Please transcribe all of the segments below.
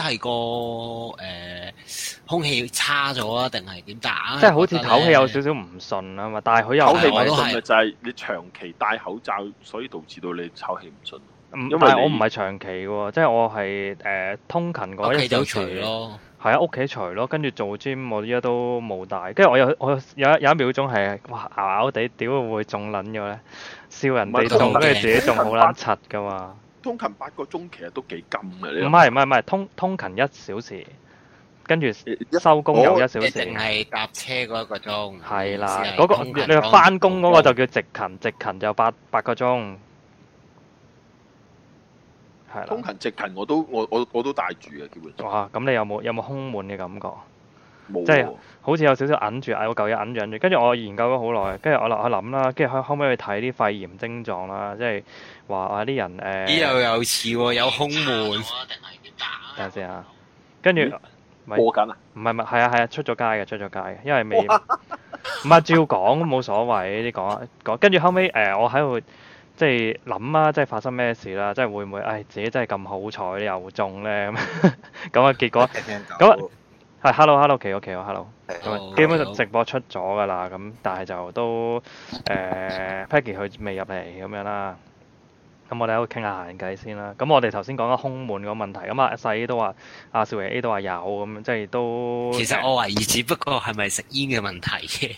即係個誒空氣差咗啊，定係點打？即係好似唞氣有少少唔順啊嘛，但係佢有唞氣唔係咁密集。你長期戴口罩，所以導致到你唞氣唔順。唔係我唔係長期嘅，即係我係誒通勤嗰日就除咯，係啊屋企除咯，跟住做 gym 我依家都冇戴。跟住我有我有有一秒鐘係哇拗拗地，屌會仲撚咗咧，笑人哋中跟住自己仲好撚柒噶嘛。通勤八個鐘其實都幾金嘅，唔係唔係唔係，通通勤一小時，跟住收工又一小時，一定係搭車嗰一個鐘。係啦，嗰個你話翻工嗰個就叫直勤，直勤就八八個鐘。係啦。通勤直勤我都我我我都帶住嘅，基本上。哇！咁你有冇有冇胸悶嘅感覺？冇，即係好似有少少揞住，嗌我舊嘢揞住。跟住我研究咗好耐，跟住我落去諗啦，跟住可唔可以去睇啲肺炎症狀啦，即係。話話啲人誒，又又似有空門，等，等下先、嗯、啊！跟住播緊啊？唔係唔係，係啊係啊，出咗街嘅，出咗街嘅，因為未唔係哇照講冇所謂，啲講講。跟住後尾，誒、呃，我喺度即係諗啊，即係發生咩事啦？即係會唔會唉、哎，自己真係咁好彩又中咧？咁 啊、嗯、結果咁啊係 hello hello，其實其實 hello，咁基本上直播出咗噶啦，咁但係就都誒 Peggy 佢未入嚟咁樣啦。咁我哋喺度傾下閒偈先啦。咁我哋頭先講緊胸悶個問題，咁啊阿細都話，阿少爺 A 都話有咁，即係都。其實我懷疑，只不過係咪食煙嘅問題嘅？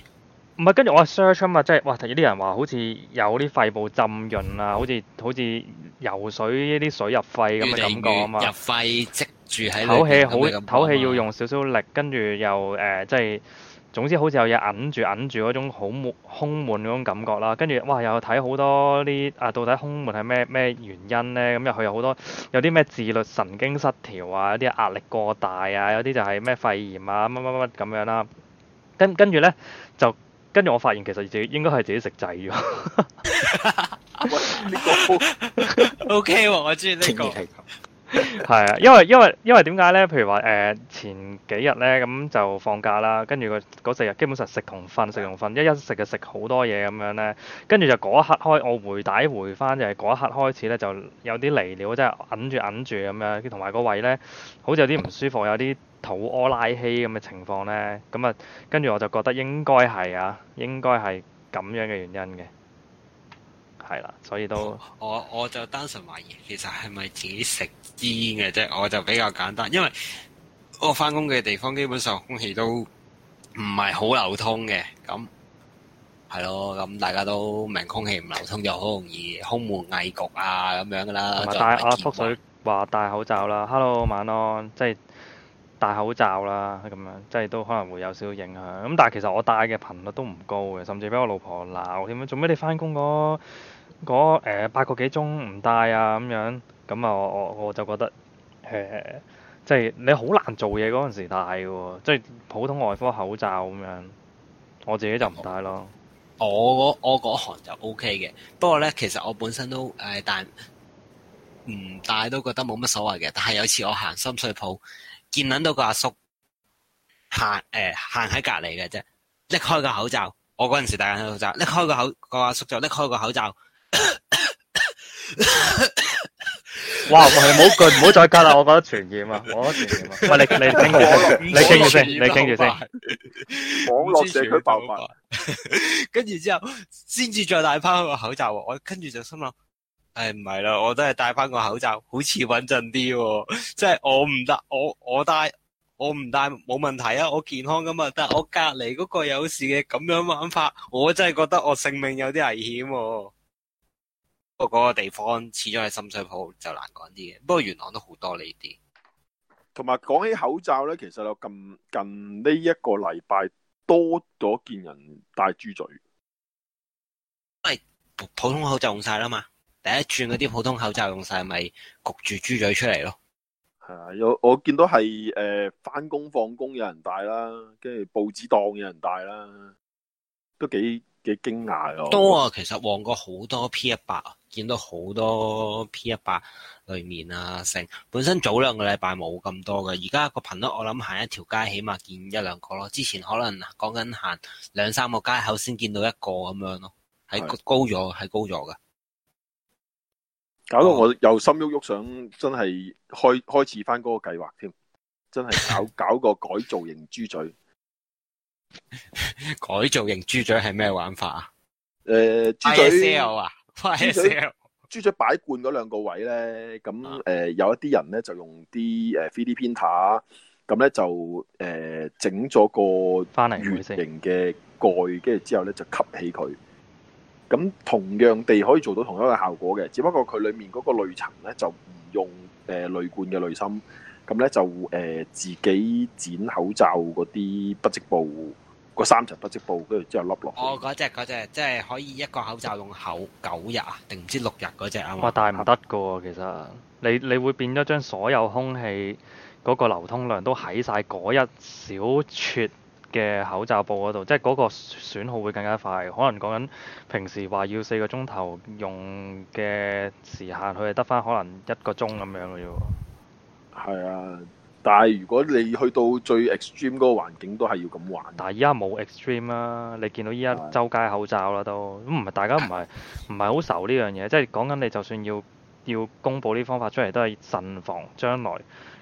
唔係，跟住我 search 啊嘛，即係哇！突然啲人話好似有啲肺部浸潤啊、嗯，好似好似游水依啲水入肺咁嘅感覺啊嘛。愈愈入肺積住喺。唞氣好，唞氣要用少少力，跟住又誒，即係。總之，好似有嘢揞住揞住嗰種好悶胸悶嗰種感覺啦，跟住哇，又睇好多啲啊，到底胸悶係咩咩原因咧？咁又去又好多有啲咩自律神經失調啊，有啲壓力過大啊，有啲就係咩肺炎啊乜乜乜咁樣啦，啊。跟跟住咧，就跟住我發現其實自己應該係自己食滯咗。OK，我中意呢個。 係啊， 因為因為因為點解咧？譬如話誒、呃，前幾日咧，咁就放假啦，跟住個嗰四日基本上食同瞓、食同瞓，一一食就食好多嘢，咁樣咧，跟住就嗰一刻開，我回帶回翻，就係、是、嗰一刻開始咧，就有啲離尿，即係忍住忍住咁樣，同埋個胃咧好似有啲唔舒服，有啲肚屙拉稀咁嘅情況咧，咁啊，跟住我就覺得應該係啊，應該係咁樣嘅原因嘅。係啦，所以都我我就單純懷疑，其實係咪自己食煙嘅啫？我就比較簡單，因為我翻工嘅地方基本上空氣都唔係好流通嘅。咁係咯，咁大家都明空氣唔流通就好容易胸悶、翳焗啊，咁樣噶啦。同埋戴阿福水話戴口罩啦，Hello 晚安，即係戴口罩啦，咁樣即係都可能會有少少影響。咁但係其實我戴嘅頻率都唔高嘅，甚至俾我老婆鬧點樣，做咩你翻工個？嗰、那個呃、八個幾鐘唔戴啊咁樣，咁啊我我，我就覺得誒、呃啊，即係你好難做嘢嗰陣時戴嘅喎，即係普通外科口罩咁樣，我自己就唔戴咯。嗯、我我嗰行就 O K 嘅，不過咧其實我本身都誒，但、呃、唔戴都覺得冇乜所謂嘅。但係有次我行深水埗，見撚到個阿叔行誒行喺隔離嘅啫，拎、呃、開個口罩，我嗰陣時戴緊口罩，拎開個口個阿叔就拎開個口罩。 哇！唔好句，唔好再加啦！我覺得傳染啊， 我覺得傳染啊。唔係你，你傾住先，你傾住先，你傾住先。網絡社區爆發，跟住 之後，先至再戴翻個口罩。我跟住就心諗，誒唔係啦，我都係戴翻個口罩，好似穩陣啲。即係我唔戴，我我戴，我唔戴冇問題啊！我健康㗎嘛。但係我隔籬嗰個有事嘅咁樣玩法，我真係覺得我性命有啲危險啊。不過嗰個地方始終喺深水埗就難講啲嘅，不過元朗都好多呢啲。同埋講起口罩咧，其實有近近呢一個禮拜多咗見人戴豬嘴，因普通口罩用晒啦嘛，第一轉嗰啲普通口罩用晒，咪焗住豬嘴出嚟咯。係啊，有我見到係誒，翻工放工有人戴啦，跟住報紙檔有人戴啦，都幾幾驚訝嘅。多啊，其實旺角好多 P 一百啊。見到好多 P 一八裏面啊，成本身早兩個禮拜冇咁多嘅，而家個頻率我諗行一條街起碼見一兩個咯，之前可能講緊行兩三個街口先見到一個咁樣咯，係高咗，係是高咗嘅。搞到我又心喐喐，想真係開開始翻嗰個計劃添，真係搞 搞個改造型豬嘴。 改造型豬嘴係咩玩法啊？誒、呃，豬嘴啊？豬嘴，豬擺罐嗰兩個位咧，咁誒、啊呃、有一啲人咧就用啲誒 three D p r 咁咧就誒整咗個圓形嘅蓋，跟住之後咧就吸起佢。咁同樣地可以做到同一個效果嘅，只不過佢裏面嗰個濾層咧就唔用誒濾、呃、罐嘅濾芯，咁咧就誒、呃、自己剪口罩嗰啲不織布。嗰個三層不織布，跟住之後甩落。哦，嗰隻嗰隻，即係可以一個口罩用口九日啊，定唔知六日嗰隻啊嘛。哇！但係唔得嘅喎，其實你你會變咗將所有空氣嗰個流通量都喺晒嗰一小撮嘅口罩布嗰度，即係嗰個損耗會更加快。可能講緊平時話要四個鐘頭用嘅時限，佢係得返可能一個鐘咁樣嘅啫喎。係啊。但係如果你去到最 extreme 嗰個環境，都係要咁玩。但係依家冇 extreme 啦、啊，你見到依家周街口罩啦都，唔係大家唔係唔係好愁呢樣嘢，即係講緊你就算要要公布呢方法出嚟，都係慎防將來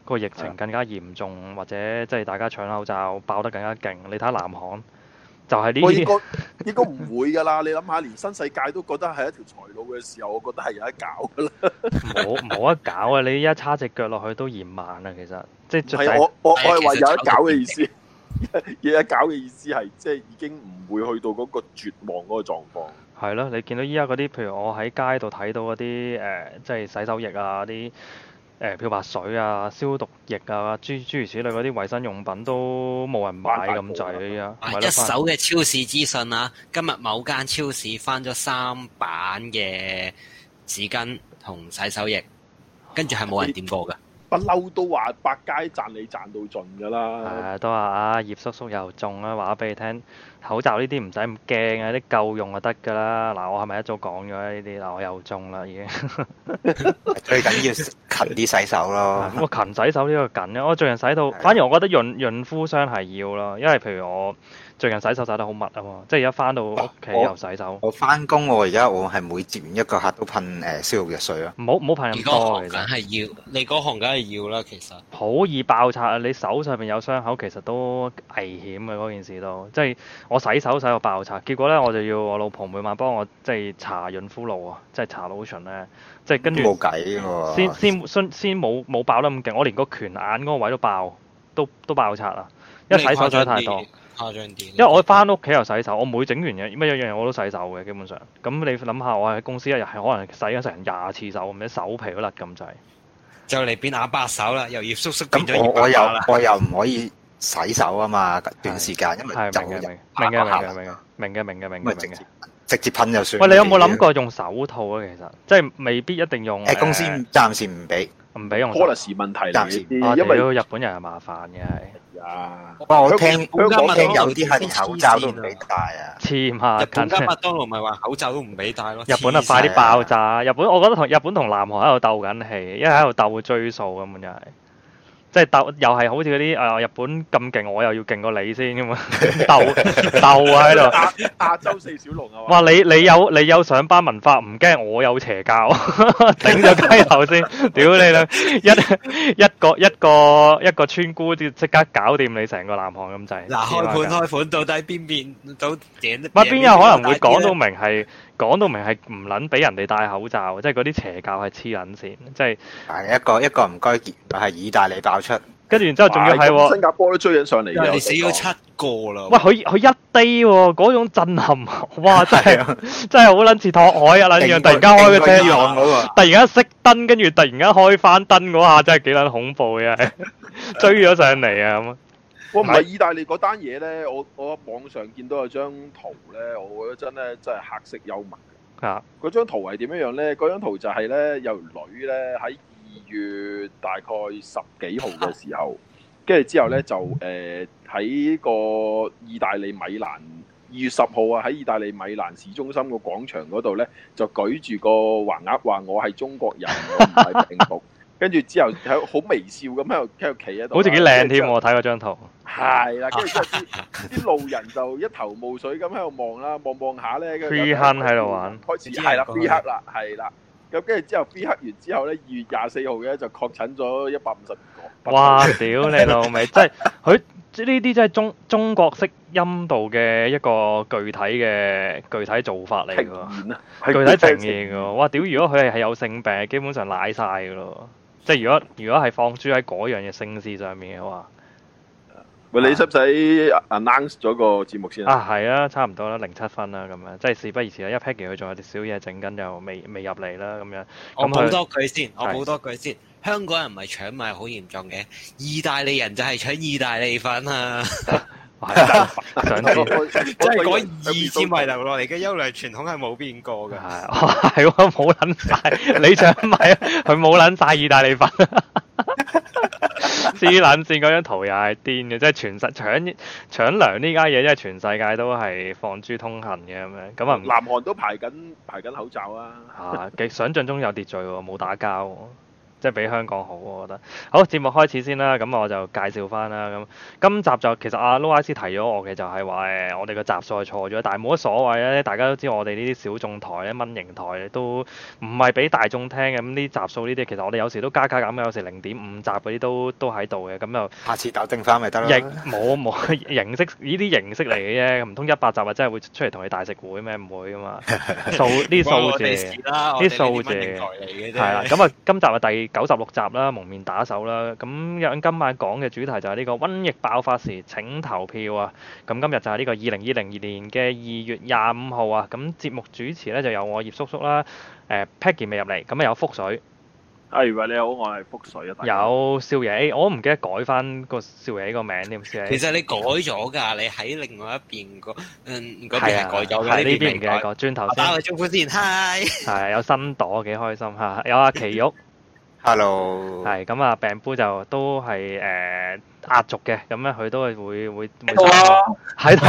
個疫情更加嚴重， 或者即係大家搶口罩爆得更加勁。你睇下南韓就係呢啲， 應該唔會噶啦。你諗下，連新世界都覺得係一條財路嘅時候，我覺得係有得搞噶啦。冇冇得搞啊！你依家差隻腳落去都嫌慢啊，其實。即係是我是我我係話有一搞嘅意思，有一搞嘅意思係即係已經唔會去到嗰個絕望嗰個狀況。係咯，你見到依家嗰啲，譬如我喺街度睇到嗰啲誒，即係洗手液啊，啲誒、呃、漂白水啊，消毒液啊，諸諸如此類嗰啲衛生用品都冇人買咁滯啊！了一手嘅超市資訊啊，今日某間超市翻咗三版嘅紙巾同洗手液，跟住係冇人掂過㗎。不嬲都話百佳賺你賺到盡㗎啦，啊，係啊，都話啊葉叔叔又中啦。話咗俾你聽，口罩呢啲唔使咁驚啊，啲夠用就得㗎啦。嗱、啊、我係咪一早講咗呢啲？嗱、啊、我又中啦已經，最緊要。勤啲洗手咯，我、嗯、勤洗手呢個緊咧。我最近洗到，的反而我覺得潤潤膚霜係要咯，因為譬如我最近洗手洗得好密啊嘛，即係一翻到屋企我又洗手。我翻工我而家我係每接完一個客都噴誒消毒藥水啊。唔好唔好噴咁多嘅。你梗係要，實你嗰行梗係要啦。其實好易爆拆啊！你手上面有傷口，其實都危險嘅。嗰件事都即係我洗手洗到爆拆，結果咧我就要我老婆每晚幫我即係搽潤膚露啊，即係搽 lotion 咧。即即係跟住冇計，先先先先冇冇爆得咁勁，我連個拳眼嗰個位都爆，都都爆拆啦！因為洗手水太多，因為我翻屋企又洗手，我每整完嘢乜嘢嘢我都洗手嘅基本上。咁你諗下，我喺公司一日係可能洗咗成廿次手咁，啲手皮都甩咁滯。就嚟、是、變阿伯手啦，又要叔叔咁我，我，我又我又唔可以洗手啊嘛， 段時間因為就入明白明白明白明嘅，明嘅。明白。明白直接噴就算。喂，你有冇諗過用手套啊？其實，即係未必一定用。誒，公司暫時唔俾，唔俾用。policy 問題，暫時。啊，因為日本人係麻煩嘅係。啊，我聽，我聽有啲係口罩都唔俾戴啊。黐孖筋。而家麥當勞咪話口罩都唔俾戴咯。日本啊，快啲爆炸日本，我覺得同日本同南韓喺度鬥緊氣，因為喺度鬥追數咁樣，就係。即係鬥，又係好似嗰啲誒日本咁勁，我又要勁過你先噶嘛，鬥鬥啊喺度。亞洲四小龍啊！哇，你你有你有上班文化，唔驚我有邪教， 頂咗雞頭先，屌 你兩一一,一個一個一個，一個村姑，即即刻搞掂你成個南韓咁滯。嗱，開盤開盤到底邊邊都頂得頂？乜邊有，邊有點可能會講到明係講到明係唔捻俾人哋戴口罩，即係嗰啲邪教係黐捻線，即係。係一個一個唔該，係意大利爆出，跟住然之後仲要係新加坡都追緊上嚟，死咗七個啦。喂，佢佢一低，啊，嗰種震撼，哇！真係、啊、真係好捻似拓海啊，一樣位突然間開個車，啊、突然間熄燈，跟住突然間開翻燈嗰下，真係幾捻恐怖嘅。 追咗上嚟啊！我唔係意大利嗰單嘢呢。我我喺網上見到有張圖呢，我覺得真係真係黑色幽默。嚇、啊！嗰張圖係點樣呢？咧？嗰張圖就係呢，有女呢喺二月大概十幾號嘅時候，跟住之後呢，就誒喺個意大利米蘭二月十號啊喺意大利米蘭市中心個廣場嗰度呢，就舉住個橫額話我係中國人，我唔係病毒。 跟住之後喺好微笑咁喺度，企喺度。好似幾靚添，我睇嗰張圖。係啦，跟住之後啲路人就一頭霧水咁喺度望啦，望望下咧，跟住。B 喺度玩，開始。係啦，B 黑啦，係啦。咁跟住之後 B 黑完之後咧，二月廿四號咧就確診咗一百五十五個。哇！屌你老味，真係佢即係呢啲真係中中國式陰道嘅一個具體嘅具體做法嚟噶，具體情形噶。哇！屌，如果佢係係有性病，基本上瀨晒噶咯。即係如果如果係放諸喺嗰樣嘅聲勢上面嘅話，喂、啊，你使唔使 announce 咗個節目先啊？啊，係啊，差唔多啦，零七分啦，咁樣即係事不宜遲啦。因為 Peggy 佢仲有啲小嘢整緊，就未未入嚟啦，咁樣。樣我補多句先，嗯、我補多句先。香港人唔係搶米好嚴重嘅，意大利人就係搶意大利粉啊！ 係 想買到我 是，即係講二戰遺留落嚟嘅優良傳統係冇變過噶。 係，係喎，冇捻晒，你想買佢冇捻晒意大利粉。黐捻線嗰張圖又係癲嘅，即係全實搶搶糧呢家嘢，即係全世界都係放豬通行嘅咁樣。咁啊，南韓都排緊排緊口罩啊。吓、 啊，想象中有秩序喎，冇打交。即係比香港好我覺得。好，節目開始先啦，咁、嗯、我就介紹翻啦。咁、嗯、今集就其實阿、啊、Louis 提咗我嘅，就係話誒，我哋個集數錯咗，但係冇乜所謂啊！大家都知我哋呢啲小眾台咧，蚊型台都唔係俾大眾聽嘅。咁、嗯、啲集數呢啲，其實我哋有時都加加減有時零點五集嗰啲都都喺度嘅。咁、嗯、就下次搞正翻咪得咯。冇冇形式呢啲形式嚟嘅啫，唔通一百集啊，真係會出嚟同你大食會咩？唔會啊嘛。數呢數字，啲數字係啦。咁啊，今集啊第。九十六集啦，蒙面打手啦，咁今日今晚講嘅主題就係呢個瘟疫爆發時請投票啊！咁今日就係呢個二零二零年嘅二月廿五號啊！咁節目主持咧就由我葉叔叔啦，誒 Peggy 未入嚟，咁啊有覆水。啊，葉叔你好，我係覆水啊，朋友。有少爺 A，我唔記得改翻個少爺 A 個名添。其實你改咗㗎，你喺另外一邊個嗯嗰個係改咗，喺呢邊唔記得個。轉頭先，打個招呼先，Hi。係有新朵，幾開心嚇，有阿奇玉。Hello，係咁啊！病夫就都係誒壓軸嘅，咁咧佢都係會會喺度啊喺度，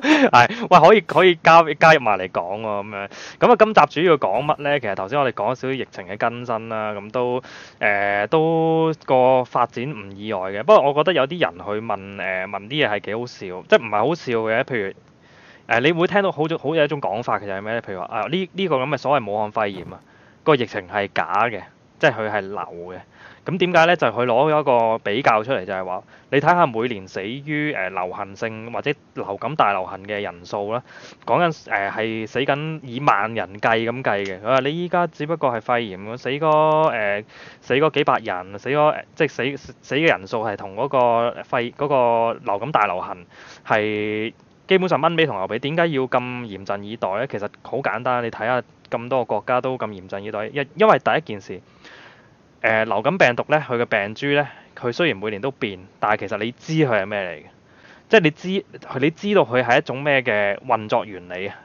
係喂可以可以加加入埋嚟講喎咁樣。咁、嗯、啊、嗯、今集主要講乜咧？其實頭先我哋講少少疫情嘅更新啦，咁、嗯、都誒、呃、都個發展唔意外嘅。不過我覺得有啲人去問誒、呃、問啲嘢係幾好笑，即係唔係好笑嘅。譬如誒、呃、你會聽到好好有一種講法，其實係咩咧？譬如話啊呢呢個咁嘅所謂武漢肺炎啊。啊啊這個啊個疫情係假嘅，即係佢係流嘅。咁點解呢？就佢攞咗一個比較出嚟，就係話你睇下每年死於誒、呃、流行性或者流感大流行嘅人數啦。講緊誒係死緊以萬人計咁計嘅。佢話你依家只不過係肺炎，死個、呃、死個幾百人，死咗、呃、即死、死人嗰個即係死死嘅人數係同嗰個肺嗰個流感大流行係基本上蚊髀同牛髀。點解要咁嚴陣以待呢？其實好簡單，你睇下。咁多個國家都咁嚴陣以待，因因為第一件事，誒、呃、流感病毒咧，佢嘅病株咧，佢雖然每年都變，但係其實你知佢係咩嚟嘅，即係你知你知道佢係一種咩嘅運作原理啊？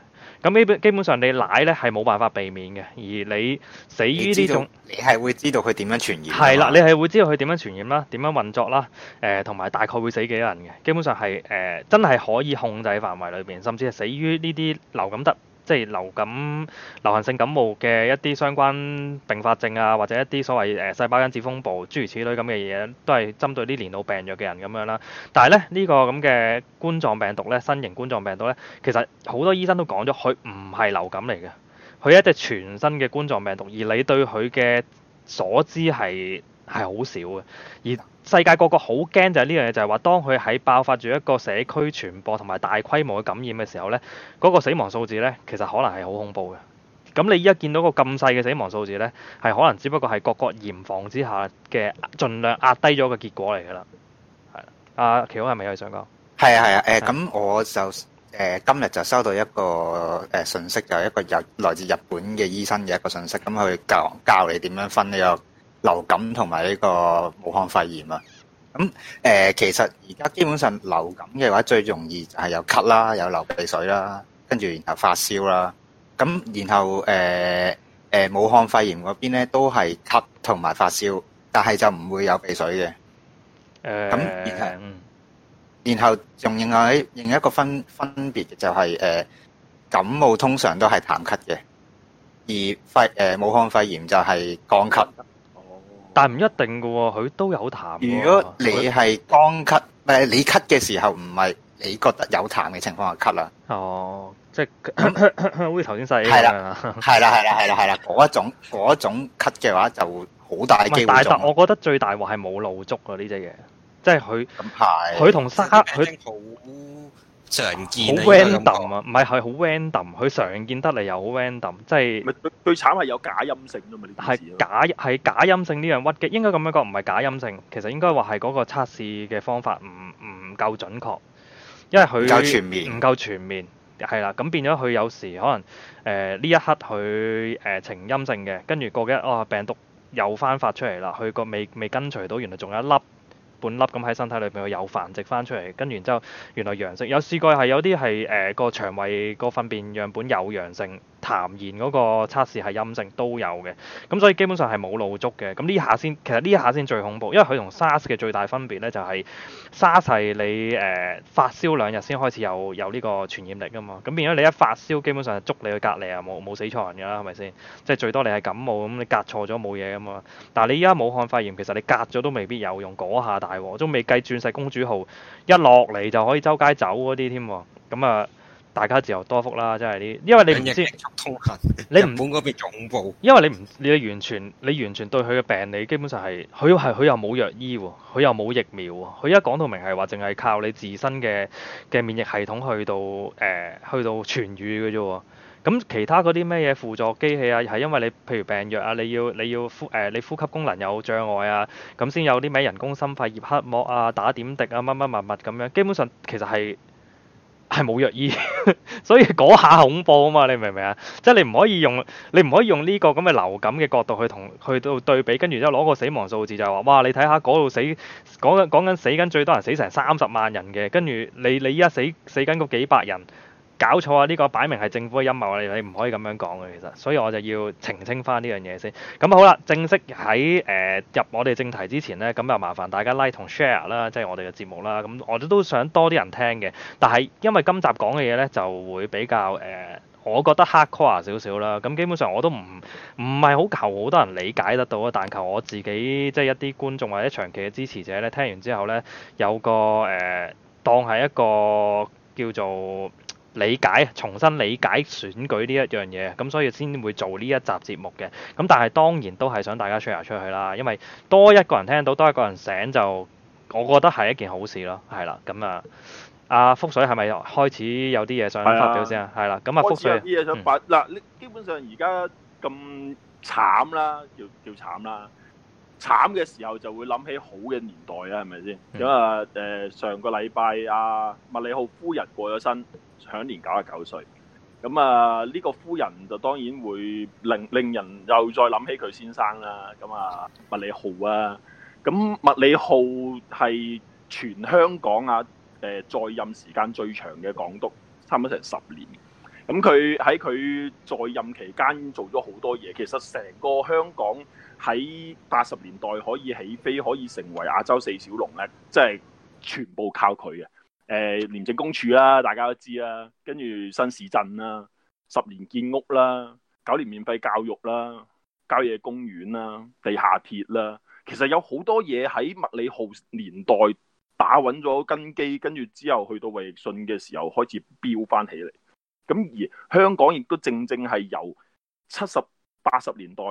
咁呢邊基本上你奶咧係冇辦法避免嘅，而你死於呢種，你係會知道佢點樣傳染，係啦，你係會知道佢點樣傳染啦，點樣運作啦，誒同埋大概會死幾多人嘅，基本上係誒、呃、真係可以控制範圍裏邊，甚至係死於呢啲流感得。即係流感、流行性感冒嘅一啲相關併發症啊，或者一啲所謂誒細胞因子風暴，諸如此類咁嘅嘢，都係針對啲年老病弱嘅人咁樣啦。但係咧，呢個咁嘅冠狀病毒咧，新型冠狀病毒咧，其實好多醫生都講咗，佢唔係流感嚟嘅，佢係一隻全新嘅冠狀病毒，而你對佢嘅所知係。係好少嘅，而世界個個好驚就係呢樣嘢，就係、是、話當佢喺爆發住一個社區傳播同埋大規模嘅感染嘅時候呢嗰、那個死亡數字呢，其實可能係好恐怖嘅。咁你依家見到個咁細嘅死亡數字呢，係可能只不過係個個嚴防之下嘅盡量壓低咗個結果嚟噶啦。係，阿奇翁係咪有想講？係啊係啊，誒咁、呃、我就誒、呃、今日就收到一個誒信、呃、息，就一個日來自日本嘅醫生嘅一個信息，咁佢教教你點樣分呢、這個。流感同埋呢個武漢肺炎啊，咁誒、呃，其實而家基本上流感嘅話，最容易就係有咳啦，有流鼻水啦，跟住然後發燒啦。咁然後誒誒、呃呃、武漢肺炎嗰邊咧，都係咳同埋發燒，但係就唔會有鼻水嘅。誒咁，然後仲另外另一個分分別就係、是、誒、呃、感冒通常都係痰咳嘅，而肺誒、呃、武漢肺炎就係乾咳。但唔一定嘅喎，佢都有痰。如果你當 cut，係乾咳，誒你咳嘅時候唔係你覺得有痰嘅情況下咳啦。哦，即係好似頭先細。係啦， 係啦，係啦，係啦，嗰 一種一種咳嘅話就，就好大機會。但係我覺得最大鑊係冇露足啊！呢隻嘢，即係佢佢同沙佢好。常見啊，唔係，係好 random，佢常見得嚟又好 random，即係，咪最最慘係有假陰性啫嘛？呢係假係假陰性呢樣屈嘅，應該咁樣講，唔係假陰性，其實應該話係嗰個測試嘅方法唔唔夠準確，因為佢唔夠全面，係啦，咁、嗯、變咗佢有時可能誒呢、呃、一刻佢誒呈陰性嘅，跟住過幾日哦病毒又翻發出嚟啦，佢個未未跟隨到，原來仲有一粒。半粒咁喺身體裏邊，佢有繁殖翻出嚟，跟住然之後，原來陽性有試過有，係有啲係誒個腸胃個糞便樣本有陽性。痰涎嗰個測試係陰性都有嘅，咁所以基本上係冇路捉嘅。咁呢下先，其實呢下先最恐怖，因為佢同 SARS 嘅最大分別咧就係、是、SARS 你誒、呃、發燒兩日先開始有有呢個傳染力㗎嘛。咁變咗你一發燒，基本上係捉你去隔離啊，冇冇死錯人㗎啦，係咪先？即、就、係、是、最多你係感冒，咁你隔錯咗冇嘢㗎嘛。但係你依家武漢肺炎，其實你隔咗都未必有用，嗰下大鑊都未計鑽石公主號一落嚟就可以周街走嗰啲添喎。咁啊～大家自由多福啦，真係啲，因為你唔知，你唔滿嗰邊仲恐怖。因為你唔，你完全，你完全對佢嘅病理基本上係，佢係佢又冇藥醫喎，佢又冇疫苗喎，佢依家講到明係話，淨係靠你自身嘅嘅免疫系統去到，誒、呃，去到痊癒嘅啫喎。咁、嗯、其他嗰啲咩嘢輔助機器啊，係因為你譬如病藥啊，你要你要呼，誒、呃，你呼吸功能有障礙啊，咁先有啲咩人工心肺葉克膜啊，打點滴啊，乜乜物物咁樣，基本上其實係。係冇藥醫， 所以嗰下恐怖啊嘛！你明唔明啊？即係你唔可以用，你唔可以用呢個咁嘅流感嘅角度去同去到對比，跟住之後攞個死亡數字就係話，哇！你睇下嗰度死，講緊講緊死緊最多人死成三十萬人嘅，跟住你你依家死死緊嗰幾百人。搞錯啊！呢個擺明係政府嘅陰謀，你你唔可以咁樣講嘅。其實，所以我就要澄清翻呢樣嘢先。咁好啦，正式喺誒入我哋正題之前呢，咁就麻煩大家 like 同 share 啦，即係我哋嘅節目啦。咁我都都想多啲人聽嘅。但係因為今集講嘅嘢呢就會比較誒，我覺得 hardcore 少少啦。咁基本上我都唔唔係好求好多人理解得到啊，但求我自己即係一啲觀眾或者長期嘅支持者呢，聽完之後呢，有個誒當係一個叫做理解重新理解選舉呢一樣嘢，咁所以先會做呢一集節目嘅。咁但係當然都係想大家 share 出去啦，因為多一個人聽到，多一個人醒就，我覺得係一件好事咯。係啦，咁啊，阿福水係咪開始有啲嘢想發表先啊？係啦，咁啊，福水。有啲嘢想發嗱，嗯、基本上而家咁慘啦，叫叫慘啦，慘嘅時候就會諗起好嘅年代啦，係咪先？咁啊，誒上個禮拜啊，麥理浩夫人過咗身。享年九十九歲，咁啊呢、這個夫人就當然會令令人又再諗起佢先生啦、啊。咁啊麥理浩啊，咁麥理浩係全香港啊誒、呃、在任時間最長嘅港督，差唔多成十年。咁佢喺佢在任期間做咗好多嘢，其實成個香港喺八十年代可以起飛，可以成為亞洲四小龍咧，即係全部靠佢嘅。誒、呃、廉政公署啦、啊，大家都知啦、啊，跟住新市鎮啦、啊，十年建屋啦、啊，九年免費教育啦、啊，郊野公園啦、啊，地下鐵啦、啊，其實有好多嘢喺麥理浩年代打穩咗根基，跟住之後去到衞奕信嘅時候開始飆翻起嚟。咁而香港亦都正正係由七十八十年代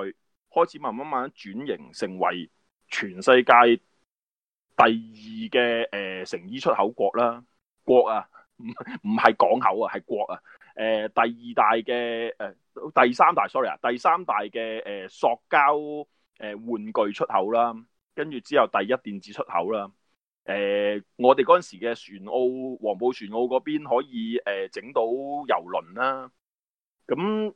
開始慢慢慢慢轉型，成為全世界，第二嘅誒、呃、成衣出口國啦，國啊，唔唔係港口啊，係國啊。誒、呃、第二大嘅誒、呃，第三大，sorry 啊，第三大嘅誒、呃、塑膠誒、呃、玩具出口啦，跟住之後第一電子出口啦。誒、呃、我哋嗰陣時嘅船澳，黃埔船澳嗰邊可以誒、呃、整到郵輪啦，咁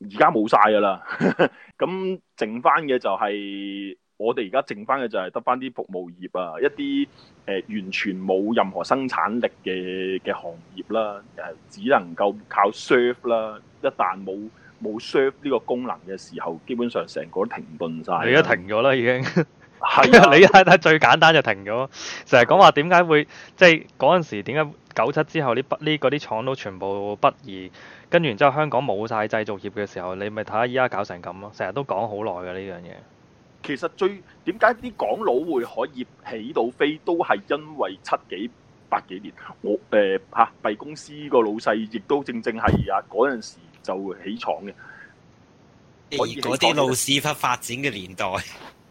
而家冇晒㗎喇，咁 剩翻嘅就係、是。我哋而家剩翻嘅就係得翻啲服務業啊，一啲誒、呃、完全冇任何生產力嘅嘅行業啦，誒、呃、只能夠靠 serve 啦。一旦冇冇 serve 呢個功能嘅時候，基本上成個都停頓晒。你而家停咗啦，已經係啊！你睇睇最簡單就停咗，成日講話點解會即係嗰陣時點解九七之後呢呢啲廠都全部北移，跟住之後香港冇晒製造業嘅時候，你咪睇下依家搞成咁咯。成日都講好耐嘅呢樣嘢。其實最點解啲港佬會可以起到飛，都係因為七幾八幾年，我誒嚇閉公司個老細亦都正正係啊嗰陣時就會起廠嘅，嗰啲老始發發展嘅年代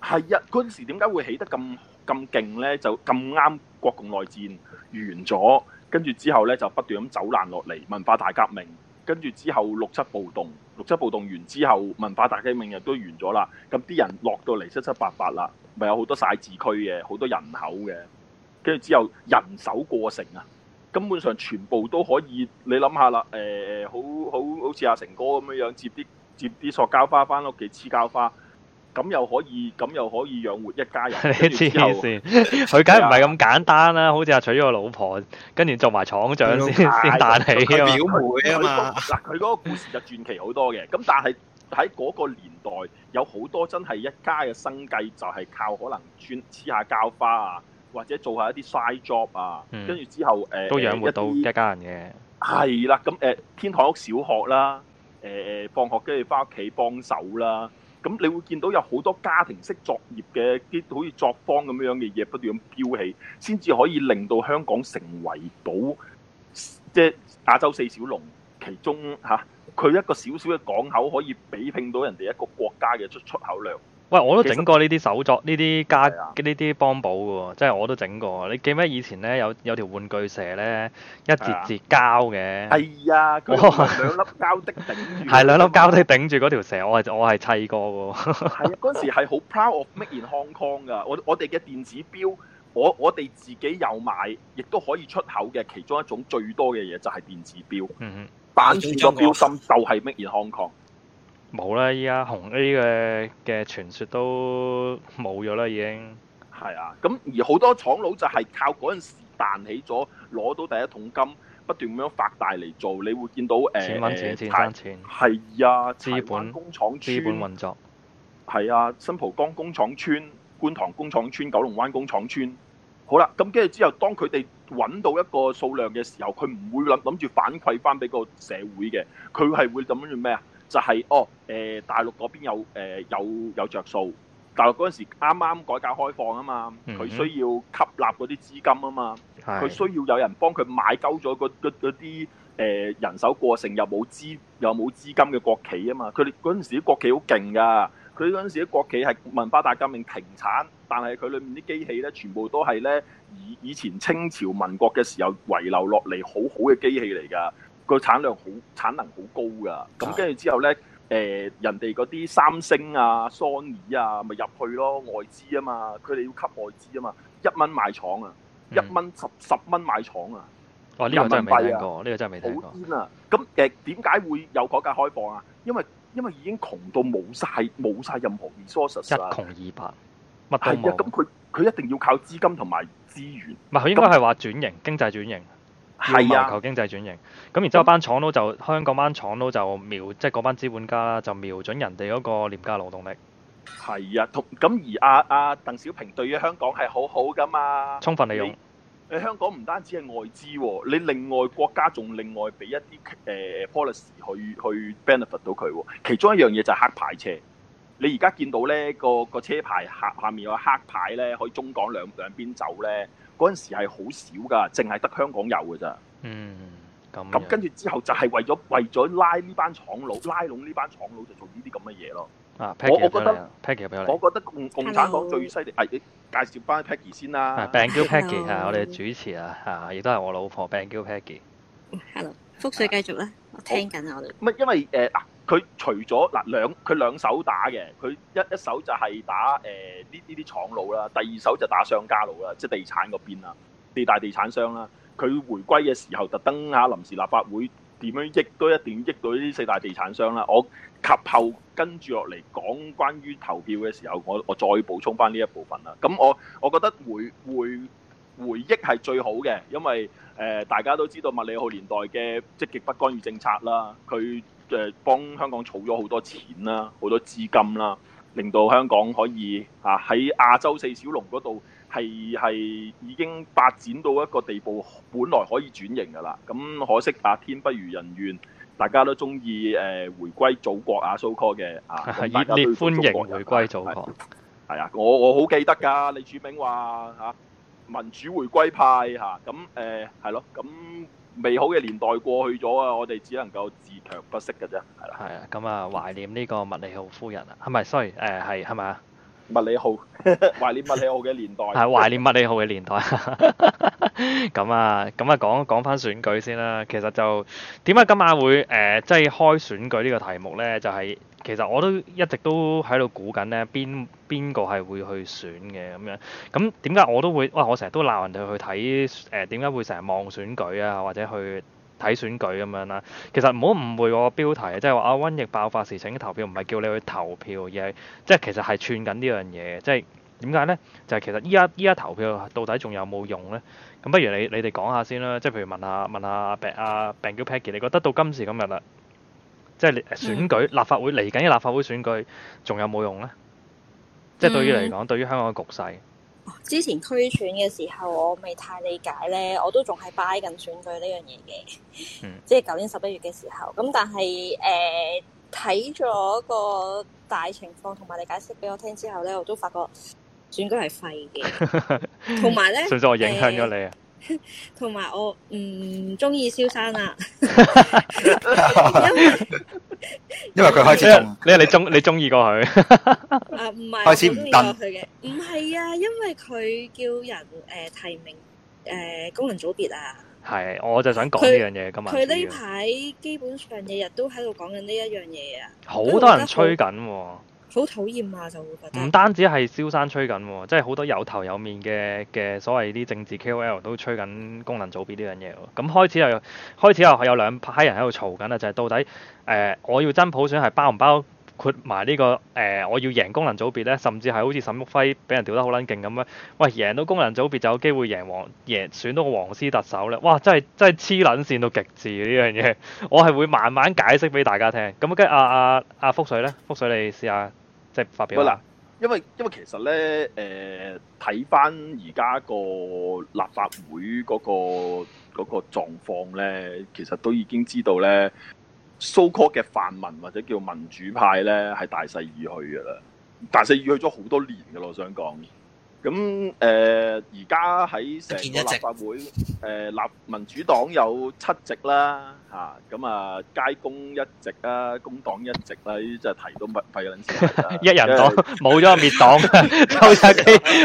係啊嗰陣時點解會起得咁咁勁呢？就咁啱國共內戰完咗，跟住之後呢，就不斷咁走難落嚟，文化大革命，跟住之後六七暴動。六七暴動完之後，文化大革命亦都完咗啦。咁啲人落到嚟七七八八啦，咪有好多徙置區嘅，好多人口嘅。跟住之後人手過剩啊，根本上全部都可以，你諗下啦。誒、呃，好好好似阿成哥咁樣樣，接啲接啲塑膠花返屋企黐膠花。咁又可以，咁又可以養活一家人。你黐線，佢梗係唔係咁簡單啦？ 好似阿娶咗個老婆，跟住做埋廠長先先彈起表妹啊嘛，嗱，佢嗰 個故事就傳奇好多嘅。咁但係喺嗰個年代，有好多真係一家嘅生計就係靠可能穿黐下膠花啊，或者做下一啲 side job 啊，跟住之後誒、嗯呃、都養活到一家人嘅。係啦，咁、嗯、誒、嗯、天台屋小學啦，誒、呃、誒放學跟住翻屋企幫手啦。咁你會見到有好多家庭式作業嘅啲好似作坊咁樣嘅嘢，不斷咁飆起，先至可以令到香港成為到即係亞洲四小龍其中嚇，佢一個小小嘅港口可以比拼到人哋一個國家嘅出出口量。喂，我都整過呢啲手作，呢啲家，呢啲的幫補嘅喎，即係我都整過。你記唔記得以前咧有有，有條玩具蛇咧，一節節膠嘅？係啊，佢兩粒膠的頂住。係兩粒膠的頂住嗰條蛇，我係我係砌過嘅。係嗰時係好 proud of made in Hong Kong 㗎。我我哋嘅電子錶，我我哋自己有買，亦都可以出口嘅其中一種最多嘅嘢就係、是、電子錶。嗯哼，板住個錶芯就係 made in Hong Kong。冇啦，依家紅 A 嘅嘅傳説都冇咗啦，已經。係啊，咁而好多廠佬就係靠嗰陣時彈起咗，攞到第一桶金，不斷咁樣發大嚟做。你會見到誒，賺、呃、錢係啊，資本工廠資本運作係啊，新蒲崗工廠村、觀塘工廠村、九龍灣工廠村。好啦、啊，咁跟住之後，當佢哋揾到一個數量嘅時候，佢唔會諗諗住反饋翻俾個社會嘅，佢係會做乜咩啊？就係、是、哦，誒大陸嗰邊有誒有有著數，大陸嗰陣、呃、時啱啱改革開放啊嘛，佢需要吸納嗰啲資金啊嘛，佢需要有人幫佢買鳩咗嗰啲誒人手過剩又冇資又冇資金嘅國企啊嘛，佢哋嗰陣時啲國企好勁㗎，佢嗰陣時啲國企係文化大革命停產，但係佢裏面啲機器咧全部都係咧以以前清朝民國嘅時候遺留落嚟好好嘅機器嚟㗎。個產量好產能好高㗎，咁跟住之後咧，誒、呃、人哋嗰啲三星啊、Sony 啊，咪入去咯，外資啊嘛，佢哋要吸外資啊嘛，一蚊買廠啊，嗯、一蚊十十蚊買廠啊，哇、哦！呢、呢個真係未聽過，呢、啊哦呢個真係未聽過。好癲啊！咁誒點解會有改革開放啊？因為因為已經窮到冇晒冇曬任何 resource、啊、一窮二白，乜都冇。咁佢佢一定要靠資金同埋資源。唔係，佢應該係話轉型經濟轉型。係啊，求經濟轉型，咁然之後班廠佬就香港班廠佬就瞄，即係嗰班資本家就瞄準人哋嗰個廉價勞動力。係啊，同咁而阿、啊、阿、啊、鄧小平對於香港係好好噶嘛。充分利用你，你香港唔單止係外資喎，你另外國家仲另外俾一啲誒、呃、policy 去去 benefit 到佢，其中一樣嘢就係黑牌車。你而家見到咧個個車牌下下面有黑牌咧，可以中港兩兩邊走咧。嗰陣時係好少㗎，淨係得香港有嘅咋。嗯，咁。咁跟住之後就係為咗為咗拉呢班廠佬，拉攏呢班廠佬就做呢啲咁嘅嘢咯。啊，我覺得我覺得共共產黨最犀利。啊，你介紹翻 Peggy 先啦。Benji，Peggy 係我哋主持啊，嚇，亦都係我老婆。Benji，Peggy。Hello，覆水繼續啦，我聽緊啊，我哋。唔係，因為誒嗱。佢除咗嗱兩佢兩手打嘅，佢一一手就係打誒呢呢啲廠佬啦，第二手就打商家佬啦，即係地產嗰邊啦，地大地產商啦。佢回歸嘅時候，特登啊，臨時立法會點樣益都一定益到呢四大地產商啦。我及後跟住落嚟講關於投票嘅時候，我我再補充返呢一部分啦。咁我我覺得回回回益係最好嘅，因為誒、呃、大家都知道麥理浩年代嘅積極不干預政策啦，佢。誒幫香港儲咗好多錢啦，好多資金啦，令到香港可以吓喺亞洲四小龍嗰度係係已經發展到一個地步，本來可以轉型噶啦。咁可惜白天不如人願，大家都中意誒回歸祖國啊，So called 嘅啊熱烈歡迎回歸祖國。係啊，我我好記得㗎，李柱銘話吓民主回歸派吓咁誒係咯，咁。美好嘅年代過去咗啊！我哋只能夠自強不息嘅啫，係啦。係啊，咁啊，懷念呢個麥理浩夫人啊，係咪 Sorry？誒係係咪啊？物理號，懷念物理號嘅年代。係懷念物理號嘅年代。咁 啊，咁啊，講講返選舉先啦。其實就點解今晚會誒、呃，即係開選舉呢個題目咧？就係、是、其實我都一直都喺度估緊咧，邊邊個係會去選嘅咁樣。咁點解我都會？哇、呃！我成日都鬧人哋去睇誒，點、呃、解會成日望選舉啊？或者去。睇選舉咁樣啦，其實唔好誤會我個標題，即係話阿瘟疫爆發時請投票，唔係叫你去投票，而係即係其實係串緊呢樣嘢。即係點解呢？就係、係、其實依家依家投票到底仲有冇用呢？咁不如你你哋講下先啦，即係譬如問下問下阿病阿病叫 Patrick 你覺得到今時今日啦，即係選舉、嗯、立法會嚟緊嘅立法會選舉仲有冇用呢？即係對於嚟講，嗯、對於香港嘅局勢。之前區選嘅時候，我未太理解呢，我都仲係 buy 緊選舉呢樣嘢嘅，嗯、即係舊年十一月嘅時候。咁但係誒睇咗個大情況同埋你解釋俾我聽之後呢，我都發覺選舉係廢嘅，同埋 呢，所以 我影響咗你啊，同埋我唔中意蕭山啊，因為因為佢開始 你你，因你中你中意過佢 、啊，開始唔登佢嘅，唔係、呃呃、啊，因為佢叫人誒提名誒功能組別啊，係，我就想講呢樣嘢噶嘛，佢呢排基本上日日都喺度講緊呢一樣嘢啊，好多人吹緊、啊。好討厭啊，就會覺得唔單止係蕭山吹緊喎，即係好多有頭有面嘅嘅所謂啲政治 KOL 都吹緊功能組別呢樣嘢喎。咁、嗯、開始又開始又係有兩批人喺度嘈緊啦，就係、是、到底誒、呃、我要真普選係包唔包括埋呢個誒、呃、我要贏功能組別咧？甚至係好似沈旭輝俾人調得好撚勁咁咧，喂贏到功能組別就有機會贏黃贏選到個黃絲特首咧！哇，真係真係黐撚線到極致呢樣嘢，我係會慢慢解釋俾大家聽。咁跟阿阿阿福水咧，福水你試下。即係發表。嗱，因為因為其實咧，誒睇翻而家個立法會嗰個嗰個狀況咧，其實都已經知道咧，so called 嘅泛民或者叫民主派咧，係大勢已去㗎喇。大勢已去咗好多年㗎喇，我想講。咁誒，而家喺成個立法會誒，立民主黨有七席啦，嚇咁啊，街工一席啦，工黨一席啦，呢啲就係提到乜廢撚事。一人黨冇咗，滅黨，好似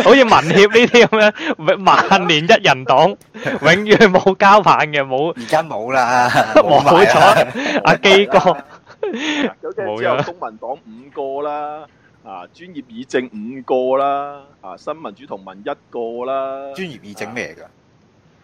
好似民協呢啲咁樣，萬年一人黨，永遠冇交棒嘅，冇。而家冇啦，冇錯，阿基哥。咁即只有公民黨五個啦。啊！專業議政五個啦，啊！新民主同盟一個啦。專業議政咩嘅？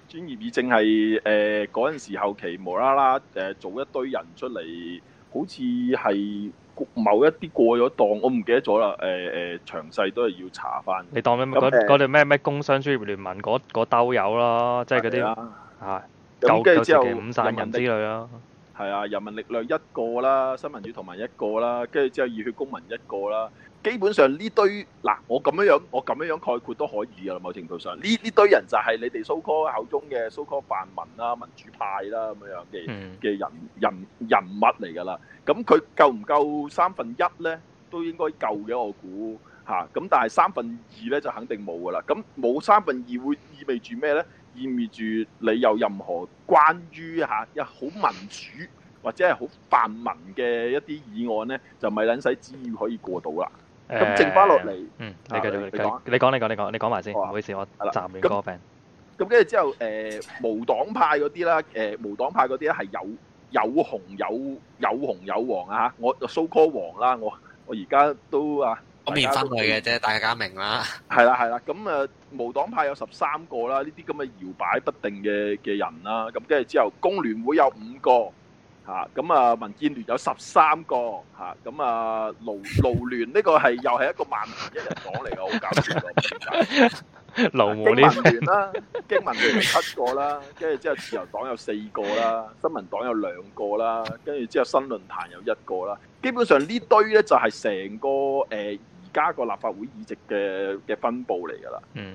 專業議政係誒嗰陣時後期無啦啦誒做一堆人出嚟，好似係某一啲過咗檔，我唔記得咗啦。誒誒，詳細都係要查返。你當咗嗰咩咩工商專業聯盟嗰兜友啦，即係嗰啲係舊舊時期五散人之類啦。係啊！人民力量一個啦，新民主同盟一個啦，跟住之後熱血公民一個啦。基本上呢堆嗱，我咁樣樣，我咁樣樣概括都可以㗎。某程度上，呢呢堆人就係你哋 so-called 口中嘅 so-called 泛民啦、啊、民主派啦、啊、咁樣嘅嘅人人人物嚟噶啦。咁佢夠唔夠三分一咧？都應該夠嘅，我估嚇。咁但係三分二咧就肯定冇噶啦。咁冇三分二會意味住咩咧？意味住你有任何關於嚇一好民主或者係好泛民嘅一啲議案咧，就咪撚使旨意可以過到啦。咁、呃、剩翻落嚟，嗯，你繼續，你講，你講，你講，你講，你講埋先，唔、哦啊、好意思，了我暫免個病。咁跟住之後，誒無黨派嗰啲啦，誒無黨派嗰啲咧係有有紅有有紅有黃啊！嚇，我蘇科黃啦，我我而家都啊，咁變翻佢嘅啫，大家，大家明啦。係啦係啦，咁誒無黨派有十三個啦，呢啲咁嘅搖擺不定嘅嘅人啦，咁跟住之後工聯會有五個。吓咁啊！民建聯有十三個，吓咁啊勞勞聯呢、這個係又係一個萬年一人黨嚟嘅。好 搞笑噶！勞聯啦，經民聯,經民聯有七個啦，跟住之後自由黨有四個啦，新民黨有兩個啦，跟住之後新論壇有一個啦。基本上呢堆咧就係成個誒而家個立法會議席嘅嘅分布嚟噶啦。嗯。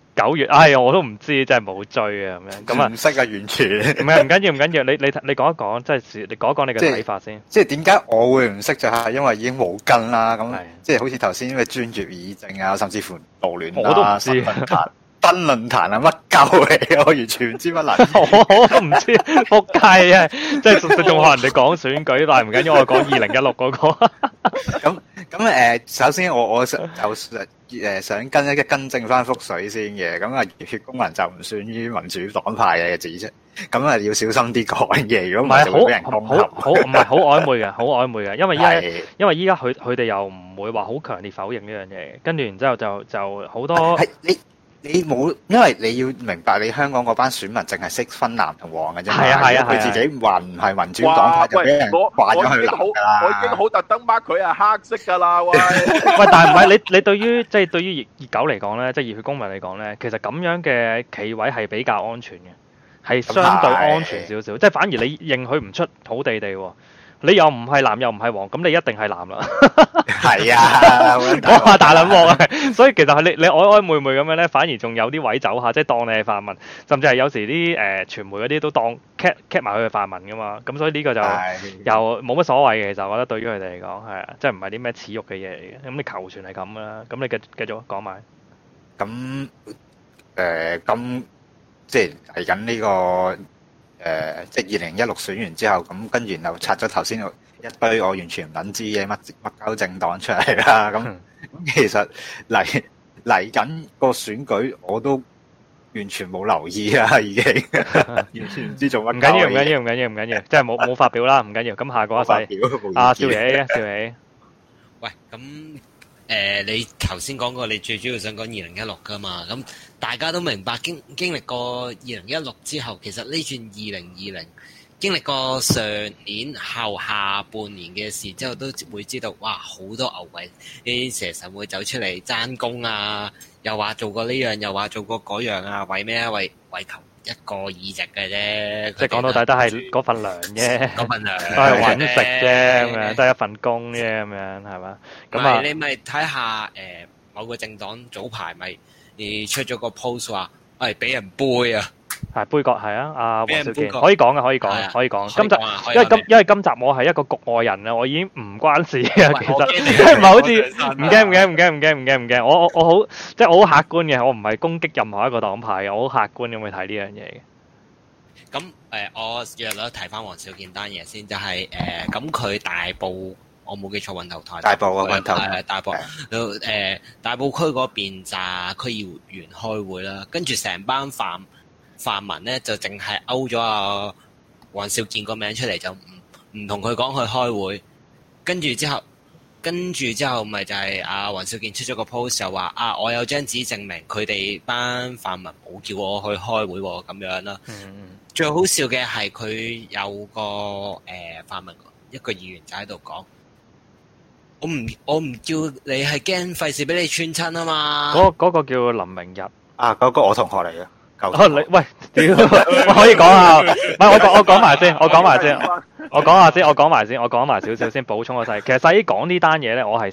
九月，哎呀，我都唔知，真係冇追啊，咁樣，咁啊，唔識啊，完全，唔係唔緊要，唔緊要，你你你講一講，即係你講一講你嘅睇法先。即係點解我會唔識就係因為已經冇跟啦，咁，的即係好似頭先因咩專業議政啊，甚至乎暴亂啊，新聞壇，登論壇啊，乜鳩嘢，我完全唔知乜嚟， 我都唔知，撲街啊， 即係仲仲學人哋講選舉，但係唔緊要，我講二零一六嗰個。咁咁誒，首先我我就誒想跟一跟正翻覆水先嘅，咁啊血公人就唔算於民主黨派嘅嘢啫，咁啊要小心啲講嘢，如果唔係好好唔係好曖昧嘅，好曖昧嘅，因為依家的因為依家佢佢哋又唔會話好強烈否認呢樣嘢，跟住然之後就就好多。你冇，因為你要明白，你香港嗰班選民淨係識分藍同黃嘅啫。係啊係啊佢、啊啊、自己還唔係民主黨，就俾人掛咗去藍啦哇我，我已經好特登 mark 佢係黑色㗎啦。喂， 喂但係唔係你你對於即係對於熱熱狗嚟講咧，即係熱血公民嚟講咧，其實咁樣嘅企位係比較安全嘅，係相對安全少少，是即係是反而你認佢唔出土地地喎。你又唔係男又唔係黃，咁你一定係男啦。係啊，我話大撚黃啊，所以其實係你你曖曖昧昧咁樣咧，反而仲有啲位走下，即係當你係泛民，甚至係有時啲誒傳媒嗰啲都當 cap cap 埋佢係泛民噶嘛。咁所以呢個就又冇乜所謂嘅，其實我覺得對於佢哋嚟講係啊，即係唔係啲咩恥辱嘅嘢嚟嘅。咁你求全係咁啦，咁你繼繼續講埋。咁誒咁即係係緊呢個。誒、呃，即係二零一六選完之後，咁跟住又拆咗頭先一堆我完全唔捻知嘅乜乜搞政黨出嚟啦。咁、嗯、咁 其實嚟嚟緊個選舉，我都完全冇留意啊，已經 完全唔知做乜。唔緊要，唔緊要，唔緊要，唔緊要，即係冇冇發表啦，唔緊要。咁下個一細阿少爺啊，少爺理，理喂，咁誒、呃，你頭先講過你最主要想講二零一六噶嘛？咁。大家都明白，經經歷過二零一六之後，其實呢轉二零二零經歷過上年後下半年嘅事，之後都會知道，哇，好多牛鬼啲蛇神會走出嚟爭功啊！又話做過呢樣，又話做過嗰樣啊！為咩咧？為為求一個議席嘅啫，即係講到底都係嗰份糧啫，份糧 都係揾食啫，咁樣都係一份工啫，咁樣係嘛？咁啊，你咪睇下誒，某個政黨早排咪。就是你出咗個 post，話，係俾人杯啊，係杯葛係啊，阿黃小堅可以講嘅，可以講，可以講。今集因為今因為今集我係一個局外人啊，我已經唔關事啊，其實唔係好似唔驚唔驚唔驚唔驚唔驚唔驚。我我我好即係我好客觀嘅，我唔係攻擊任何一個黨派嘅，我好客觀咁去睇呢樣嘢嘅。咁誒，我約略提翻黃小堅單嘢先，就係誒，咁佢大部。我冇記錯，運頭塘大埔啊，運頭塘係大埔，誒 大埔區嗰邊就區議員開會啦，跟住成班泛泛民咧就淨係勾咗阿黃少健個名出嚟，就唔唔同佢講去開會，跟住之後跟住之後咪就係阿黃少健出咗個 post 就話啊，我有張紙證明佢哋班泛民冇叫我去開會咁樣啦。嗯，最好笑嘅係佢有個誒、呃、泛民一個議員就喺度講。我唔我唔叫你係驚費事俾你串親啊嘛！嗰嗰個叫林明日啊，嗰個我同學嚟嘅。哦、你喂，屌， 可以講啊，唔係我講我講埋先，我講埋先，我講下先，我講埋先，我講埋少少先補充個細，其實細姨講呢單嘢咧，我係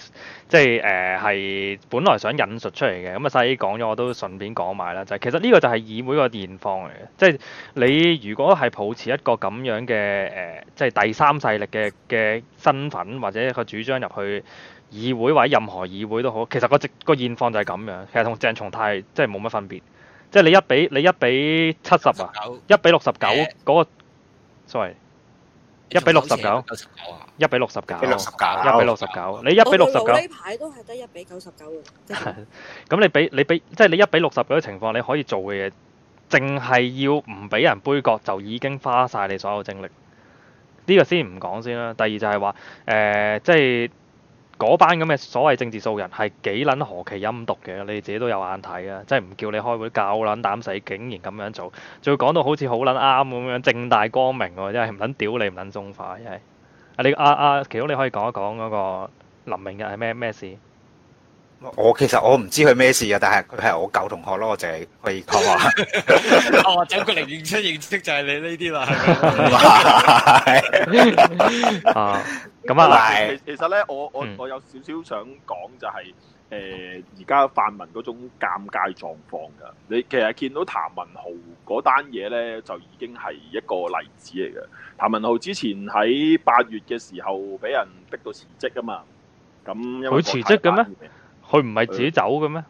即係誒係本來想引述出嚟嘅，咁啊細姨講咗，我都順便講埋啦，就係、其實呢個就係議會個現況嚟嘅，即、就、係、係、你如果係抱持一個咁樣嘅誒、呃，即係第三勢力嘅嘅身份或者個主張入去議會或者任何議會都好，其實、個直、個現況就係咁樣，其實同鄭松泰即係冇乜分別。即係你一比你一比七十啊，一比六十九嗰個，sorry，一、欸、比六十九，一比六十九，一比六十九，一比六十九。你一比六十九。呢排都係得一比九十九啊。咁你比你比，即係你一比六十九嘅情況，你可以做嘅嘢，淨係要唔俾人杯葛，就已經花晒你所有精力。呢、呢個先唔講先啦。第二就係話，誒、呃，即係。嗰班咁嘅所謂政治素人係幾撚何其陰毒嘅，你自己都有眼睇啊！真係唔叫你開會教撚膽死，竟然咁樣做，仲要講到好似好撚啱咁樣正大光明喎！真係唔撚屌你，唔撚中化，真係啊！你啊啊，其中你可以講一講嗰個林明日係咩咩事？我其實我唔知佢咩事啊，但係佢係我舊同學咯，我淨係可以講啊。哦，整佢嚟，認知認識就係你呢啲啦。啊，咁啊，其實咧，我我我有少少想講就係，誒，而家泛民嗰種尷尬狀況噶。你其實見到譚文豪嗰單嘢咧，就已經係一個例子嚟嘅。譚文豪之前喺八月嘅時候俾人逼到辭職啊嘛，咁佢辭職嘅咩？佢唔係自己走嘅咩？誒、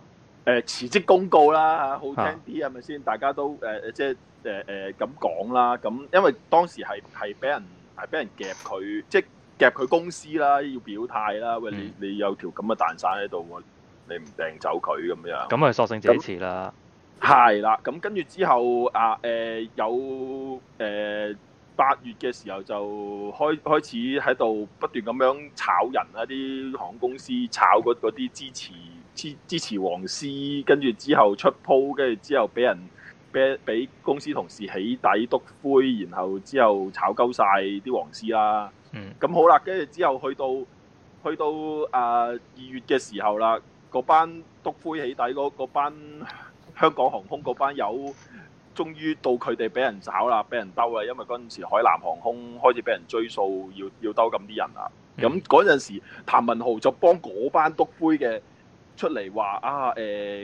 呃，辭職公告啦、啊、好聽啲係咪先？大家都誒誒，即係誒誒咁講啦。咁因為當時係係俾人係俾人夾佢，即係夾佢公司啦，要表態啦。喂、嗯，你你有條咁嘅蛋散喺度，你唔掟走佢咁樣？咁咪、嗯、索性自己辭、嗯嗯、啦。係、嗯、啦，咁跟住之後啊，誒有誒。呃呃呃呃呃呃八月嘅時候就開開始喺度不斷咁樣炒人啦，啲航空公司炒嗰啲支持支支持黃絲，跟住之後出鋪，跟住之後俾人俾俾公司同事起底篤灰，然後之後炒鳩晒啲黃絲啦。嗯，咁好啦，跟住之後去到去到啊二月嘅時候啦，嗰班篤灰起底嗰嗰班香港航空嗰班有。終於到佢哋俾人找啦，俾人兜啦，因為嗰陣時海南航空開始俾人追訴，要要兜咁啲人啦。咁嗰陣時，譚文豪就幫嗰班督灰嘅出嚟話啊，誒、呃，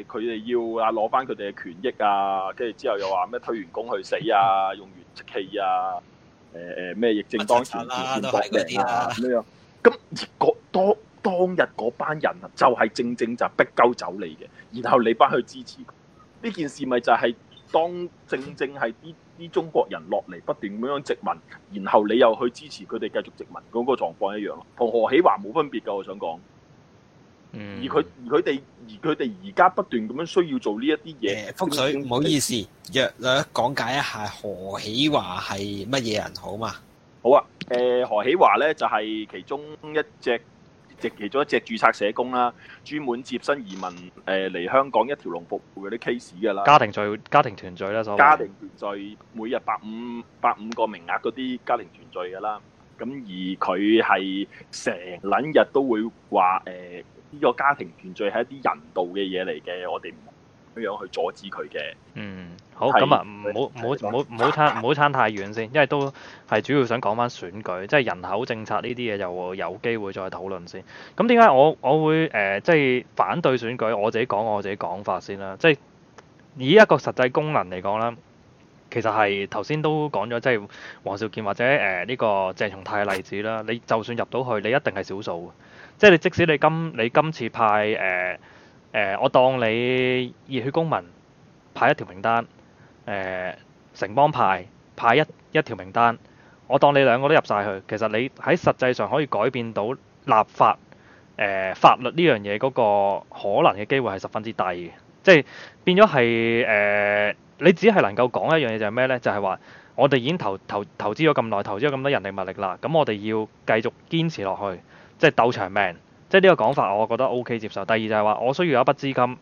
佢哋要啊攞翻佢哋嘅權益啊，跟住之後又話咩推員工去死啊，嗯、用完即棄啊，誒誒咩疫症、嗯、當前時，亂發令啊，咁、啊、樣。咁而嗰當，當，當日嗰班人就係、是、正正就逼鳩走你嘅，然後你返去支持。呢件事咪就係、是？當正正係啲啲中國人落嚟，不斷咁樣殖民，然後你又去支持佢哋繼續殖民，嗰個狀況一樣咯，同何喜華冇分別噶，我想講。嗯，而佢佢哋而佢哋而家不斷咁樣需要做呢一啲嘢。風水，唔好意思，約略講解一下何喜華係乜嘢人好嘛？好啊，誒、呃，何喜華咧就係其中一隻，即其中一隻註冊社工啦，專門接新移民誒嚟、呃、香港一條龍服務嗰啲 case 㗎啦。家庭聚家庭團聚咧，所家庭聚每日百五百五個名額嗰啲家庭團聚㗎啦。咁而佢係成撚日都會話誒，呢、呃這個家庭團聚係一啲人道嘅嘢嚟嘅，我哋。唔。」咁樣去阻止佢嘅。嗯，好，咁啊，唔好唔好唔好唔好撐唔好撐太遠先，因為都係主要想講翻選舉，即係人口政策呢啲嘢，就有機會再討論先。咁點解我我會誒即係反對選舉，我自己講我自己講法先啦，即係以一個實際功能嚟講啦，其實係頭先都講咗，即係黃少健或者誒呢個鄭松泰嘅例子啦。你就算入到去，你一定係少數，即係你即使你今你今次派誒。呃誒、呃，我當你熱血公民派一條名單，誒、呃，城邦派派一一條名單，我當你兩個都入晒去，其實你喺實際上可以改變到立法，誒、呃，法律呢樣嘢嗰個可能嘅機會係十分之低，即係變咗係誒，你只係能夠講一樣嘢就係咩呢？就係話，我哋已經投投投資咗咁耐，投資咗咁多人力物力啦，咁我哋要繼續堅持落去，即係鬥長命。即係呢個講法，我覺得 O、OK、K 接受。第二就係話，我需要有一筆資金，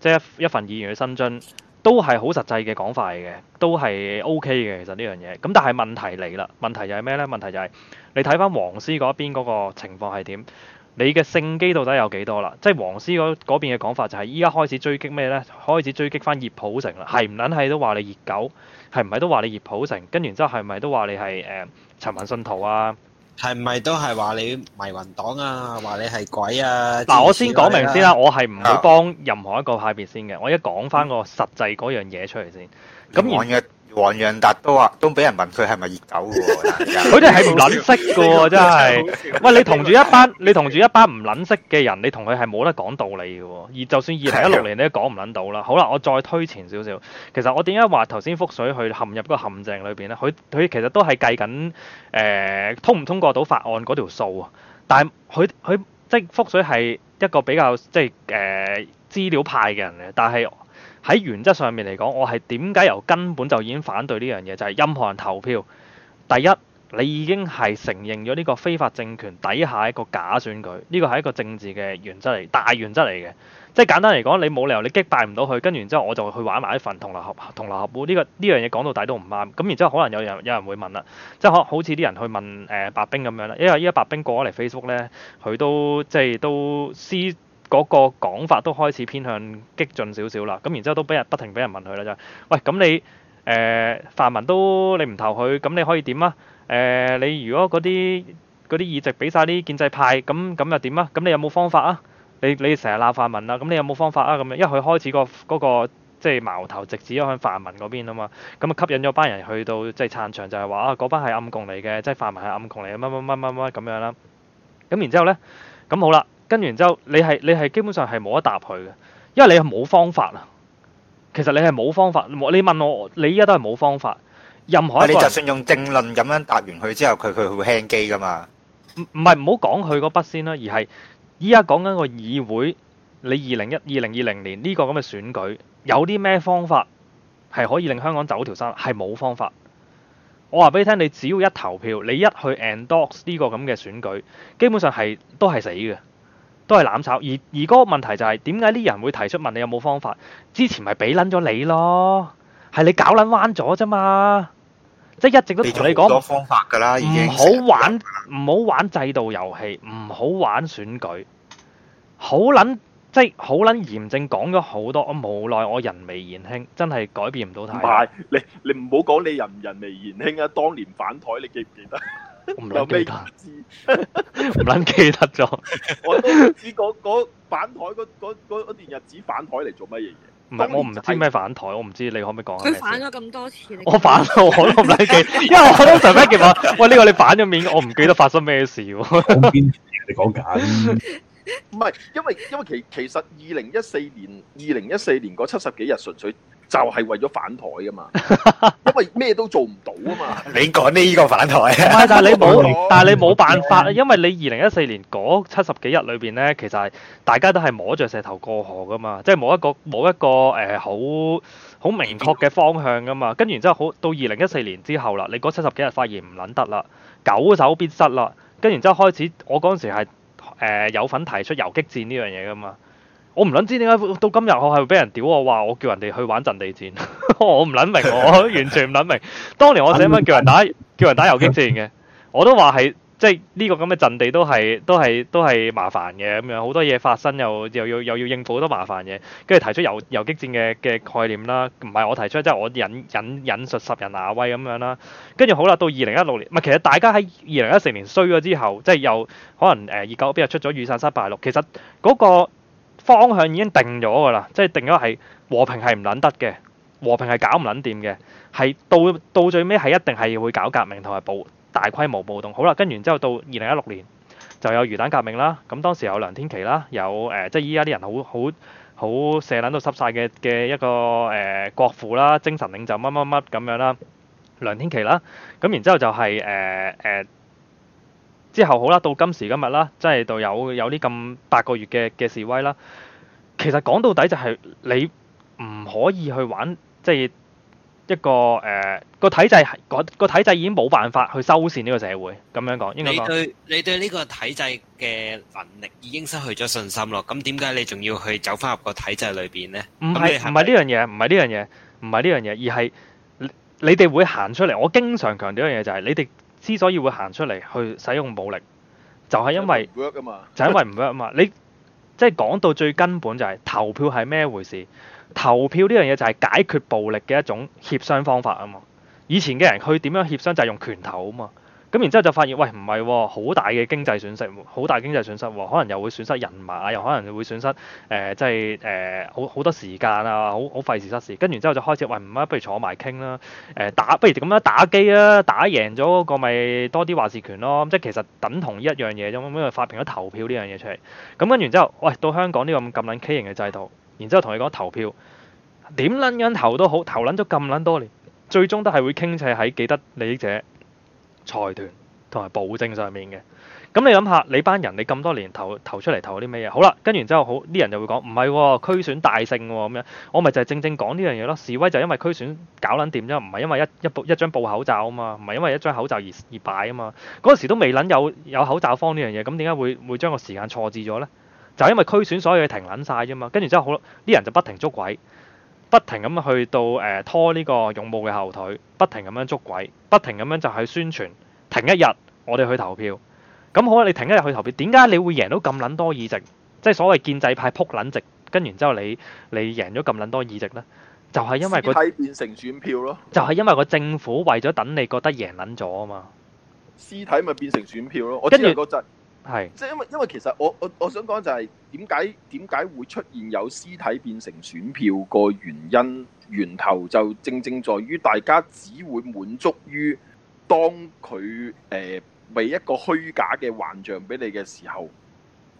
即係一一份議員嘅薪津，都係好實際嘅講法嚟嘅，都係 O K 嘅。其實呢樣嘢，咁但係問題嚟啦。問題就係咩呢？問題就係、係、你睇翻黃絲嗰邊嗰個情況係點？你嘅勝機到底有幾多啦？即係黃絲嗰邊嘅講法就係依家開始追擊咩呢？開始追擊翻葉普成啦，係唔撚係都話你熱狗，係唔係都話你葉普成？跟住然之後係咪都話你係誒、呃、陳文信徒啊？係咪都係話你迷魂黨啊？話你係鬼啊？嗱、啊，我先講明先啦，我係唔會幫任何一個派別先嘅，我而家講翻嗰個實際嗰樣嘢出嚟先。咁黃洋達都話，都俾人問佢係咪熱狗喎？佢哋係唔撚識嘅喎，真係。喂，你同住一班，你同住一班唔撚識嘅人，你同佢係冇得講道理嘅喎。而就算二零一六年咧，你都講唔撚到啦。好啦，我再推前少少。其實我點解話頭先覆水去陷入個陷阱裏邊咧？佢佢其實都係計緊誒通唔通過到法案嗰條數啊。但係佢佢即係覆水係一個比較即係誒資料派嘅人嚟，但係。喺原則上面嚟講，我係點解由根本就已經反對呢樣嘢？就係、是、任何人投票，第一你已經係承認咗呢個非法政權底下一個假選舉，呢個係一個政治嘅原則嚟，大原則嚟嘅。即係簡單嚟講，你冇理由你擊敗唔到佢，跟住之後我就去玩埋一份同流合同流合污呢、這個呢樣嘢講到底都唔啱。咁然之後可能有人有人會問啦，即係可好似啲人去問誒白冰咁樣啦，因為依家白冰過咗嚟 Facebook 咧，佢都即係都私。嗰個講法都開始偏向激進少少啦，咁然之後都俾人不停俾人問佢啦就：「喂，咁你誒、呃、泛民都你唔投佢，咁你可以點啊？誒、呃，你如果嗰啲啲議席俾晒啲建制派，咁咁又點啊？咁你有冇方法啊？你你成日鬧泛民啊？咁你有冇方法啊？咁樣，因為佢開始、那個嗰、那個即係、就是、矛頭直指向泛民嗰邊啊嘛，咁啊吸引咗班人去到即係撐場，就係、是、話啊嗰班係暗共嚟嘅，即、就、係、是、泛民係暗共嚟嘅，乜乜乜乜乜咁樣啦。咁然之後咧，咁好啦。跟完之後，你係你係基本上係冇得答佢嘅，因為你係冇方法啊。其實你係冇方法，你問我，你依家都係冇方法。任何一個你就算用政論咁樣答完佢之後，佢佢會輕機㗎嘛？唔唔係唔好講佢嗰筆先啦，而係依家講緊個議會，你二零一二零二零年呢個咁嘅選舉有啲咩方法係可以令香港走條山？係冇方法。我話俾你聽，你只要一投票，你一去 endorse 呢個咁嘅選舉，基本上係都係死嘅。都係攬炒，而而嗰個問題就係點解啲人會提出問你有冇方法？之前咪俾撚咗你咯，係你搞撚彎咗啫嘛！即係一直都未同你講方法㗎啦，已經唔好玩，唔好玩制度遊戲，唔好玩選舉，好撚即係好撚嚴正講咗好多。我無奈我人微言輕，真係改變唔到態度。唔係你你唔好講你人微言輕啊，當年反台你記唔記得？唔捻記得，唔捻 記得咗。 我都唔知嗰嗰反台嗰段日子反台嚟做乜嘢嘢？唔係， 我唔知咩反台，我唔知你可唔可以講下。佢反咗咁多次，我反，我都唔捻記， 因為我通常咩嘅嘛。 喂，呢、這個你反咗面，我唔記得發生咩事你講緊？唔係，因為因為其其實二零一四年二零一四年嗰七十幾日純粹。就係為咗反台啊嘛，因為咩都做唔到啊嘛。你講呢個反台， 但係你冇， 但係你冇辦法，因為你二零一四年嗰七十幾日裏邊呢，其實係大家都係摸着石頭過河噶嘛，即係冇一個冇一個誒好好明確嘅方向噶嘛。跟住然之後好到二零一四年之後啦，你嗰七十幾日發現唔撚得啦，九手必失啦。跟住然之後開始，我嗰陣時係、呃、有份提出遊擊戰呢樣嘢噶嘛。我唔捻知點解到今日我係會俾人屌我話，我叫人哋去玩陣地戰， 我唔捻明，我完全唔捻明。當年我寫乜叫人打叫人打遊擊戰嘅，我都話係即係呢個咁嘅陣地都係都係都係麻煩嘅咁樣，好多嘢發生又又要又要應付好多麻煩嘢，跟住提出遊遊擊戰嘅嘅概念啦，唔係我提出，即係我引引引述十人亞威咁樣啦。跟住好啦，到二零一六年，唔其實大家喺二零一四年衰咗之後，即係又可能誒二九嗰邊出咗雨傘失敗六，其實嗰個方向已經定咗㗎啦，即係定咗係和平係唔撚得嘅，和平係搞唔撚掂嘅，係到到最尾係一定係會搞革命同埋暴大規模暴動。好啦，跟住之後到二零一六年就有魚蛋革命啦。咁當時有梁天琦啦，有誒即係依家啲人好好好射撚到濕曬嘅嘅一個誒國父啦，精神領袖乜乜乜咁樣啦，梁天琦啦。咁然之後就係誒誒。之後好啦，到今時今日啦，即係到有有啲咁八個月嘅嘅示威啦。其實講到底就係你唔可以去玩，即係一個誒、呃、個體制係個，個體制已經冇辦法去修繕呢個社會咁樣講。應該講你對你對呢個體制嘅能力已經失去咗信心咯。咁點解你仲要去走翻入個體制裏邊呢？唔係唔係呢樣嘢，唔係呢樣嘢，唔係呢樣嘢，而係你你哋會行出嚟。我經常強調一樣嘢就係、是、你哋。之所以會行出嚟去使用武力，就係因為唔 work 嘛，就因為唔 work 啊嘛。你即係講到最根本就係投票係咩回事？投票呢樣嘢就係解決暴力嘅一種協商方法啊嘛。以前嘅人去點樣協商就係用拳頭啊嘛。咁然之後就發現，喂唔係，好、哦、大嘅經濟損失，好大經濟損失喎、哦，可能又會損失人馬，又可能會損失，誒即係誒好好多時間啊，好好費事失事。跟住之後就開始，喂唔不如坐埋傾啦，誒、呃、打不如咁樣打機啊，打贏咗嗰個咪多啲話事權咯，即係其實等同一樣嘢啫。咁啊發明咗投票呢樣嘢出嚟，咁跟住之後，喂到香港呢個咁撚畸形嘅制度，然之後同你講投票，點撚樣投都好，投撚咗咁撚多年，最終都係會傾斜喺既得利益者。財團同埋保證上面嘅，咁你諗下你班人你咁多年投投出嚟投啲咩嘢？好啦，跟完之後好啲人就會講唔係區選大勝喎、哦、咁樣，我咪就係正正講呢樣嘢咯。示威就因為區選搞撚掂啫，唔係因為一一一張布口罩啊嘛，唔係因為一張口罩而而擺啊嘛。嗰陣時都未撚有有口罩方呢樣嘢，咁點解會會將個時間錯置咗呢？就係因為區選所有嘢停撚晒啫嘛，跟住之後好啲人就不停捉鬼。不停咁去到誒、呃、拖呢個勇武嘅後腿，不停咁樣捉鬼，不停咁樣就係宣傳。停一日，我哋去投票。咁好啦，你停一日去投票，點解你會贏到咁撚多議席？即係所謂建制派撲撚席。跟完之後你你贏咗咁撚多議席呢，就係、係、因為、個、屍體變成選票咯。就係因為個政府為咗等你覺得贏撚咗啊嘛。屍體咪變成選票咯。我知嗰陣。係，即係是因為，因為其實我我我想講就係點解，點解會出現有屍體變成選票，個原因源頭就正正在於大家只會滿足於當佢誒、呃、俾一個虛假嘅幻象俾你嘅時候，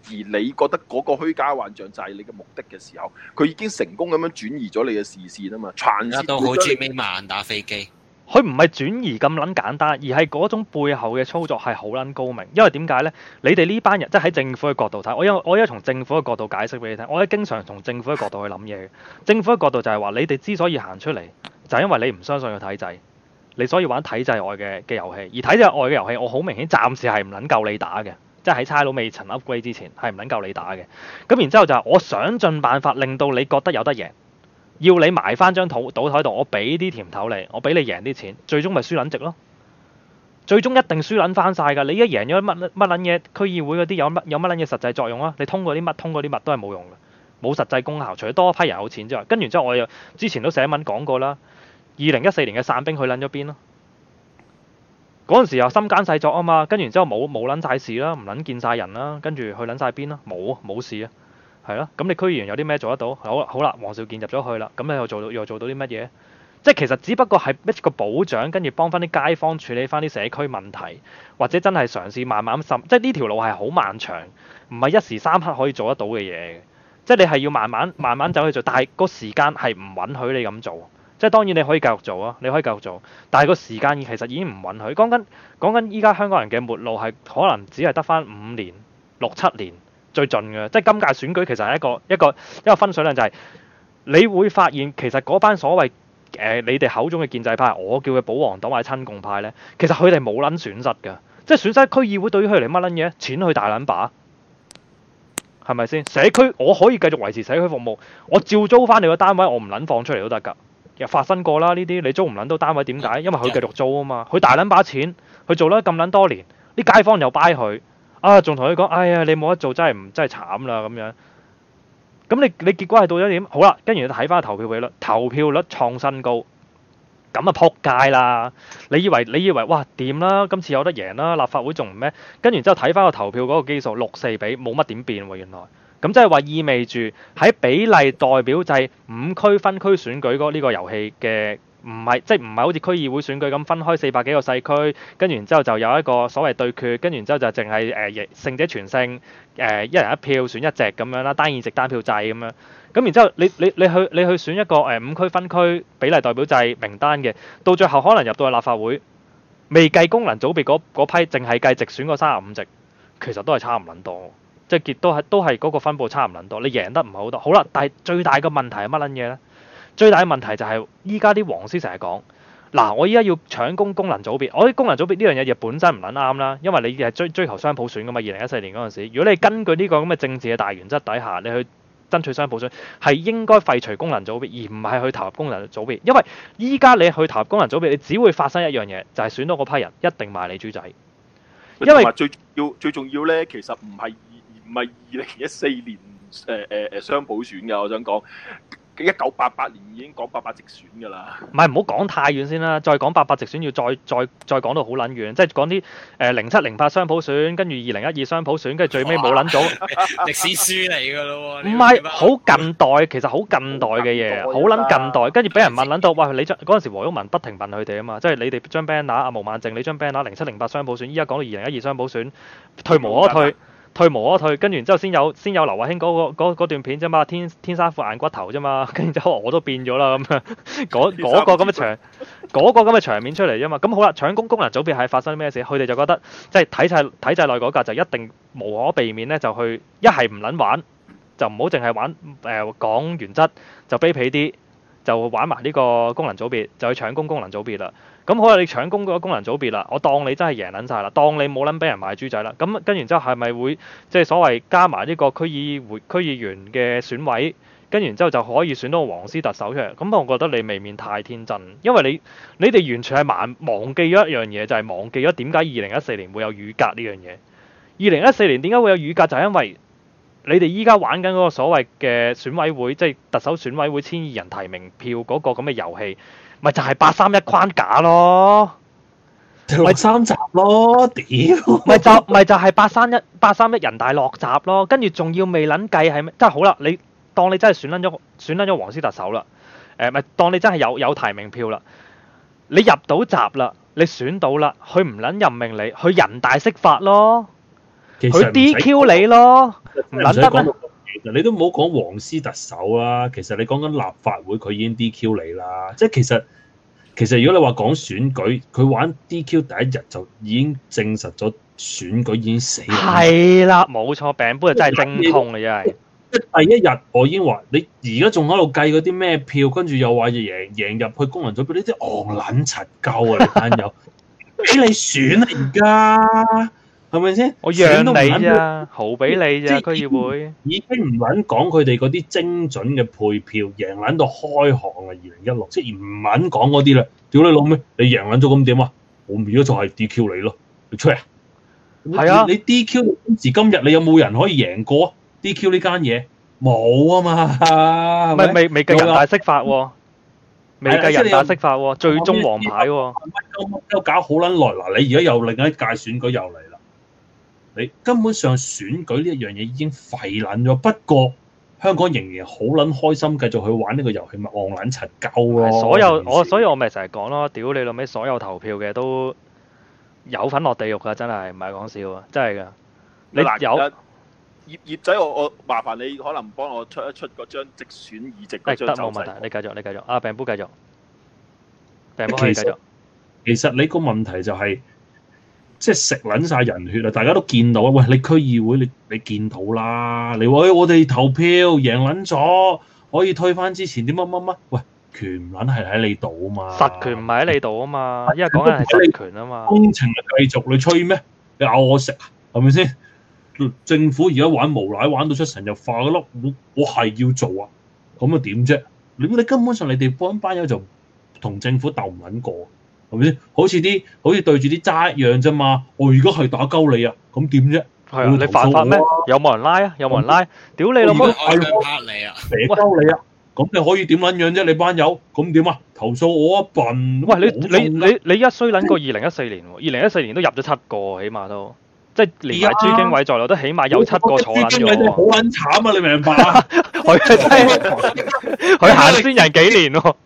而你覺得嗰個虛假幻象就係你嘅目的嘅時候，佢已經成功咁樣轉移咗你嘅視線啊嘛，傳説都好追尾萬打飛機。佢唔係轉移咁撚簡單，而係嗰種背後嘅操作係好撚高明。因為點解呢？你哋呢班人即係喺政府嘅角度睇，我因我因為從政府嘅角度解釋俾你聽，我係經常從政府嘅角度去諗嘢。政府嘅角度就係話，你哋之所以行出嚟，就係、是、因為你唔相信個體制，你所以玩體制外嘅嘅遊戲。而體制外嘅遊戲，我好明顯暫時係唔撚夠你打嘅，即係喺差佬未曾 upgrade 之前，係唔撚夠你打嘅。咁然之後就係我想盡辦法令到你覺得有得贏。要你埋翻張土倒喺度，我俾啲甜頭你，我俾你贏啲錢，最終咪輸撚值咯。最終一定輸撚翻晒㗎。你而家贏咗乜乜撚嘢？區議會嗰啲有乜有乜撚嘢實際作用啊？你通過啲乜通過啲乜都係冇用嘅，冇實際功效。除咗多一批人有錢之外，跟住之後我又之前都寫文講過啦。二零一四年嘅散兵去撚咗邊咯？嗰陣時候又心奸細作啊嘛，跟完之後冇冇撚晒事啦，唔撚見晒人啦，跟住去撚晒邊啦？冇啊，冇事啊。係咯，咁你區議員有啲咩做得到？好啦，好啦，黃少健入咗去啦，咁你又做到又做到啲乜嘢？即係其實只不過係一個保障，跟住幫翻啲街坊處理翻啲社區問題，或者真係嘗試慢慢甚，即係呢條路係好漫長，唔係一時三刻可以做得到嘅嘢。即係你係要慢慢慢慢走去做，但係個時間係唔允許你咁做。即係當然你可以繼續做啊，你可以繼續做，但係個時間其實已經唔允許。講緊講緊依家香港人嘅末路係可能只係得翻五年、六七年。最盡嘅，即係今屆選舉其實係一個一個一個分水嶺，就係，就係你會發現其實嗰班所謂誒、呃、你哋口中嘅建制派，我叫佢保皇黨或者親共派呢，其實佢哋冇撚損失㗎，即係損失區議會對於佢嚟乜撚嘢？錢去大撚把，係咪先？社區我可以繼續維持社區服務，我照租翻你個單位，我唔撚放出嚟都得㗎。又發生過啦，呢啲你租唔撚到單位點解？因為佢繼續租啊嘛，佢大撚把錢，佢做咗咁撚多年，啲街坊又掰佢。啊！仲同佢講，哎呀，你冇得做，真係唔真係慘啦咁樣。咁你你結果係到咗點？好啦，跟住你睇翻個投票比率，投票率創新高，咁啊撲街啦！你以為你以為哇掂啦？今次有得贏啦，立法會仲唔咩？跟住之後睇翻個投票嗰個基數六四比冇乜點變喎、啊。原來咁即係話意味住喺比例代表制五區分區選舉嗰呢個遊戲嘅。唔係即係唔係好似區議會選舉咁，分開四百幾個細區，跟住之後就有一個所謂對決，跟住之後就淨係誒贏勝者全勝，誒、呃、一人一票選一隻咁樣啦，單二席單票制咁樣。咁然之後你你你去你去選一個誒、呃、五區分區比例代表制名單嘅，到最後可能入到去立法會，未計功能組別嗰批，淨係計直選嗰三十五席，其實都係差唔撚多，即係都係都係嗰個分佈差唔撚多，你贏得唔係好多。好啦，但係最大嘅問題係乜撚嘢咧？最大嘅問題就係依家啲黃絲成日講，嗱，我依家要搶攻功能組別，我啲功能組別呢樣嘢亦本身唔撚啱啦，因為你係追追求雙普選噶嘛。二零一四年嗰陣時，如果你根據呢個咁嘅政治嘅大原則底下，你去爭取雙普選，係應該廢除功能組別，而唔係去投入功能組別。因為依家你去投入功能組別，你只會發生一樣嘢，就係選到嗰批人一定賣你豬仔。因為最要最重要咧，其實唔係唔係二零一四年誒誒誒雙普選嘅，我想講。一九八八年已經講八八直選㗎啦，唔係唔好講太遠先啦，再講八八直選要再再再講到好撚遠，即係講啲誒零七零八雙普選，跟住二零一二雙普選，跟住最尾冇撚到歷史書嚟㗎咯喎，唔係好近代，其實好近代嘅嘢，好撚近代，跟住俾人問撚到，喂，你將嗰陣時黃毓民不停問佢哋啊嘛，即係你哋張 banner 啊，阿毛孟靜，你張 banner 啊，零七零八雙普選，依家講到二零一二雙普選，退無可退。退無可退，跟住然之後先有先有劉慧卿嗰段片啫嘛，天天生副硬骨頭啫嘛，跟住之後我都變咗啦咁啊，嗰、 嗰個咁嘅場，嗰個咁嘅場面出嚟啫嘛，咁好啦，搶攻功，功能組別係發生咩事？佢哋就覺得即係體制體制內嗰架就一定無可避免咧，就去一係唔撚玩，就唔好淨係玩誒、呃、講原則，就卑鄙啲，就玩埋呢個功能組別，就去搶攻功，功能組別啦。咁好啦，你搶功嗰個功能組別啦，我當你真係贏撚晒啦，當你冇撚俾人買豬仔啦。咁跟完之後係咪會即係、就是、所謂加埋呢個區議會區議員嘅選委？跟完之後就可以選到黃絲特首出嚟？咁我覺得你未免太天真，因為你你哋完全係忘忘記咗一樣嘢，就係、是、忘記咗點解二零一四年會有雨革呢樣嘢。二零一四年點解會有雨革？就係、是、因為你哋依家玩緊嗰個所謂嘅選委會，即、就、係、是、特首選委會千二人提名票嗰個咁嘅遊戲。咪就係八三一框架咯，咪三集咯，屌！ 咪就咪就係八三一八三一人大落閘咯，跟住仲要未捻計係咪？真係好啦，你當你真係選捻咗選捻咗黃絲特首啦，誒，咪當你真係有有提名票啦，你入到閘啦，你選到啦，佢唔捻任命你，佢人大釋法咯，佢 DQ 你咯，唔捻得。嗱，你都唔好講黃絲特首啦，其實你講緊立法會佢已經 DQ 你啦，即係其實其實如果你話講選舉，佢玩 DQ 第一日就已經證實咗選舉已經死啦。係啦，冇錯，餅杯真係精痛啊，真係。即係第一日是我已經話你，而家仲喺度計嗰啲咩票，跟住又話要贏贏入去工人組別呢啲戇卵柒鳩啊，你班友，俾你選啊而家。係咪先？我讓你啫、啊，好俾你啫、啊。即佢要會已經唔肯講佢哋嗰啲精準嘅配票，贏撚到，到開行啊！二零一六，即係唔肯講嗰啲啦。屌你老味，你贏撚咗咁點啊？我唔如果就係 DQ 你咯，你出嚟。係啊，你 DQ 今時今日，你有冇人可以贏過 DQ 呢間嘢？冇啊嘛，唔係未未計人大釋法喎、啊，未計人大釋法喎、啊，嗯、最終黃牌喎、啊。咁都、啊、搞好撚耐嗱，你而家又另一屆選舉又嚟啦。你根本上選舉呢一樣嘢已經廢撚咗，不過香港仍然好撚開心，繼續去玩呢個遊戲咪戇撚柒鳩咯。所有我，所以我咪成日講咯，屌你老味！所有投票嘅都有份落地獄噶，真係唔係講笑啊，真係噶。你，你有葉葉有仔，我我麻煩你，可能幫我出一出嗰張直選議席嗰張就，得冇問題，你繼續，你繼續。阿、啊、病煲繼續，病煲繼續。其實其實你個問題就係、是。即係食撚晒人血啊！大家都見到啊！喂，你區議會，你你見到啦？你話，哎，我哋投票贏撚咗，可以推翻之前啲乜乜乜？喂，權撚係喺你度啊嘛！實權唔係喺你度啊嘛！因為講緊係實權啊嘛！工程繼續你吹咩？你咬我食啊？係咪先？政府而家玩無賴，玩到出神入化嘅咯！我我係要做啊！咁又點啫？你你根本上你哋幫班友就同政府鬥唔撚過。係咪先？好似啲好似對住啲渣一樣啫嘛！我如果係打鳩你啊，咁點啫？係啊，你犯法咩？有冇人拉啊？有冇人拉？屌你老母！係我拍你啊！射鳩你啊！咁你可以點捻樣啫？你班友咁點啊？投訴我啊笨！喂，你你你你一衰捻個二零一四年，二零一四年都入咗七個，起碼都即係連埋朱經緯在內都起碼有七個坐爛咗啊！好撚慘啊！你明白啊？佢佢行先人幾年咯。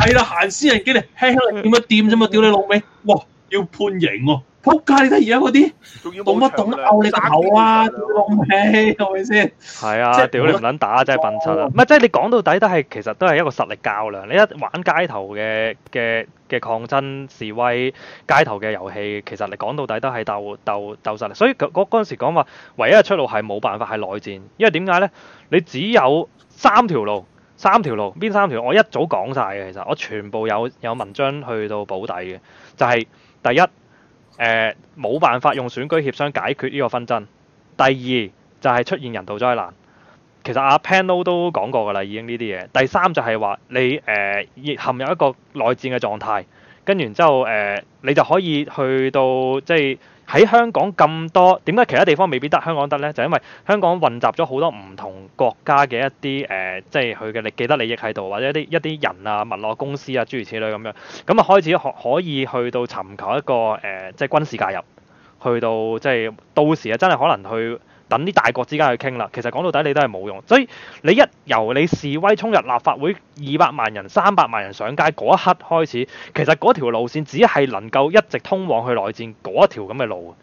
係啦，行私人機嚟，輕輕點一點啫嘛，屌你老味！哇，要判刑喎，仆街你得而家嗰啲，仲要冇乜懂毆你個頭啊？屌你老味，係咪先？係啊，屌你唔撚打，真係笨柒啊！唔係，即係你講到底都係，其實都係一個實力較量。你一玩街頭嘅嘅嘅抗爭示威，街頭嘅遊戲，其實你講到底都係鬥鬥鬥實力。所以嗰嗰陣時講話，唯一嘅出路係冇辦法係內戰，因為點解咧？你只有三條路。三條路，邊三條？我一早講晒嘅其實，我全部有有文章去到補底嘅，就係、是、第一，誒、呃、冇辦法用選舉協商解決呢個紛爭；第二就係、是、出現人道災難，其實阿、啊、Pan 都講過㗎啦，已經呢啲嘢；第三就係話你誒、呃、陷入一個內戰嘅狀態，跟住之後誒、呃、你就可以去到即係。喺香港咁多，點解其他地方未必得香港得呢？就因為香港混雜咗好多唔同國家嘅一啲誒、呃，即係佢嘅利，既得利益喺度，或者一啲一啲人啊、物樂公司啊諸如此類咁樣，咁啊開始可以去到尋求一個誒、呃，即係軍事介入，去到即係到時啊，真係可能去。等啲大國之間去傾啦，其實講到底你都係冇用，所以你一由你示威衝入立法會二百萬人、三百萬人上街嗰一刻開始，其實嗰條路線只係能夠一直通往去內戰嗰一條咁嘅路，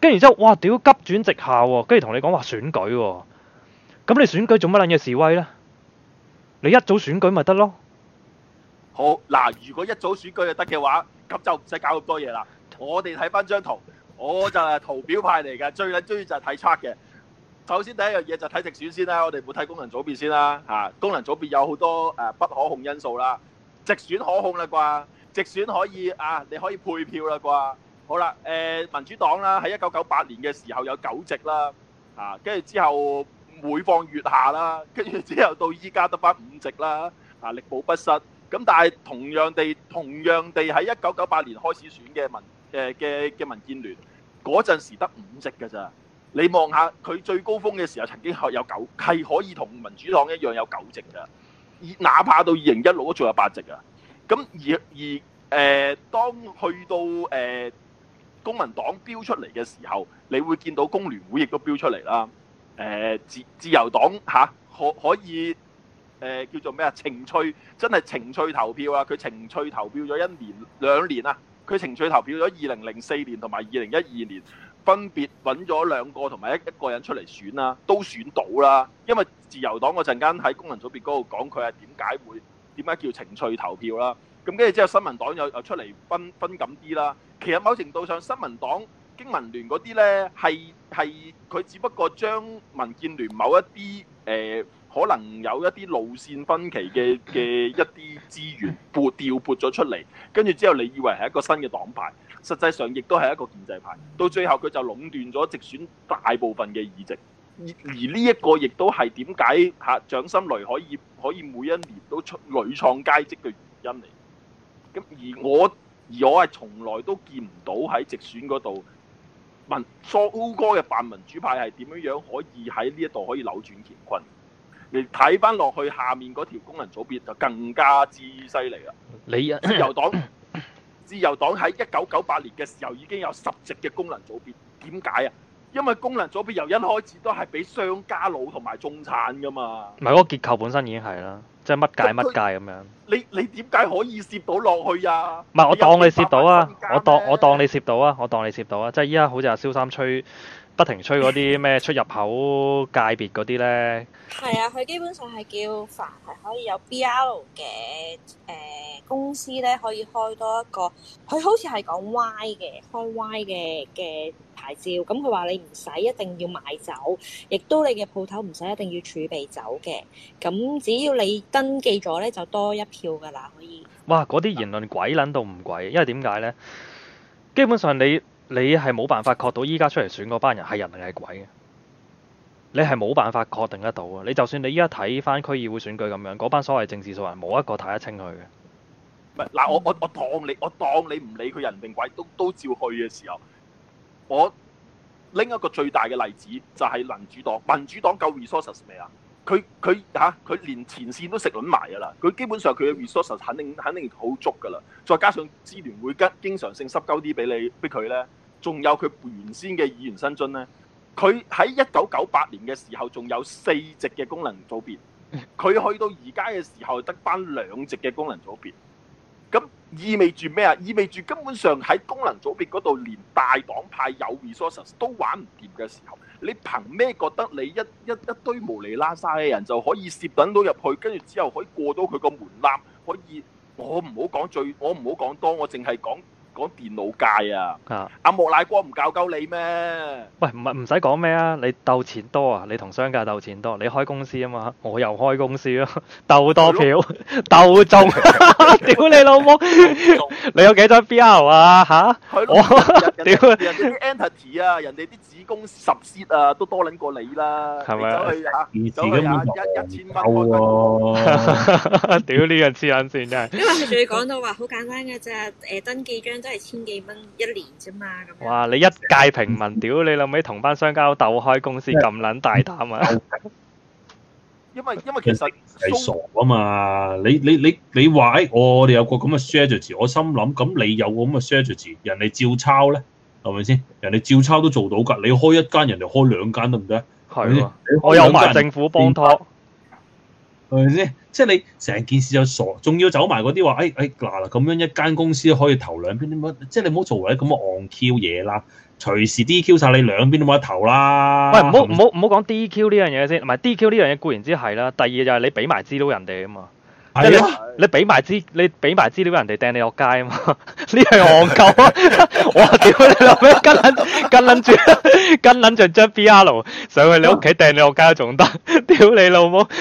跟住然之後，哇屌急轉直下喎、啊，跟住同你講話選舉喎、啊，咁你選舉做乜撚嘢示威呢？你一早選舉咪得咯？好嗱，如果一早選舉就得嘅話，咁就唔使搞咁多嘢啦。我哋睇翻張圖，我就係圖表派嚟嘅，最撚中意就係睇 chart 嘅。首先第一樣嘢就睇直選先啦，我哋冇睇功能組別先啦嚇。功能組別有好多誒不可控因素啦，直選可控啦啩？直選可以啊，你可以配票啦啩？好啦，誒民主黨啦，喺一九九八年嘅時候有九席啦，嚇，跟住之後每況愈下啦，跟住之後到依家得返五席啦，嚇，力保不失。咁但係同樣地，同樣地喺一九九八年開始選嘅民誒嘅嘅民建聯，嗰陣時得五席㗎咋。你望下佢最高峰嘅時候，曾經係有九係可以同民主黨一樣有九席㗎，而哪怕到二零一六都仲有八席㗎。咁而而誒、呃，當去到誒、呃、公民黨飆出嚟嘅時候，你會見到工聯會亦都飆出嚟啦。誒、呃、自自由黨嚇、啊、可可以誒、呃、叫做咩啊？情趣真係情趣投票啊！佢情趣投票咗一年、兩年啊！佢情趣投票咗二零零四年同埋二零一二年。分別揾咗兩個同埋一一個人出嚟選啦、啊，都選到啦。因為自由黨嗰陣間喺工人組別嗰度講，佢係點解會點解叫情緒投票啦。咁跟住之後，新民黨又又出嚟分分咁啲啦。其實某程度上，新民黨、經文聯嗰啲呢，係係佢只不過將民建聯某一啲誒、呃、可能有一啲路線分歧嘅嘅一啲資源撥調撥咗出嚟，跟住之後，你以為係一個新嘅黨派。實際上亦都係一個建制派，到最後佢就壟斷咗直選大部分嘅議席，而而呢一個亦都係點解嚇掌心雷可以可以每一年都出屢創佳績嘅原因嚟。咁而我而我係從來都見唔到喺直選嗰度民蘇哥嘅泛民主派係點樣樣可以喺呢一度可以扭轉乾坤？你睇翻落去下面嗰條功能組別就更加之犀利啦！你啊、自由黨。自由黨喺一九九八年嘅時候已經有十席嘅功能組別，點解啊？因為功能組別由一開始都係俾商家佬同埋中產㗎嘛，唔係嗰個結構本身已經係啦，即係乜界乜界咁樣。你你點解可以攝到落去呀、啊？唔係我當你攝到啊，我當我當你攝到啊，我當你攝到啊，即係依家好似阿蕭三吹。不停吹嗰啲咩出入口界別嗰啲呢？係啊，佢基本上係叫凡係可以有 BL 嘅誒公司呢，可以開多一個。佢好似係講 Y 嘅，開 Y 嘅嘅牌照。咁佢話你唔使一定要買走，亦都你嘅鋪頭唔使一定要儲備走嘅。咁只要你登記咗呢，就多一票㗎啦。可以。哇！嗰啲言論鬼撚到唔鬼，因為點解呢？基本上你，你係冇辦法確到依家出嚟選嗰班人係人定係鬼嘅，你係冇辦法確定得到啊。你就算你依家睇翻區議會選舉咁樣，嗰班所謂政治素人，冇一個睇得清佢嘅。嗯。嗱，我我我當你我當你唔理佢人定鬼，都都照去嘅時候，我拎一個最大嘅例子就係、是、民主黨，民主黨夠 resources 未啊？佢佢嚇佢連前線都食卵埋㗎啦！佢基本上佢嘅 resource 肯定肯定好足㗎啦，再加上支源會資源會跟經常性濕鳩啲俾你俾佢咧，仲有佢原先嘅議員薪津咧，佢喺一九九八年嘅時候仲有四席嘅功能組別，佢去到而家嘅時候得返兩席嘅功能組別。意味住咩啊？意味住根本上喺功能組別嗰度，連大黨派有 resources 都玩唔掂嘅時候，你憑咩覺得你一一一，一堆無釐拉沙嘅人就可以攝等到入去，跟住之後可以過到佢個門檻？可以我唔好講最，我唔好講多，我淨係講。講電腦界啊，阿莫乃光唔教夠你咩？喂，唔係唔使講咩啊？你鬥錢多啊？你同商界鬥錢多？你開公司啊嘛？我又開公司咯，鬥多票，鬥中，屌你老母！你有幾張 B R 啊？吓？我屌！人哋啲 entity 啊，人哋啲子公十 s 啊，都多捻過你啦，係咪啊？吓，自己屌呢樣黐眼線真係！因為佢仲要講到話好簡單噶啫，誒，登記張。都係千幾蚊一年啫嘛咁。哇！你一介平民，屌你諗起同班商家鬥開公司咁撚大膽啊！因為因為其實係傻啊嘛！你你你你話哎，我我哋有個咁嘅 strategy，我心諗咁你有咁嘅 strategy，人哋照抄咧，係咪先？人哋照抄都做到噶，你開一間，人哋開兩間得唔得？係嘛，我有埋政府幫托，係咪先？即係你成件事就傻，仲要走埋嗰啲話，哎哎嗱嗱咁樣一間公司可以投兩邊都冇得，即係你唔好做埋咁嘅 on Q 嘢啦，隨時 D Q 晒你兩邊都冇得投啦。喂，唔好唔好唔好講 D Q 呢樣嘢先，唔係 D Q 呢樣嘢固然之係啦。第二就係你俾埋資料人哋啊嘛，係你俾埋資你俾埋資料人哋掟你落街啊嘛，呢係戇鳩啊！我屌 你老母，跟撚跟住，跟撚住張 B R 上去你屋企掟你落街都仲得，屌你老母！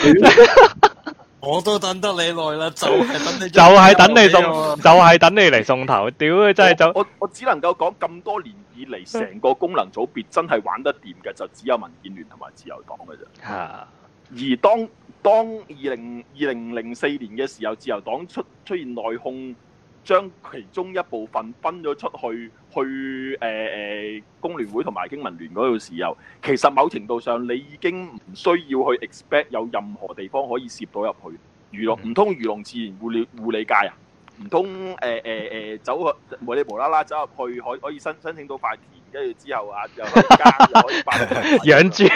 我都等得你耐啦，就係等你，就係等你送，就係等你嚟送頭，屌啊真係就我我，只能夠講，咁多年以嚟，成個功能組別真係玩得掂嘅，就只有民建聯同埋自由黨嘅啫。吓，而當當二零二零零四年嘅時候，自由黨出出現內訌，將其中一部分分咗出去。去誒誒、呃、工聯會同埋經民聯嗰度時候，其實某程度上你已經唔需要去 expect 有任何地方可以涉到入去，漁農唔通漁農自然護理護理界啊，唔通誒誒誒走，無緣無緣無緣走去，或者無啦啦走入去可可以申申請到塊田，跟住之後啊又家可以，可以 養豬，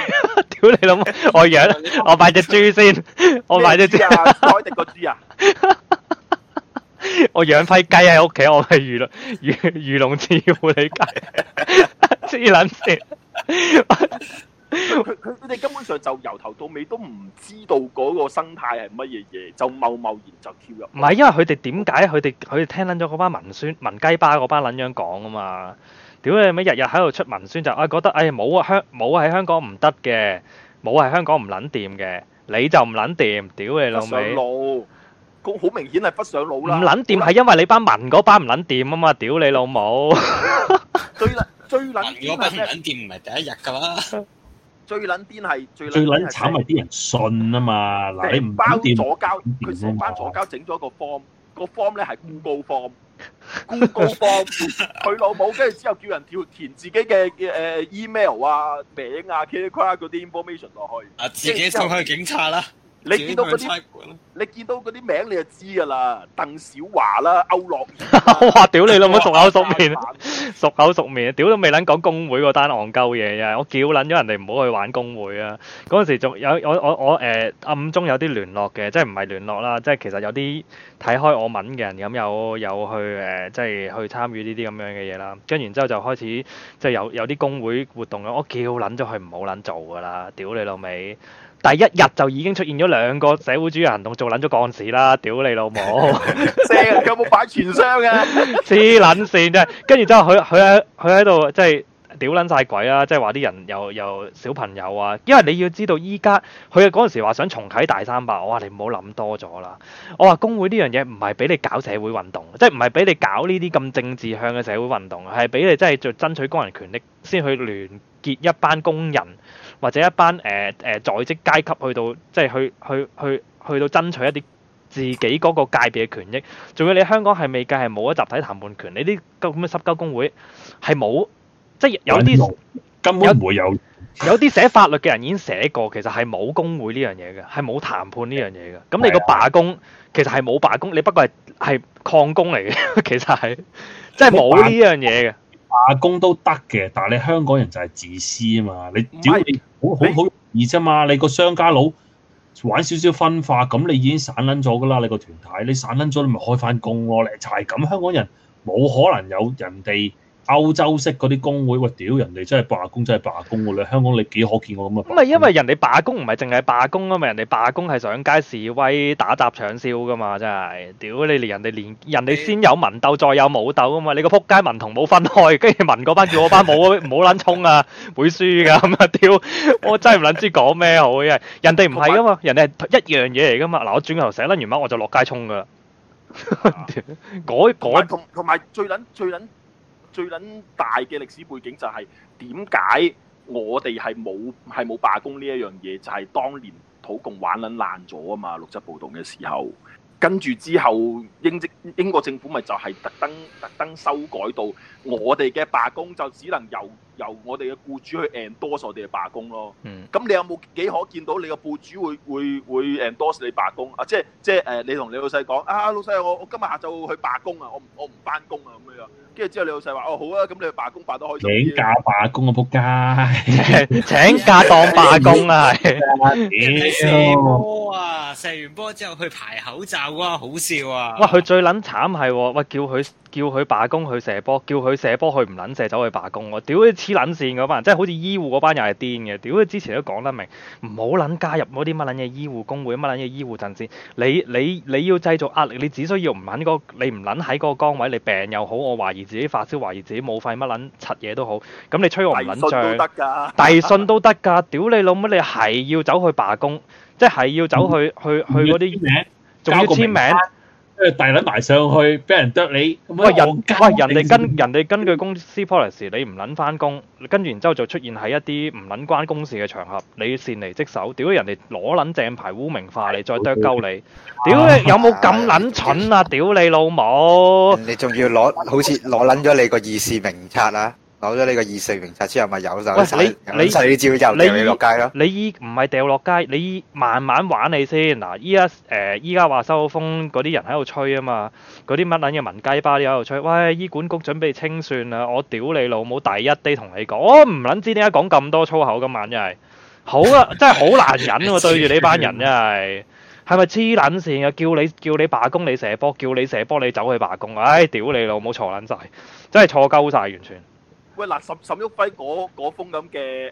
屌 你老母我養我買隻豬先，我買隻豬，豬啊，我定個豬啊！我養批雞喺屋企，我係魚龍魚魚龍潛伏你間，黐卵線！佢佢哋，根本上就由頭到尾都唔知道嗰個生態係乜嘢嘢，就貿貿然就跳入。唔係，因為佢哋點解？佢哋佢哋聽捻咗嗰班文宣，文雞巴嗰班卵樣講啊嘛天天，哎！屌你咪日日喺度出文宣，就啊覺得哎冇香冇喺香港唔得嘅，冇喺香港唔卵掂嘅，你就唔卵掂！屌你老味！好明顯係不上腦啦！唔捻掂係因為你班民嗰班唔捻掂啊嘛，屌你老母！最捻最捻掂嘅，我班唔捻掂唔係第一日噶啦。最捻癲係最最捻慘係啲人信啊嘛！嗱，你唔包墊左膠，佢成班左膠整咗個 form，個 form 咧係 Google form，Google form，佢老母跟住之後叫人填自己嘅嘅誒 email 啊名啊，其他嗰啲 information 落去。啊！自己送去警察啦。你見到嗰啲，你見到嗰啲名你就知噶啦，鄧小華啦，歐樂，哇，屌你老母熟口熟面，熟口熟面，屌都未捻講工會嗰單戇鳩嘢呀！我叫捻咗人哋唔好去玩工會啊！嗰陣時仲有我我我誒暗中有啲聯絡嘅，即係唔係聯絡啦，即係其實有啲睇開我文嘅人咁有有去誒，即係去參與呢啲咁樣嘅嘢啦。跟完之後就開始即係有有啲工會活動嘅，我叫捻咗佢唔好捻做噶啦，屌你老味！第一日就已經出現咗兩個社會主義行動做撚咗幹事啦！屌你老母，有冇擺全箱嘅黐撚線啫？跟住之後佢佢喺佢喺度即係屌撚晒鬼啦！即係話啲人又又小朋友啊，因為你要知道依家佢嗰陣時話想重啓大三罷，我話你唔好諗多咗啦！我話工會呢樣嘢唔係俾你搞社會運動，即係唔係俾你搞呢啲咁政治向嘅社會運動，係俾你真係就爭取工人權力，先去聯結一班工人。或者一班誒誒在職階級去到，即係去去去去，去到爭取一啲自己嗰個界別嘅權益。仲要你香港係未計係冇一集體談判權，你啲咁嘅濕鳩工會係冇，即係有啲根本唔會有，有啲寫法律嘅人已經寫過，其實係冇工會呢樣嘢嘅，係冇談判呢樣嘢嘅。咁你個罷工其實係冇罷工，你不過係係曠工嚟嘅，其實係即係冇呢樣嘢嘅。罷工都得嘅，但係你香港人就係自私啊嘛，你只要你。好好好易啫嘛！你個商家佬玩少少分化，咁你已經散撚咗㗎啦！你個團體，你散撚咗，你咪開翻工咯，啊，咧！就係咁，香港人冇可能有人哋。歐洲式嗰啲工會，喂，屌人哋真係罷工，真係罷工㗎啦！香港你幾可見我咁嘅？咁啊，因為人哋罷工唔係淨係罷工啊嘛，人哋罷工係上街示威、打砸搶燒㗎嘛，真係屌你！連人哋連人哋先有文鬥，再有武鬥啊嘛，你個撲街文同武分開，跟住文嗰班叫我班武唔好撚衝啊，會輸㗎咁啊！屌，我真係唔撚知講咩好嘅，人哋唔係啊嘛，人哋係一樣嘢嚟㗎嘛！嗱，我轉頭寫撚完班我就落街衝㗎啦。屌，嗰嗰同同埋最撚最撚。最撚大嘅歷史背景就係點解我哋係冇係冇罷工呢一樣嘢？就係當年土共玩撚爛咗啊嘛，六七暴動嘅時候，跟住之後英英國政府咪就係特登特登修改到我哋嘅罷工就只能由。由我哋嘅雇主去 endorse 我哋嘅罷工咯。嗯，咁你有冇幾可見到你嘅雇主會會會 endorse 你罷工？啊，即即誒、呃，你同你老細講啊，老細，我我今日下晝去罷工啊，我唔我唔返工啊咁樣。跟住之後你老細話哦，好啊，咁你去罷工罷到可以。請假罷工啊，仆街！ 請假當罷工啊，食 波啊！食完波之後去排口罩哇，好笑啊！哇，佢最撚慘係，哇叫佢。叫佢罷工去射波，叫佢射波，佢唔撚射，走去罷工咯！屌，黐撚線嗰班，即係好似醫護嗰班又係癲嘅。屌， 之前都講得明，唔好撚加入嗰啲乜撚嘢醫護工會，乜撚嘢醫護陣線。你你你要製造壓力，你只需要唔撚嗰，你唔撚喺嗰個崗位，你病又好，我懷疑自己發燒，懷疑自己冇肺，乜撚柒嘢都好。咁你吹我唔撚脹，遞信都得㗎。屌你老母，你係要走去罷工，即係要走去去去嗰啲，仲 要簽名。個即係大捻埋上去，俾人啄你。喂 人，喂人哋跟人哋根據公司 policy，你唔捻翻工，跟完之後就出現喺一啲唔捻關公事嘅場合，你擅離職守，屌人哋攞捻正牌污名化你，再啄鳩你，屌你有冇咁捻蠢啊？屌你老母！你仲要攞好似攞捻咗你個議事名冊啊？攞咗呢個二四零拆之後咪有晒，有晒你照丟落街咯。你依唔係掉落街，你慢慢玩你先嗱。依家誒，依家話收風嗰啲人喺度吹啊嘛，嗰啲乜卵嘅文雞巴啲喺度吹。喂，醫管局準備清算啦！我屌你老母，第一啲同你講，我唔捻知點解講咁多粗口今晚，真係好啊，真係好難忍啊！對住呢班人真係係咪黐卵線啊？叫你叫你罷工，你射波；叫你射波，你走去罷工。唉，屌你老母，坐捻晒，真係坐鳩晒，完全。喂，嗱，啊，沈沈旭輝嗰封咁嘅，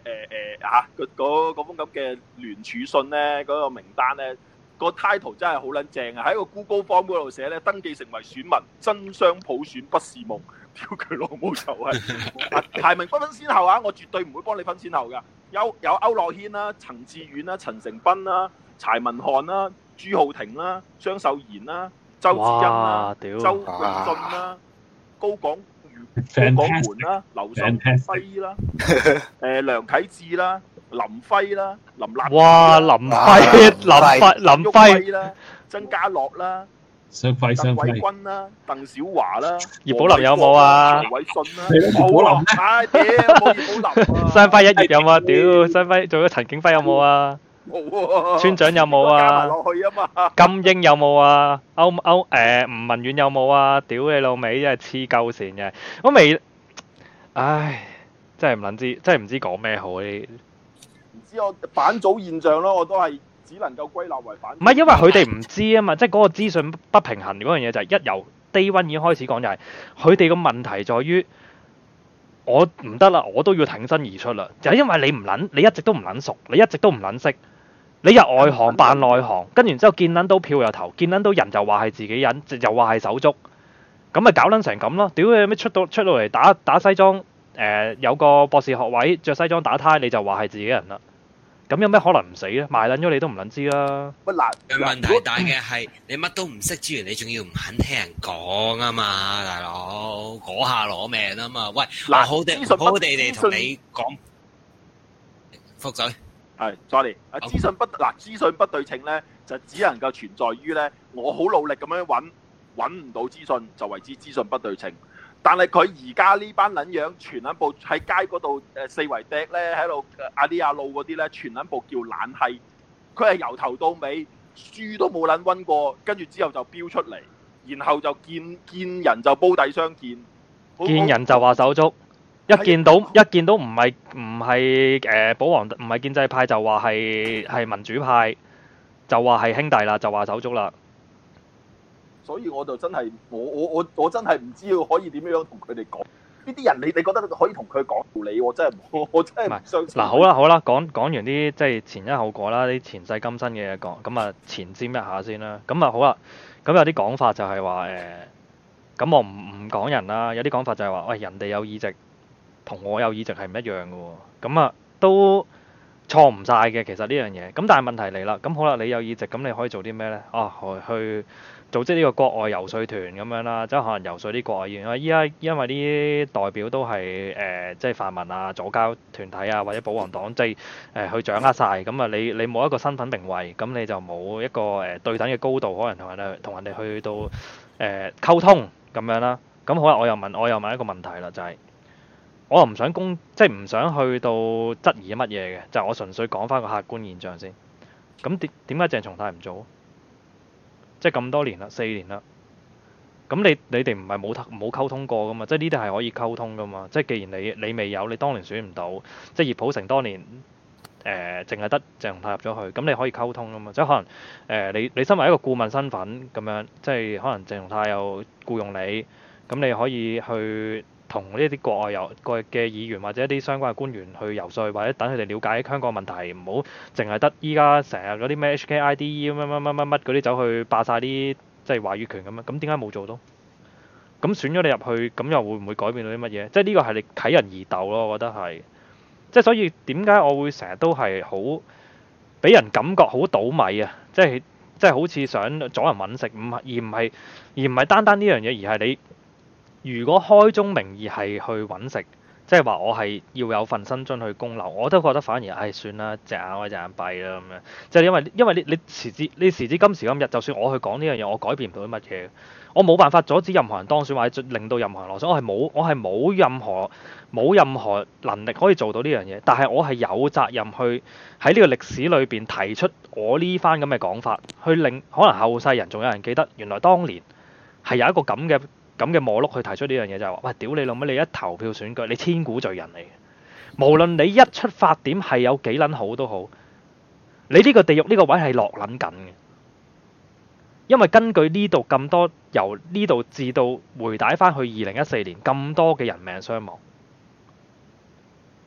誒誒吓，嗰嗰嗰封咁嘅聯署信咧，嗰，那個名單咧，那個 title 真係好撚正啊！喺個 Google Form 嗰度寫咧，登記成為選民，真相普選不是夢，屌佢老母臭閪！排名不分先後啊，我絕對唔會幫你分先後噶。有有歐樂軒啦，陳志遠啦，陳成斌啦，啊，柴文漢啦，朱浩庭啦，啊，張秀賢啦，啊，周志恩啦，周永信啦，高廣哇。哇啊港門啦，劉信輝啦，誒梁啟志啦，林輝啦，林立哇林輝林輝林輝啦，曾家樂啦，雙輝雙輝，鄧君啦，鄧小華啦，葉寶林有冇啊？葉偉信啦，葉寶林，哎屌葉寶林，雙輝一月有冇？屌雙輝，仲有陳景輝有冇啊？村長有冇啊？加落金英有冇啊？歐歐誒，吳、呃、文遠有冇啊？屌你老味，真係黐鳩線嘅。我未，唉，真係唔捻知，真係唔知講咩好呢？唔知我返祖現象咯，我都係只能夠歸納為返祖。唔係因為佢哋唔知啊嘛，即係嗰個資訊不平衡嗰樣嘢就係一由 day one 已經開始講就係、是，佢哋個問題在於我唔得啦，我都要挺身而出啦，就係、是、因為你唔捻，你一直都唔捻熟，你一直都唔捻識。你入外行扮內行，跟完之後見撚到票又投，見撚到人就話係自己人，又話係手足，咁咪搞撚成咁咯？屌你咩出到出到嚟打打西裝，誒有個博士學位，著西裝打呔，你就話係自己人啦？咁有咩可能唔死咧？賣撚咗你都唔撚知啦。喂，難嘅問題大嘅係你乜都唔識之餘，你仲要唔肯聽人講啊嘛，大佬嗰下攞命啊嘛。喂，嗱，好地好地地同你講，復仔。係，sorry。啊，資訊不嗱，資訊不對稱咧，就只能夠存在於咧，我好努力咁樣揾，揾唔到資訊就為之資訊不對稱。但係佢而家呢班撚樣全撚部喺街嗰度誒，四圍趯咧，喺度阿啲阿路嗰啲咧，全撚部叫冷氣，佢係由頭到尾書都冇撚温過跟住之後就飆出嚟，然後就見見人就煲底相見，好好見人就話手足。一見到一見到唔係唔係誒保皇唔係建制派就話係係，民主派就話係兄弟啦，就話手足啦。所以我就真係我我我我真係唔知要可以點樣同佢哋講呢啲人你，你你覺得可以同佢講道理？我真係我真係唔相信。嗱、啊、好啦好啦，講講完啲即係前因後果啦，啲前世今生嘅講咁啊，就前瞻一下先啦。咁啊好啦，咁有啲講法就係話誒，咁、呃、我唔唔講人啦。有啲講法就係話喂，人哋有議席。同我有議席係唔一樣嘅喎，咁啊都錯唔曬嘅。其實呢樣嘢，咁但係問題嚟啦。咁好啦，你有議席，咁你可以做啲咩呢？啊，去組織呢個國外遊說團咁樣啦，即係可能遊說啲國外議員。依家因為啲代表都係誒，即係泛民啊、左膠團體啊或者保皇黨，即係誒去掌握曬。咁啊，你你冇一個身份定位，咁你就冇一個誒對等嘅高度，可能同人哋同人哋去到誒溝通咁樣啦。咁好啦，我又問我又問一個問題啦，就係。我又唔想公，即係唔想去到質疑乜嘢嘅，就係、是、我純粹講翻個客觀現象先。咁點點解鄭松泰唔做？即係咁多年啦，四年啦。咁你你哋唔係冇溝冇溝通過噶嘛？即係呢啲係可以溝通噶嘛？即係既然你你未有，你當年選唔到，即係葉普成當年誒淨係得鄭松泰入咗去，咁你可以溝通噶嘛？即係可能誒你、呃、你身為一個顧問身份咁樣，即係可能鄭松泰又僱用你，咁你可以去，同呢啲國外遊嘅議員或者一啲相關嘅官員去遊說，或者等佢哋了解香港問題，唔好淨係得依家成日嗰啲咩 HKID 咁乜乜乜乜乜嗰啲走去霸晒啲即係話語權咁樣，咁點解冇做到？咁選咗你入去，咁又會唔會改變到啲乜嘢？即係呢個係你啟人而鬥咯，我覺得係。即係所以點解我會成日都係好俾人感覺好倒米啊！即係即係好似想阻人揾食，唔係而唔係而唔係單單呢樣嘢，而係你。如果開宗明義係去揾食，即係話我係要有份薪津去供樓，我都覺得反而唉算啦，隻眼開隻眼閉啦咁樣。即係因為因為你你，你時至你時至今時今日，就算我去講呢樣嘢，我改變唔到啲乜嘢。我冇辦法阻止任何人當選或者令到任何人落選，我係冇我係冇任何冇任何能力可以做到呢樣嘢。但係我係有責任去喺呢個歷史裏邊提出我呢番咁嘅講法，去令可能後世人仲有人記得，原來當年係有一個咁嘅。咁嘅磨碌去提出呢樣嘢就係話：喂，屌你老母！你一投票選舉，你千古罪人嚟嘅。無論你一出發點係有幾撚好都好，你呢個地獄呢個位係落撚緊嘅。因為根據呢度咁多由呢度至到回帶翻去二零一四年咁多嘅人命傷亡，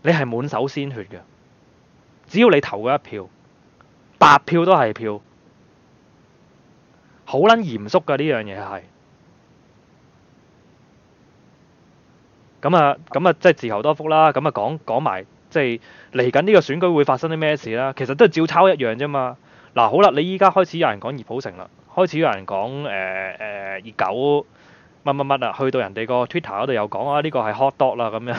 你係滿手鮮血嘅。只要你投嗰一票，白票都係票，好撚嚴肅嘅呢樣嘢係。咁啊，咁啊，即係自求多福啦。咁啊，講講埋，即係嚟緊呢個選舉會發生啲咩事啦？其實都係照抄一樣啫嘛。嗱，好啦，你依家開始有人講熱普城啦，開始有人講誒誒熱狗乜乜乜啊，去到人哋個 Twitter 嗰度又講啊，呢個係 hot dog 啦咁樣。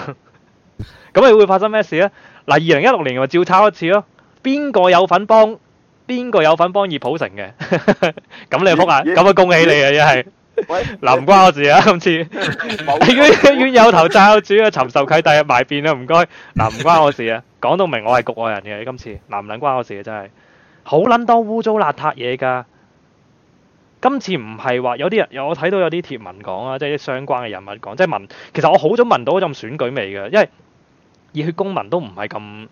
咁你會發生咩事咧？嗱，二零一六年咪照抄一次咯。邊個有份幫邊個有份幫熱普城嘅？咁 你又福啊？咁啊，恭喜你啊，一係。嗱唔喂、啊、關我事啊！今次冤冤 有頭罩，主啊，尋仇契弟埋變啊。唔該。嗱、啊、唔關我事啊！講到 明我係局外人嘅，今次嗱，唔捻關我事啊！真係好捻多污糟邋遢嘢噶！今次唔係話有啲人，我睇到有啲貼文講啊，即係相關嘅人物講，即係聞。其實我好早聞到嗰陣選舉味嘅，因為熱血公民都唔係咁，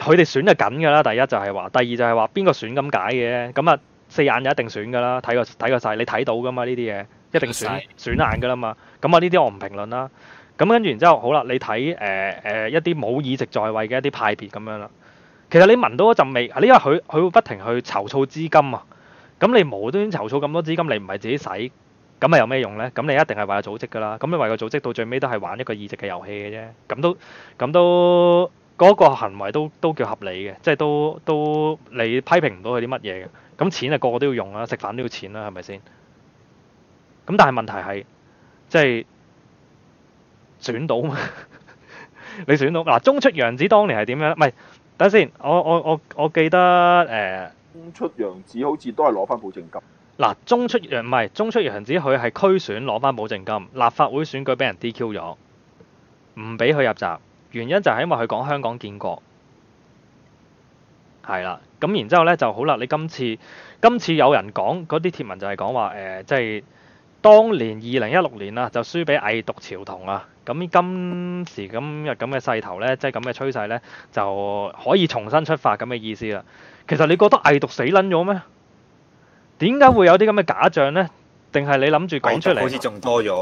佢哋選就緊噶啦。第一就係話，第二就係話邊個選咁解嘅咁啊！四眼就一定選噶啦，睇個睇個曬，你睇到噶嘛？呢啲嘢一定選選眼噶啦嘛。咁啊，呢啲我唔評論啦。咁跟住然之後，好啦，你睇誒誒一啲冇議席在位嘅一啲派別咁樣啦。其實你聞到一陣味，係因為佢佢會不停去籌措資金啊。咁你無端端籌措咁多資金，你唔係自己使咁啊？有咩用呢？咁你一定係為咗組織噶啦。咁你為咗組織到最尾都係玩一個議席嘅遊戲嘅啫。咁都咁都嗰個行為都都叫合理嘅，即係都都你批評唔到佢啲乜嘢嘅。咁錢啊，個個都要用啦，食飯都要錢啦，係咪先？咁但係問題係，即係選， 選到，你選到嗱，中出楊子當年係點樣？唔係，等下先，我我我我記得誒，呃、中出楊子好似都係攞翻保證金。嗱，中出楊唔係中出楊子，佢係區選攞翻保證金，立法會選舉俾人 DQ 咗，唔俾佢入閘，原因就係因為佢講香港建國，係啦。咁然之後呢就好啦。你今次今次有人講嗰啲貼文就係講話誒，即係當年二零一六年啊，就輸俾偽毒潮童啊。咁今時今日咁嘅勢頭呢，即係咁嘅趨勢呢，就可以重新出發咁嘅意思啦。其實你覺得偽毒死撚咗咩？點解會有啲咁嘅假象呢？定係你諗住講出嚟好似仲多咗？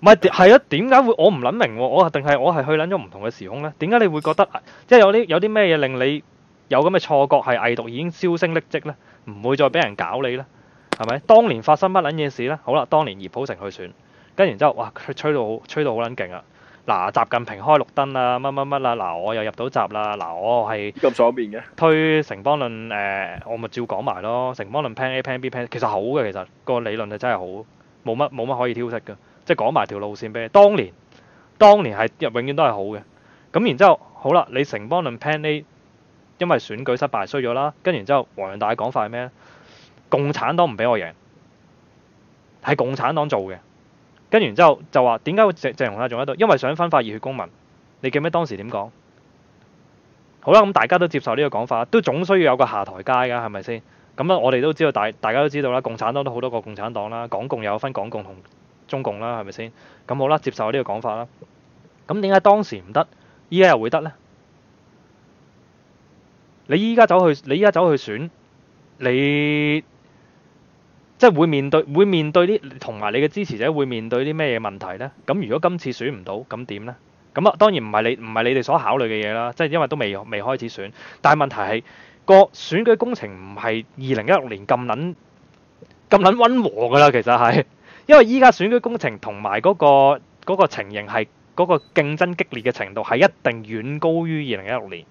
唔係係啊？點解會我唔諗明喎？我定係我係去撚咗唔同嘅時空呢？點解你會覺得即係有啲有啲咩嘢令你？有咁嘅錯覺係偽毒已經銷聲匿跡咧，唔會再俾人搞你咧，係咪？當年發生乜撚嘢事咧？好啦，當年葉普成去選，跟完之後哇，佢吹，吹到吹到好撚勁啊！嗱，習近平開綠燈啊，乜乜乜啦嗱，我又入到閘啦嗱，我係咁爽面嘅推城邦論誒、呃，我咪照講埋咯。城邦論 plan A plan B plan A 其實好嘅，其實個理論就真係好，冇乜冇乜可以挑剔嘅，即係講埋條路線俾。當年當年係永遠都係好嘅咁，然之後好啦，你城邦論 plan A 因為選舉失敗衰咗啦，跟完之後黃洋達講法係咩？共產黨唔俾我贏，係共產黨做嘅。跟完之後就話點解會鄭松泰仲喺度？因為想分化熱血公民。你記唔記得當時點講？好啦，咁、嗯、大家都接受呢個講法，都總需要有個下台階㗎，係咪先？咁、嗯、啊，我哋都知道大大家都知道啦，共產黨都好多個共產黨啦，港共有分港共同中共啦，係咪先？咁、嗯、好啦，接受呢個講法啦。咁點解當時唔得，依家又會得呢？你依家走去，你依家走去選，你即係會面對，會面對啲同埋你嘅支持者會面對啲咩嘢問題呢？咁如果今次選唔到，咁點呢？咁啊，當然唔係你唔係你哋所考慮嘅嘢啦，即係因為都未未開始選。但係問題係，個選舉工程唔係二零一六年咁撚咁撚溫和噶啦，其實係，因為依家選舉工程同埋嗰個嗰個情形係嗰個競爭激烈嘅程度係一定遠高於二零一六年。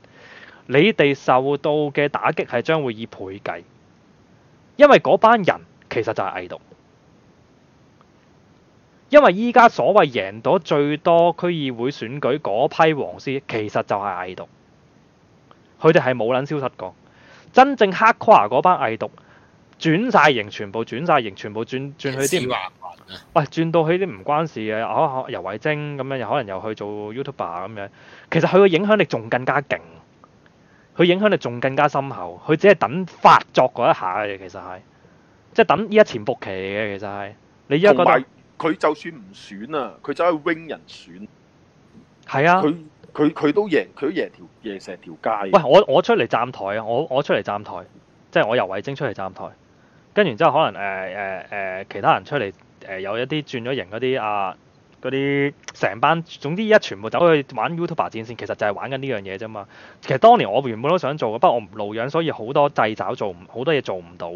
你哋受到嘅打擊係將會以倍計，因為嗰班人其實就係偽毒，因為依家所謂贏到最多區議會選舉嗰批黃絲，其實就係偽毒，佢哋係冇撚消失過。真正 hardcore 嗰班偽毒轉晒型，全部轉晒型，全部轉轉去啲喂 轉到去啲唔關事嘅哦，游蕙禎咁樣又可能又去做 YouTuber 咁樣，其實佢嘅影響力仲更加勁。佢影響力仲更加深厚，佢只係等發作嗰一下嘅，其實係即係等依一潛伏期嘅，其實係你依家覺得佢就算唔選啊，佢走去揾人選係啊，佢佢佢都贏，佢都贏條贏成條街，啊。喂，我我出嚟站台啊，我我出嚟站台，即係我由偉晶出嚟站台，跟住之後可能誒誒誒其他人出嚟誒、呃、有一啲轉咗型嗰啲啊。嗰啲成班，總之依家全部走去玩 YouTube 戰線，其實就係玩緊呢樣嘢啫嘛。其實當年我原本都想做嘅，不過我唔露樣，所以好多掣肘做唔，好多嘢做唔到，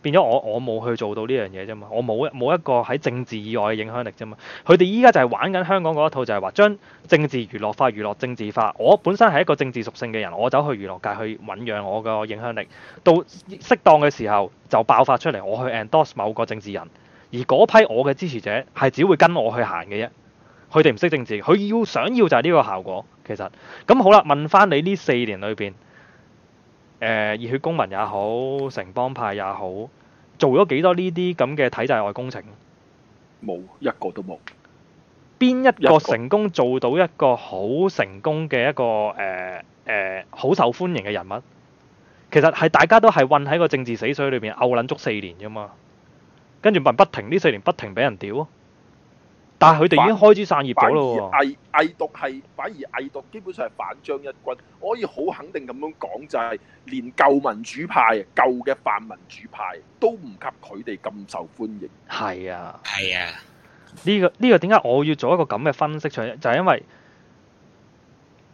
變咗我我冇去做到呢樣嘢啫嘛。我冇冇一個喺政治以外嘅影響力啫嘛。佢哋依家就係玩緊香港嗰一套，就係話將政治娛樂化、娛樂政治化。我本身係一個政治屬性嘅人，我走去娛樂界去醖釀我嘅影響力，到適當嘅時候就爆發出嚟，我去 endorse 某個政治人。而嗰批我嘅支持者係只會跟我去行嘅啫，佢哋唔識政治，佢要想要就係呢個效果。其實，咁好啦，問翻你呢四年裏邊誒、呃、熱血公民也好，城邦派也好，做咗幾多呢啲咁嘅體制外工程？冇，一個都冇。邊一個成功做到一個好成功嘅一個誒誒好受歡迎嘅人物？其實，係大家都係混喺個政治死水裏邊，漚撚足四年啫嘛。跟住咪不停呢四年不停俾人屌，但係佢哋已經開枝散葉咗咯。㖏偽毒係反而偽毒，毒基本上係反將一軍。我可以好肯定咁樣講，就係連舊民主派、舊嘅泛民主派都唔及佢哋咁受歡迎。係啊，係啊。呢、呢個呢、呢個點解我要做一個咁嘅分析出嚟？就係、是、因為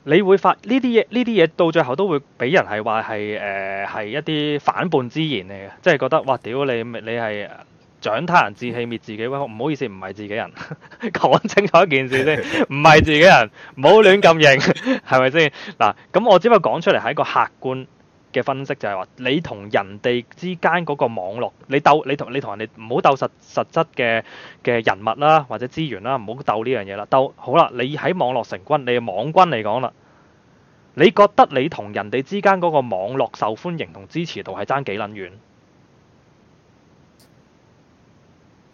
你會發呢啲嘢，呢啲嘢到最後都會俾人係話係誒係一啲反叛之言嚟嘅，即係覺得哇屌你你係。你你長他人志氣，滅自己。喂，唔好意思，唔係自己人， 講清楚一件事先，唔係 自己人，唔好亂咁認，係咪先？嗱，咁我只不過講出嚟係一個客觀嘅分析就，就係話你同人哋之間嗰個網絡，你鬥你同你同人哋唔好鬥實實質嘅嘅人物啦，或者資源啦，唔好鬥呢樣嘢啦。鬥好啦，你喺網絡成軍，你嘅網軍嚟講啦，你覺得你同人哋之間嗰個網絡受歡迎同支持度係爭幾撚遠？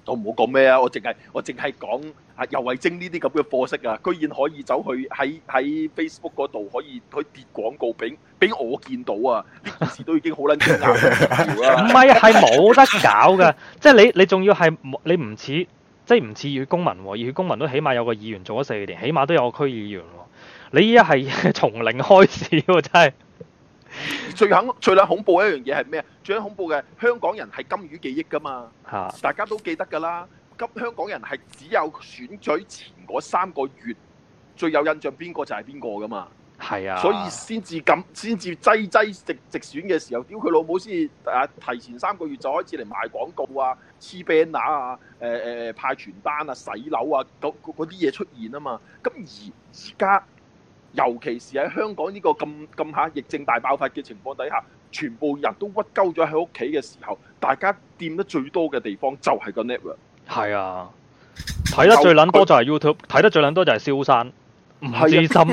都唔好講咩啊！我淨係我淨係講啊，游蕙禎呢啲咁嘅貨色啊，居然可以走去喺喺 Facebook 嗰度可以可以跌貼廣告，俾俾我見到啊！呢件事都已經好捻專業啦。唔係係冇得搞噶，即係 你你仲要係你唔似即係唔似熱血公民、啊、熱血公民都起碼有個議員做咗四年，起碼都有個區議員、啊。你依家係從零開始、啊，真係。最肯最捻恐怖一樣嘢係咩啊？最恐怖嘅，香港人係金魚記憶噶嘛？吓、啊，大家都記得噶啦。金香港人係只有選舉前嗰三個月最有印象邊個就係邊個噶嘛？係啊，所以先至咁，先至擠擠直直選嘅時候，屌佢老母先啊！提前三個月就開始嚟賣廣告啊，黐 banner 啊，誒、呃、誒派傳單啊，洗樓啊，嗰啲嘢出現啊嘛。咁而而家。尤其是喺香港呢個咁咁吓疫症大爆發嘅情況底下，全部人都屈鳩咗喺屋企嘅時候，大家掂得最多嘅地方就係個 network。係啊，睇得最撚多就係 YouTube，睇後得最撚多就係蕭山，唔係，志深！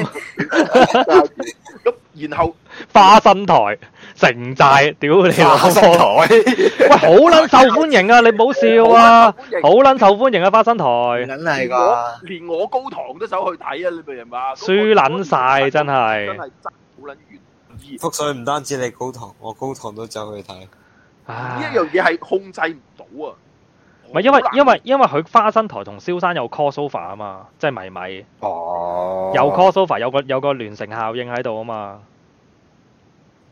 咁、啊、 然後花生台。城寨，屌你花生 喂，好撚受歡迎啊！你唔好笑啊！好撚受歡迎啊，花生台！梗係噶，連我高堂都走去睇啊！你明唔明？輸撚了曬真係的！真係好撚願意。福水唔單止你高堂，我高堂都走去睇。呢一樣嘢係控制唔到啊！唔係因為因為因為佢花生台同蕭山有 call sofa 啊嘛，即係咪咪哦，有 call sofa 有個有個聯成效應喺度啊嘛。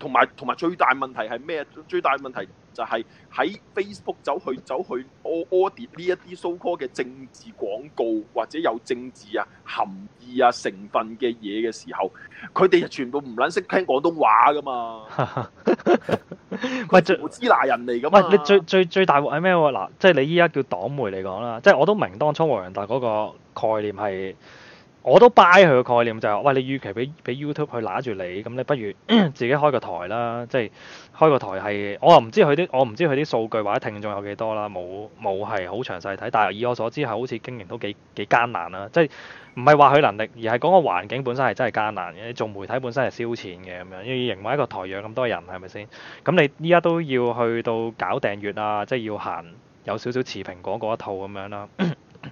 同埋同埋最大問題係咩？最大問題就係喺 Facebook 走去走去 audit 呢一啲 so-called 嘅政治廣告或者有政治啊含義啊成分嘅嘢嘅時候，佢哋全部唔撚識聽廣東話噶嘛？唔係最支那人嚟㗎嘛 喂？你最最最大鑊係咩嗱，即係你依家叫黨媒嚟講啦，即係我都明當初黃人達嗰個概念係。我都掰佢個概念就係話，喂，你預期俾俾 YouTube 去拿住你，咁你不如自己開個台啦。即係開個台係我又唔知佢啲，我唔知佢啲數據或者聽眾有幾多啦。冇冇係好詳細睇，但係以我所知係好似經營都幾幾艱難啦。即係唔係話佢能力，而係講個環境本身係真係艱難嘅。你做媒體本身係燒錢嘅咁樣，要營運一個台養咁多人係咪先？咁你依家都要去到搞訂閲啊，即係要行有少少似蘋果嗰一套咁樣啦，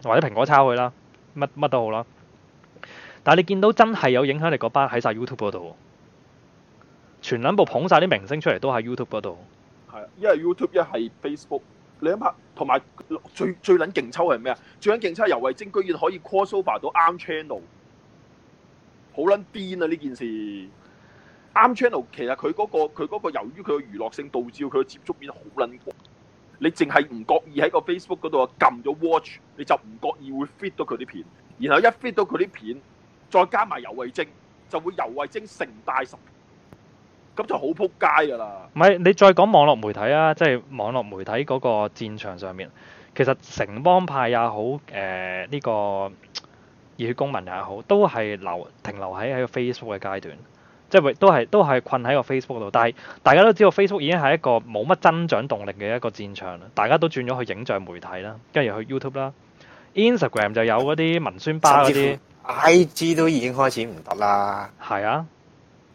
或者蘋果抄佢啦，乜乜都好啦。但係你見到真係有影響力嗰班喺晒 YouTube 嗰度，全撚部捧晒啲明星出嚟都喺 YouTube 嗰度。係，一係 YouTube，一係 Facebook。你諗下，同埋最最撚勁抽係咩啊？最撚勁抽係尤惠貞居然可以 cross over 到啱 channel，好撚癲啊！呢件事啱 channel 其實佢嗰個，佢嗰個由於佢嘅娛樂性導致佢嘅接觸面好撚廣。你淨係唔覺意喺個 Facebook 嗰度啊，撳咗 watch，你就唔覺意會 fit 到佢啲片，然後一 fit 到佢啲片。再加埋游惠精，就會游惠精成大神，咁就好撲街噶啦。唔係你再講網絡媒體啊，即係網絡媒體嗰個戰場上面，其實城邦派也好，誒呢個熱血公民也好，都係留停留喺喺個 Facebook 嘅階段，即係都係都係困喺個 Facebook 度。但係大家都知道 Facebook 已經係一個冇乜增長動力嘅一個戰場啦，大家都轉咗去影像媒體啦，跟住去 YouTube 啦，Instagram 就有嗰啲文宣巴啲。I G 都已經開始唔得啦，係啊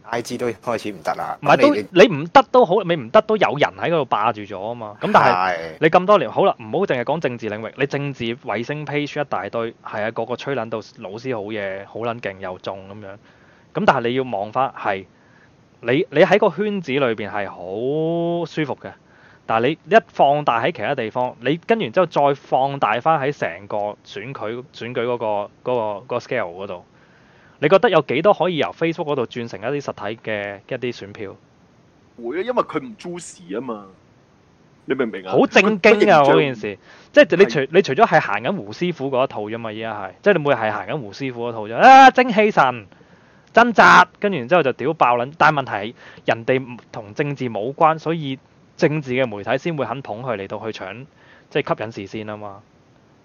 ，I G 都開始唔得啦。唔係是你都你唔得都好，你唔得都有人喺嗰度霸住咗啊嘛。咁是但係你咁多年，好啦，唔好淨係講政治領域，你政治衛星 page 一大堆，係啊，個個吹捻到老師好嘢，好捻勁又重咁樣。咁但係你要望翻，係你你喺個圈子裏邊係好舒服嘅。但係你一放大喺其他地方，你跟完之後再放大翻喺成個選舉選舉嗰個嗰個嗰個 scale 嗰度，你覺得有幾多可以由 Facebook 嗰度轉成一啲實體嘅一啲選票？會啊，因為佢唔做事啊嘛，你明唔明啊？好正經啊嗰件事，即係你除是你除咗係行緊胡師傅嗰一套啫嘛，而家係，即係你每日係行緊胡師傅嗰套啫啊，精氣神，掙扎，跟完之後就屌爆撚。但係問題係人哋同政治冇關，所以。政治嘅媒體先會肯捧佢嚟到去搶，即係吸引視線啊嘛。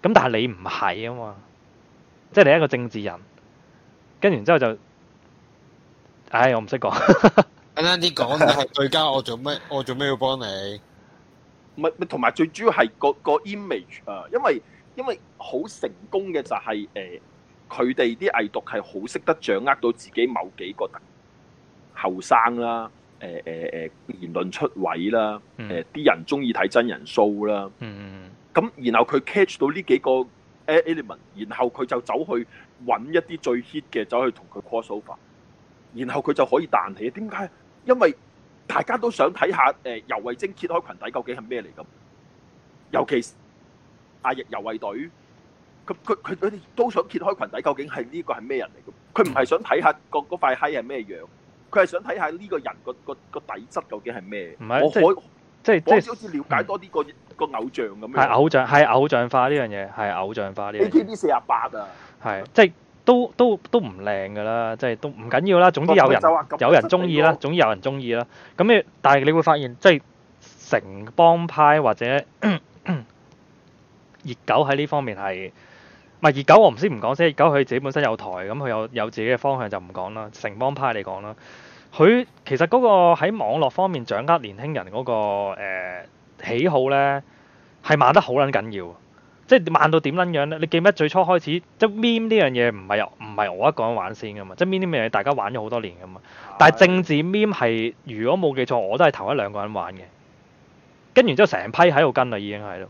咁但係你唔係啊嘛，即係你係一個政治人，跟完之後就，唉、哎，我唔識講，簡單啲講，你係對家，我做咩？我做咩要幫你？唔係同埋最主要係、嗰個、嗰個 image 啊，因為因為好成功嘅就係、係、誒，佢哋啲偽毒係好識得掌握到自己某幾個特後生啦。誒誒誒，言論出位啦，誒啲人中意睇真人 show 啦、嗯，咁然後佢 catch 到呢幾個 element，然後佢就走去揾一啲最 hit 嘅，走去同佢 crossover，然後佢就可以彈起。點解？因為大家都想睇下誒游惠貞揭開裙底究竟係咩嚟咁，尤其是阿日游惠隊，佢佢佢佢哋都想揭開裙底究竟係呢、這個係咩人嚟咁，佢唔係想睇下個嗰塊閪係咩樣。佢係想睇下呢個人個個個底質究竟係咩？唔係是即係是，即係即係好似了解多啲、這個、嗯、個偶像咁樣。係偶像，係偶像化呢樣嘢，係偶像化呢樣嘢。AKB48 啊！係即係都都都唔靚㗎啦，即係都唔緊要啦。總之有人不有人中意啦，總之有人中意啦。咁你，但係你會發現即係城邦派或者 熱狗喺呢方面係。唔係熱狗，我唔先唔講先。熱狗佢自己本身有台，咁佢有有自己嘅方向就唔講啦。城邦派嚟講啦，佢其實嗰個喺網絡方面掌握年輕人嗰、嗰個、呃、喜好呢，係慢得好撚緊要，即係掹到點撚樣咧？你記唔記得最初開始即係 MIM 呢樣嘢唔係唔係我一個人玩先嘅嘛？即係 MIM 嘢大家玩咗好多年嘅嘛？是的 但係政治 MIM 係如果冇記錯我都係頭一兩個人玩嘅，跟完之後成批喺度跟啦，已經係咯。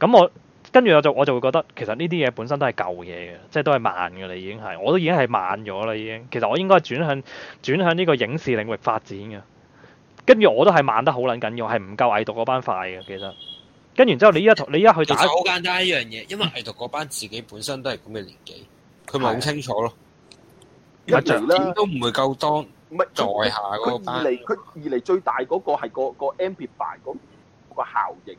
咁我。跟住我就我就會覺得其實呢啲嘢本身都係舊嘢嘅，即係都係慢噶啦，已經係我都已經係慢咗啦，已經。其實我應該轉向轉向呢個影視領域發展嘅。跟住我都係慢得好撚緊，我係唔夠蟻毒嗰班快嘅。其實跟住之後，你依家同你依家去打好簡單一樣嘢，因為蟻毒嗰班自己本身都係咁嘅年紀，佢咪好清楚咯。一嚟，點都唔會夠多。二嚟，二嚟最大嗰個係個個 amplify 嗰個效應。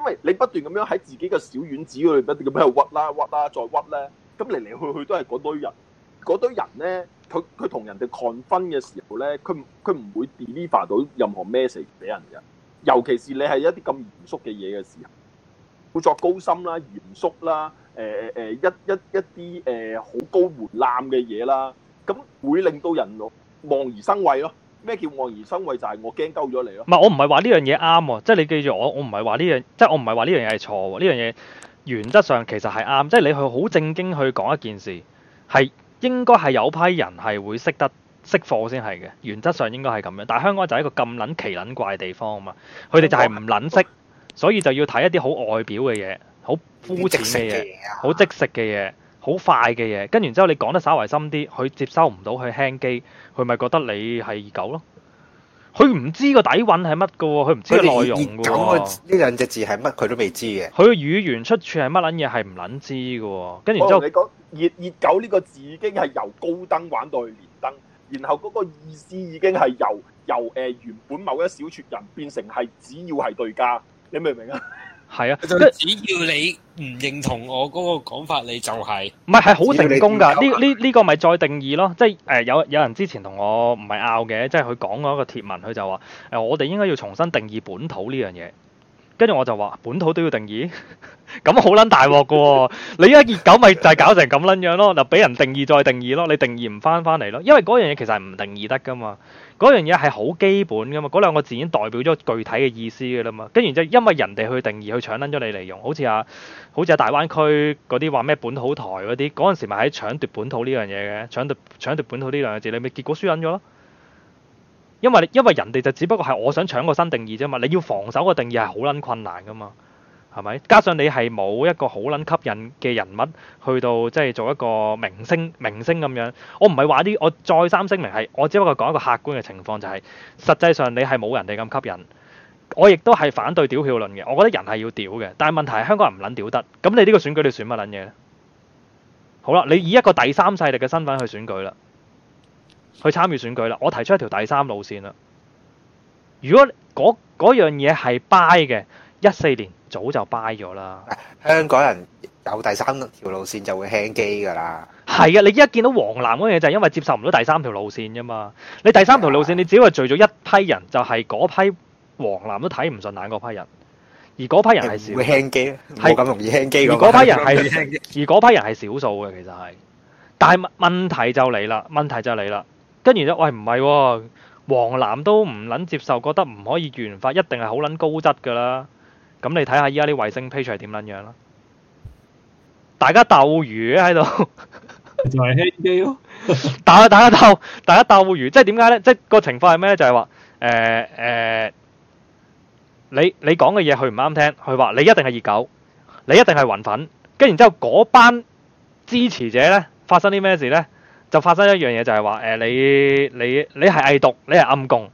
因為你不斷咁樣喺自己嘅小院子裏不斷咁喺度屈啦屈啦再屈咧，咁嚟嚟去去都係嗰堆人，嗰堆人咧佢佢同人哋抗爭嘅時候咧，佢佢唔會 deliver 到任何 message 俾人嘅，尤其是你係一啲咁嚴肅嘅嘢嘅時候，故作高深啦、嚴肅啦、誒誒誒一一一啲誒好高門檻嘅嘢啦，咁會令到人望而生畏咯。咩叫望而生畏就？就係我驚鳩咗你咯。唔係我唔係話呢樣嘢啱，即係你記住我，我唔係話呢樣，即係我唔係話呢樣嘢係錯。呢樣嘢原則上其實係啱，即係你去好正經去講一件事，係應該係有批人係會識得識貨先係嘅。原則上應該係咁樣，但係香港就係一個咁捻奇捻怪嘅地方啊嘛，佢哋就係唔捻識，所以就要睇一啲好外表嘅嘢，好膚淺嘅嘢，好即食嘅嘢。好快嘅嘢，跟完之後你講得稍為深啲，佢接收唔到，佢 hang 機，佢咪覺得你係二九咯。佢唔知個底蘊係乜嘅喎，佢唔知內容嘅喎。咁嘅呢兩隻字係乜佢都未知嘅。佢語言出處係乜撚嘢係唔撚知嘅喎。跟完之後，你講熱熱狗呢個字已經係由高登玩到去連登，然後嗰個意思已經係由由誒原本某一小撮人變成係只要係對家，你明唔明啊？係啊，只要你唔認同我嗰個講法，就是，你就係唔係係好成功噶？呢呢呢個咪再定義咯，即係誒、呃、有有人之前同我唔係拗嘅，即係佢講嗰個貼文，佢就話誒、呃、我哋應該要重新定義本土呢樣嘢。跟住我就話本土都要定義，咁好捻大鑊噶。 你而家熱狗咪就係搞成咁捻樣咯。嗱，俾人定義再定義咯，你定義唔翻翻嚟咯，因為嗰樣嘢其實係唔定義得噶嘛。嗰樣嘢係好基本噶嘛，嗰兩個字已經代表咗具體嘅意思噶啦嘛，跟住就因為人哋去定義去搶撚咗你嚟用，好似啊好似啊大灣區嗰啲話咩本土台嗰啲，嗰陣時咪喺搶奪本土呢樣嘢嘅，搶奪搶奪本土呢兩個字，你咪結果輸撚咗咯，因為因為人哋就只不過係我想搶個新定義啫嘛，你要防守個定義係好撚困難噶嘛。係咪加上你係冇一個好撚吸引嘅人物去到即係做一個明星明星咁樣？我唔係話啲我再三聲明係我只不過講一個客觀嘅情況，就是，就係實際上你係冇人哋咁吸引。我亦都係反對屌票論嘅，我覺得人係要屌嘅。但係問題係香港人唔撚屌得咁，你呢個選舉你選乜撚嘢咧？好啦，你以一個第三勢力嘅身份去選舉啦，去參與選舉啦。我提出一條第三路線啦。如果嗰樣嘢係 buy 嘅，一四年。早就掰咗啦。香港人有第三條路線就會輕機噶啦。係啊，你依家見到黃藍嗰樣嘢，就係因為接受唔到第三條路線啫嘛。你第三條路線，的你只要係聚咗一批人，就係、是、嗰批黃藍都睇唔順眼嗰批人，而嗰批人係少會輕機，係咁是容易輕機。而嗰批人係 而嗰批人係少數嘅，其實係。但係問題就嚟啦，問題就嚟啦。跟住就，喂，唔係黃藍都唔撚接受，覺得唔可以原發，一定係好撚高質噶啦。咁你睇下依家啲衛星 picture 點撚樣啦？大家鬥魚喺度，就係 A. G. 咯，大家鬥魚，即係點解咧？即係個情況係咩咧？就係、是、話，誒、呃、誒、呃，你你講嘅嘢佢唔啱聽，佢話你一定係熱狗，你一定係雲粉，跟然之後嗰班支持者咧發生啲咩事咧？就發生一樣嘢，就係話，誒你你你係偽毒，你係暗共，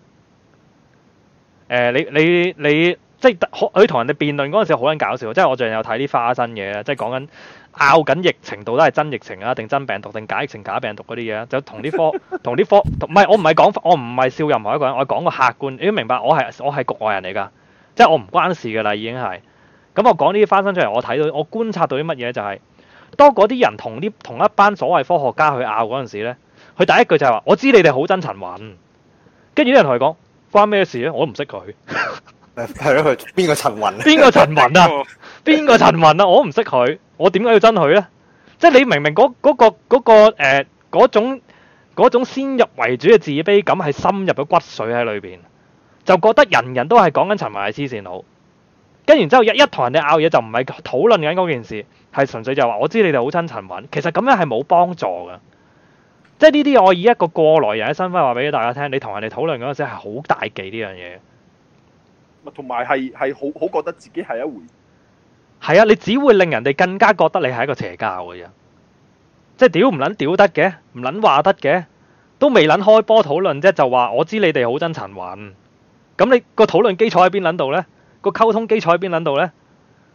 誒你你你。你你你即係佢同人哋辯論嗰陣時，好撚搞笑。即係我最近有睇啲花生嘢，即係講緊拗緊疫情，到底係真疫情啊，定真病毒定假疫情、假病毒嗰啲嘢。就同啲科同啲科唔係，我唔係講，我唔係笑任何一個人。我講個客觀，你都明白，我係我係局外人嚟㗎，即係我唔關事㗎啦，已經係。咁我講呢啲花生出嚟，我睇到我觀察到啲乜嘢，就係當嗰啲人同啲同一班所謂科學家去拗嗰陣時呢，佢第一句就係話：我知你哋好憎陳雲。跟住啲人同佢講：關咩事呢？我都唔識佢。 係咯，佢邊 個陳雲？邊個陳雲啊？邊個陳雲啊？我唔識佢，我點解要憎佢咧？即係你明明嗰、嗰、嗰個嗰、嗰個誒、嗰個呃、種種先入為主嘅自卑感係深入咗骨髓喺裏邊，就覺得人人都係講緊陳雲係黐線佬，跟完之後一一同人哋拗嘢，就唔係討論緊嗰件事，係純粹就話我知你哋好憎陳雲，其實咁樣係冇幫助嘅。即係呢啲我以一個過來人嘅身份話俾大家聽，你同人哋討論嗰陣時係好大忌呢樣嘢。同埋係係好好覺得自己係一回，係啊！你只會令人哋更加覺得你係一個邪教嘅啫，即係屌唔捻屌得嘅，唔捻話得嘅，都未捻開波討論啫。就話我知你哋好憎陳雲，咁你、個討論基礎喺邊捻度呢？個溝通基礎喺邊捻度呢？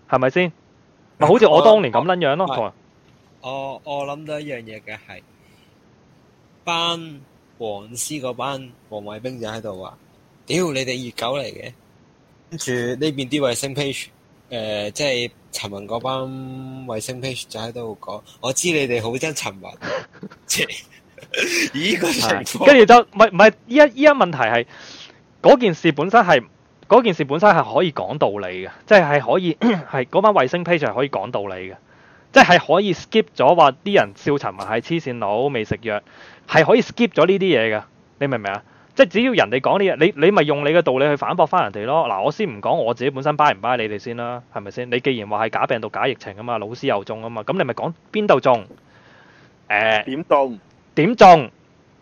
係咪先？咪、嗯、好似我當年咁捻、啊啊、樣，樣咯。啊、我我諗到一樣嘢嘅係班黃絲嗰班黃衛兵就喺度話，屌你哋熱狗嚟嘅！跟住呢邊啲衛星 page，誒，即係陳文嗰班衛星 page 就喺度講，我知你哋好憎陳文，切，咦個跟住就，唔係唔係，依家依家問題係，嗰件事本身係，件事本身係可以講道理嘅，即係係可以，係嗰班衛星 page 係可以講道理嘅，即係可以 skip 咗話啲人笑陳文係黐綫佬，未食藥，係可以 skip 咗呢啲嘢㗎，你明唔明啊？即係只要人哋講啲嘢，你你咪用你嘅道理去反駁翻人哋咯。嗱，我先唔講我自己本身 buy 唔 buy 你哋先啦，啊，係咪先？你既然話係假病毒、假疫情啊嘛，老師又中啊嘛，咁你咪講邊度中？誒、呃、點中動點中？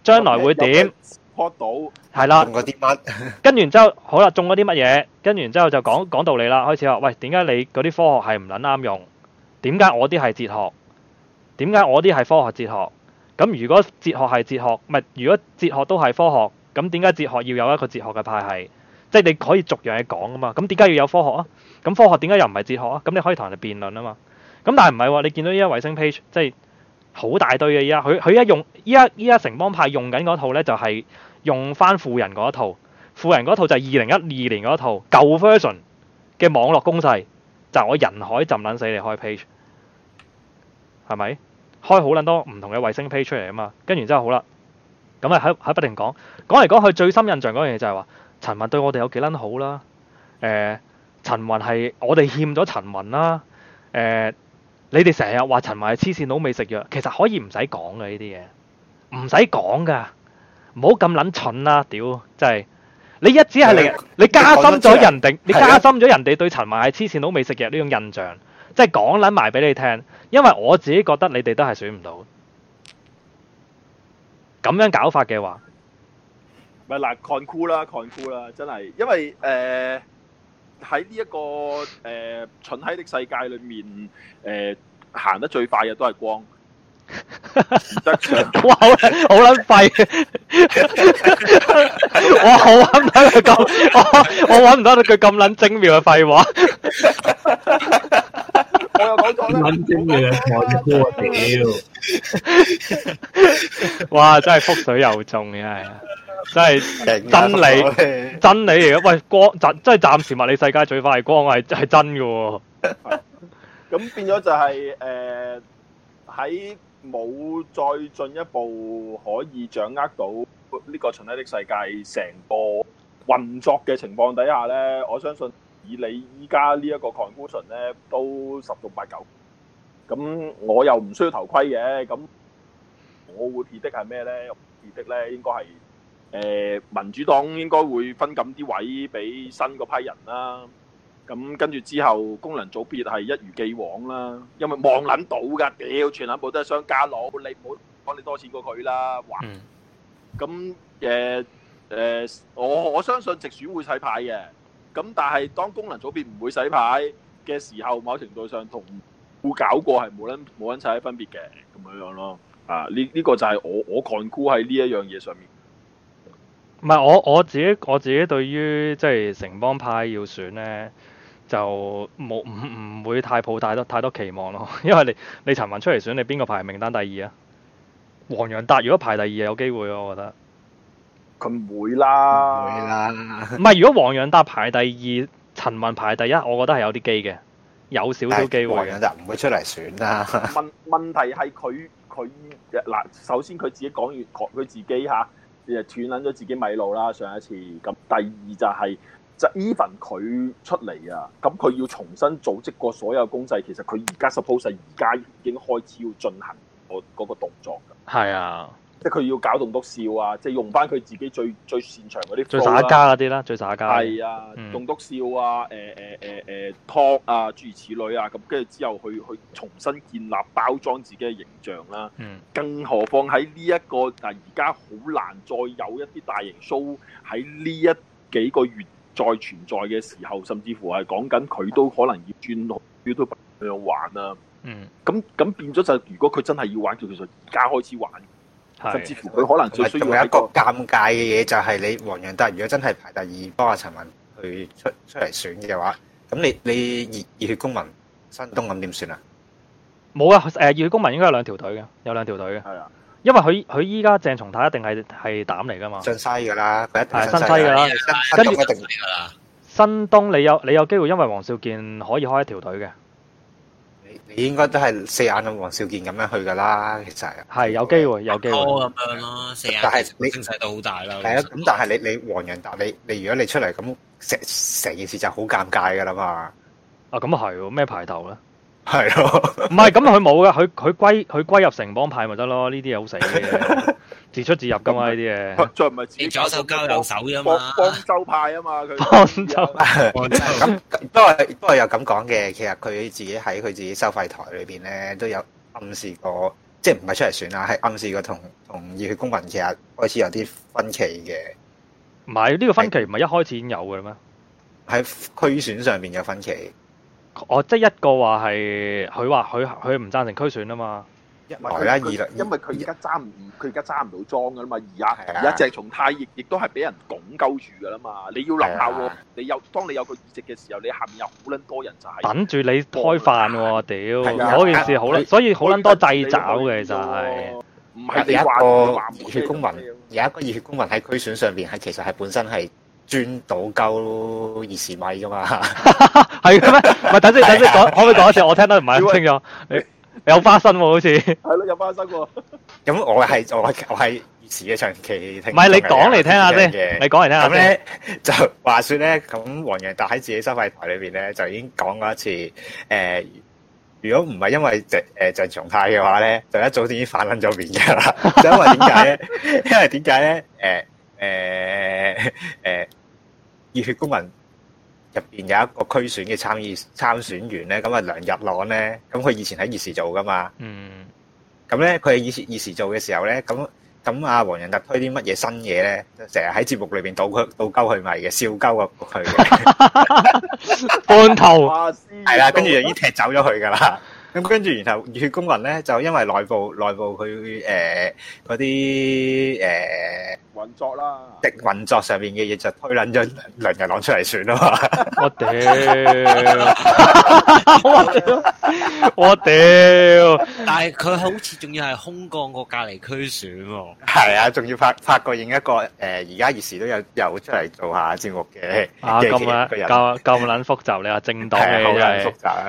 將來會點？坡島係啦，啲乜 跟完之後，好啦，中嗰啲乜嘢？跟完之後就講講道理啦。開始啦，喂，點解你嗰啲科學係唔撚啱用？點解我啲係哲學？點解我啲係科學哲學？咁如果哲學係哲學，唔係如果哲學都係科學？咁點解哲學要有一個哲學嘅派系？即係你可以逐樣嘢講啊嘛。咁點解要有科學啊？咁科學點解又唔係哲學啊？咁你可以同人哋辯論啊嘛。咁但係唔係喎？你見到依家衛星 page 即係好大堆嘅依家，佢佢依用依家依家城邦派用緊嗰套呢，就係用翻富人嗰一套。富人嗰套就係二零一二年嗰套舊 version 嘅網絡攻勢，就係、我人海浸撚死你開 page，係咪？開好撚多唔同嘅衛星 page 出嚟啊嘛。跟住之後好啦。咁啊，喺喺不停講講嚟講去，最深印象嗰樣嘢就係話陳雲對我哋有幾撚好啦？誒、呃，陳雲係我哋欠咗陳雲啦。誒、呃，你哋成日話陳雲係黐線佬未食藥，其實可以唔使講嘅呢啲嘢，唔使講㗎，唔好咁撚蠢啦、啊！屌，真、就、係、是、你一隻係你對你加深咗人哋你，你加深咗人哋對陳雲係黐線佬未食藥呢種印象，對的 即係講撚埋俾你聽，因為我自己覺得你哋都係選唔到。咁樣搞法嘅話，咪嗱，conclude 啦，conclude 啦，真係，因為誒喺呢一個誒、呃、蠢閪的世界裏面，誒、呃、行得最快嘅都係光。得哇！好撚廢 我，我好揾唔到咁，我我揾唔到句咁撚精妙嘅廢話。 五蚊錢嘅，我 哇，真係福水又重嘅係真係真理， 真理嚟嘅。喂，光暫，即係暫時物理世界最快係光，係係真嘅。咁 變咗就係、是、誒，喺、呃、冇再進一步可以掌握到呢個世界成個運作的情況底下呢個以你依家呢一個 conclusion 咧，都十中八九。咁我又唔需要頭盔嘅。咁我會 predict 係咩咧？predict 咧，應該係誒民主黨應該會分咁啲位俾新嗰批人啦。咁跟住之後功能組別係一如既往啦。因為望撚到㗎，屌全撚部都係商家佬，你唔好講你多錢過佢啦。哇咁誒誒，我我相信直選會洗牌嘅。咁但係當功能組別唔會洗牌嘅時候，某程度上同會搞過係冇人冇卵齊分別嘅，咁樣樣咯。啊，呢、這、呢個就係我我 conclude 喺呢一樣嘢上面。唔係我我自己我自己對於即係城邦派要選呢，就冇唔唔會太抱太多太多期望咯。因為你你陳雲出嚟選，你邊個排名單第二啊？黃洋達如果排第二有機會咯，我覺得。佢唔會啦，會啦， 唔係如果黃洋達排第二，陳雲排第一，我覺得係有啲機嘅，有少少機會嘅。黃洋達唔會出嚟選啦。問問題係佢佢嗱，首先佢自己講完佢自己吓，又斷撚咗自己米路啦上一次。咁第二就係就 even 佢出嚟啊，咁佢要重新組織過所有公勢，其實佢而家 suppose 而家已經開始要進行我嗰個動作嘅。係啊。.即係佢要搞棟篤笑啊！即係用返佢自己最最擅長嗰啲，最耍家嗰啲啦，最耍家係啊！棟篤笑啊！誒誒誒誒，talk 啊，諸如此類啊，咁跟住之後去去重新建立包裝自己嘅形象啦、啊。嗯，更何況喺呢一個但而家好難再有一啲大型 show 喺呢一幾個月再存在嘅時候，甚至乎係講緊佢都可能要轉路，要都唔想玩啦、啊。嗯，咁咁變咗就，如果佢真係要玩，其實而家開始玩。甚至乎，佢可能仲有仲有一個尷尬嘅嘢，就係你黃洋達，如果真係排第二，幫阿陳文去出出嚟選嘅話，咁你你熱熱血公民新東咁點算啊？冇、呃、啊，誒熱血公民應該有兩條隊嘅，有兩條隊嘅。係啊的，因為佢佢依家鄭松泰一定係係膽嚟噶嘛，新西噶啦，係新西噶啦，跟住著一定嚟噶啦。新東你有你有機會，因為黃少健可以開一條隊嘅。你應該都係四眼咁，黃少健咁樣去噶啦，其實係係有，有機會，有機會多咁樣咯。四眼，但係你唔使到好大啦。係啊，咁但係你你黃仁達，你你如果你出嚟咁成成件事就好尷尬噶啦嘛。啊，咁啊係喎，咩牌頭咧？係咯， 唔係咁佢冇噶，佢佢歸佢歸入城邦派咪得咯。呢啲嘢好死。 自出自入噶嘛呢啲嘢，再唔係自己左手交右手啫，啊、嘛，幫幫周派啊嘛佢幫周派？咁都係都係又咁講嘅，其實佢自己喺佢自己收費台裏邊咧都有暗示過，即係唔係出嚟選啦，係暗示過同同熱血公民其實開始有啲分歧嘅。唔係呢個分歧唔係一開始已經有嘅咩？喺區選上邊有分歧。哦，即係一個話係佢話佢佢唔贊成區選啊嘛。因為佢，因為佢而家揸唔，佢而家揸唔到莊噶啦嘛。而家而家只從泰亦亦都係俾人拱鳩住噶啦嘛。你要諗下喎，你有當你有個議席嘅時候，你下面有好捻多人就係等住你開飯喎。屌，嗰件事好啦，所以好捻多掣肘嘅就係有一個熱血公民，有一個熱血公民喺區選上邊，係其實係本身係專賭夠二十米噶嘛。係咩？唔係等你等你講可唔可以講一次？我聽得唔係咪清楚？有花生喎，好似係咯，有花生喎。咁我係我係我係時嘅長期聽，唔係你講嚟聽下先，你講嚟聽下。咁咧就話說咧，咁黃洋達喺自己收費台裏邊咧，就已經講過一次。誒，如果唔係因為鄭誒鄭松泰嘅話咧，就一早已經反捻咗面噶啦。就因為點解咧？因為點解咧？誒誒誒，熱血公民。入邊有一個區選嘅參議參選員咧，咁啊梁日朗咧，咁佢以前喺熱時做噶嘛，嗯，咁咧佢係以前熱時做嘅時候咧，咁咁啊黃仁達推啲乜嘢新嘢咧，就成日喺節目裏邊倒佢倒鳩佢埋嘅，笑鳩佢去嘅，半頭，係啦，跟住就已經踢走咗佢噶啦。咁跟住，然後熱血公民咧，就因為內部內部佢誒嗰啲誒運作啦，的運作上邊嘅嘢就推撚咗梁日朗出嚟算咯嘛。我屌！我屌！我屌！但係佢好似仲要係空降個隔離區選喎。係啊，仲要拍拍個影一個誒，而家熱時都有有出嚟做下節目嘅。啊咁啊，咁咁撚複雜你話，政黨嘅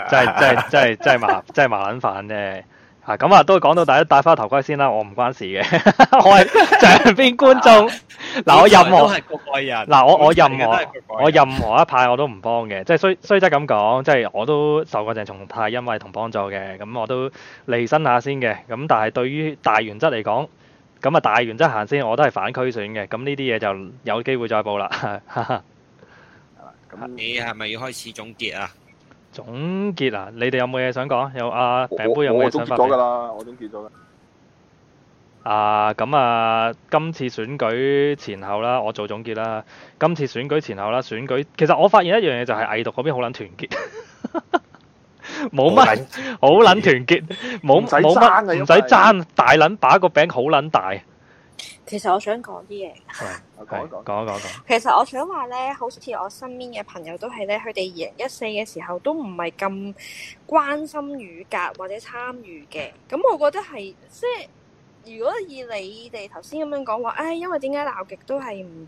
真係真係真係真係真係麻。真係麻捻煩啫，吓咁啊，都講到大家戴翻頭盔先啦，我唔關事嘅， 我係場邊觀眾。嗱、 啊啊，我任何，係局外人，嗱、啊、我我任何，我任何一派我都唔幫嘅，即係雖雖則咁講，即係我都受過鄭松泰恩惠同幫助嘅，咁我都離身下先嘅。咁但係對於大原則嚟講，咁啊大原則行先，我都係反區選嘅。咁呢啲嘢就有機會再報啦。咁你係咪要開始總結啊？總結啊！你哋有冇嘢想講？有阿餅杯有冇嘢想發表？我總結咗噶啦，我總結咗啦。啊，咁啊，今次選舉前後啦，我做總結啦。今次選舉前後啦，選舉其實我發現一樣嘢就係魏獨嗰邊好撚團結，冇乜好撚團結，冇冇乜唔使爭，大撚把個餅好撚大。其實我想講啲嘢，講、嗯、一講。是其實我想話咧，好似我身邊嘅朋友都係咧，佢哋二零一四嘅時候都唔係咁關心雨革或者參與嘅。咁我覺得係即係，如果以你哋頭先咁樣講話，誒、哎，因為點解鬧極都係唔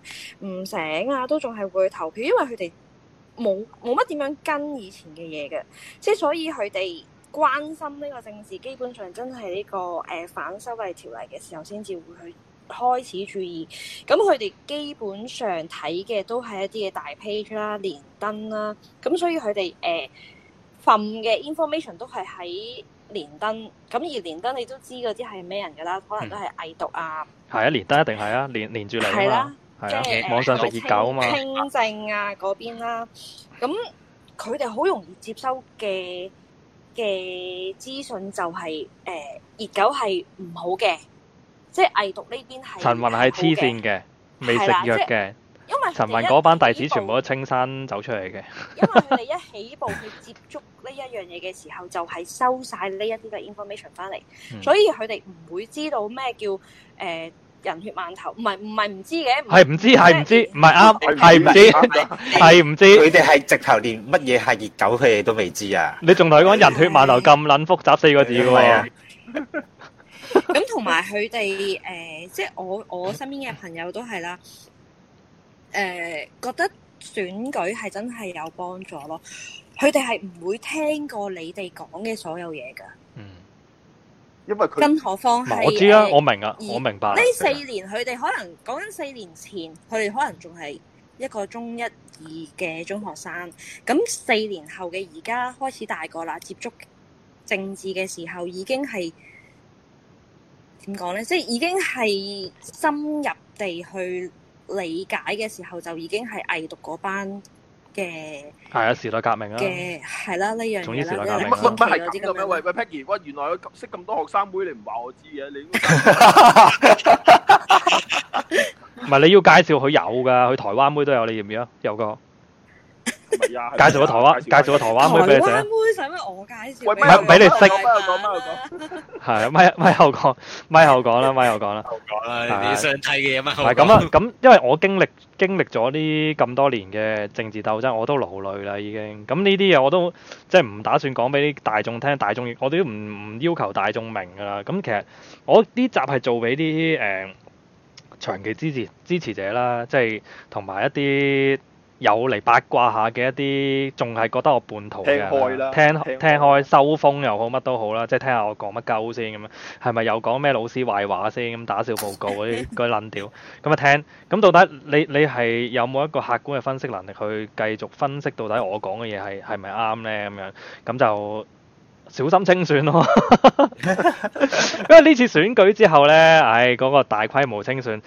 唔醒啊，都仲係會投票，因為佢哋冇冇乜點樣跟以前嘅嘢嘅，即係所以佢哋關心呢個政治，基本上真係呢、這個誒、呃、反修例條例嘅時候，先至會去開始注意，咁佢哋基本上睇嘅都係一啲嘅大 page 啦、連登啦，咁所以佢哋誒瞓嘅 information 都係喺連登，咁而連登你都知嗰啲係咩人噶啦，嗯、可能都係偽毒啊，係啊，連登一定係啊，連連住嚟啦，係啊，啊網上食熱狗啊嘛清，清正啊嗰邊啦、啊，咁佢哋好容易接收嘅嘅資訊就係、是、誒、呃、熱狗係唔好嘅。即係偽毒呢邊係，陳雲係黐線嘅，未食藥嘅。因為陳雲嗰班弟子全部都青山走出嚟嘅。因為佢哋一起步去 接觸呢一樣嘢嘅時候，就係、是、收晒呢一啲嘅 information 翻嚟，嗯、所以佢哋唔會知道咩叫誒、呃、人血饅頭。唔係唔係唔知嘅，係唔知係唔知，唔係啱，係唔知係唔知。佢哋係直頭連乜嘢係熱狗，佢哋都未知啊！ 你仲同佢講人血饅頭咁撚複雜四個字嘅喎？ 咁同埋佢哋誒，即係我我身邊嘅朋友都係啦，誒、呃，覺得選舉係真係有幫助咯。佢哋係唔會聽過你哋講嘅所有嘢噶。嗯，因為更何況係我知啊，呃、我明啊，我明白。呢四年佢哋可能講緊四年前，佢哋可能仲係一個中一二嘅中學生。咁四年後嘅而家開始大個啦，接觸政治嘅時候已經係。點講咧？即係已經係深入地去理解嘅時候，就已經係偽讀嗰班嘅係啊！時代革命啊！嘅係啦，呢、啊、樣嘢啦，咁多啲咁嘅喂喂，Peggy，哇！原來佢識咁多學生妹，你唔話我知嘅？你唔係你要介紹佢有噶？佢台灣妹，妹都有，你要唔要啊？有個。係啊，介紹個台灣，介紹個台灣妹俾你睇。台灣妹使乜我介紹？唔係，俾你識。係，咪咪後講，咪後講啦，咪後講啦。後講啦，你想睇嘅嘢嘛？係咁啊，咁因為我經歷經歷咗呢咁多年嘅政治鬥爭，我都勞累啦，已經。咁呢啲嘢我都即係唔打算講俾啲大眾聽，大眾我哋都唔唔要求大眾明噶啦。咁其實我呢集係做俾啲誒長期支持支持者啦，即係同埋一啲。有嚟八卦下嘅一啲，仲係覺得我半途嘅，聽開啦，聽聽開收風又好，乜都好啦，即係聽下我講乜鳩先咁樣，係咪有講咩老師壞話先咁打小報告嗰啲嗰啲論調？咁啊聽，咁到底你你係有冇一個客觀嘅分析能力去繼續分析到底我講嘅嘢係係咪啱呢？咁樣咁就小心清算咯，因為呢次選舉之後呢，唉，嗰個大規模清算。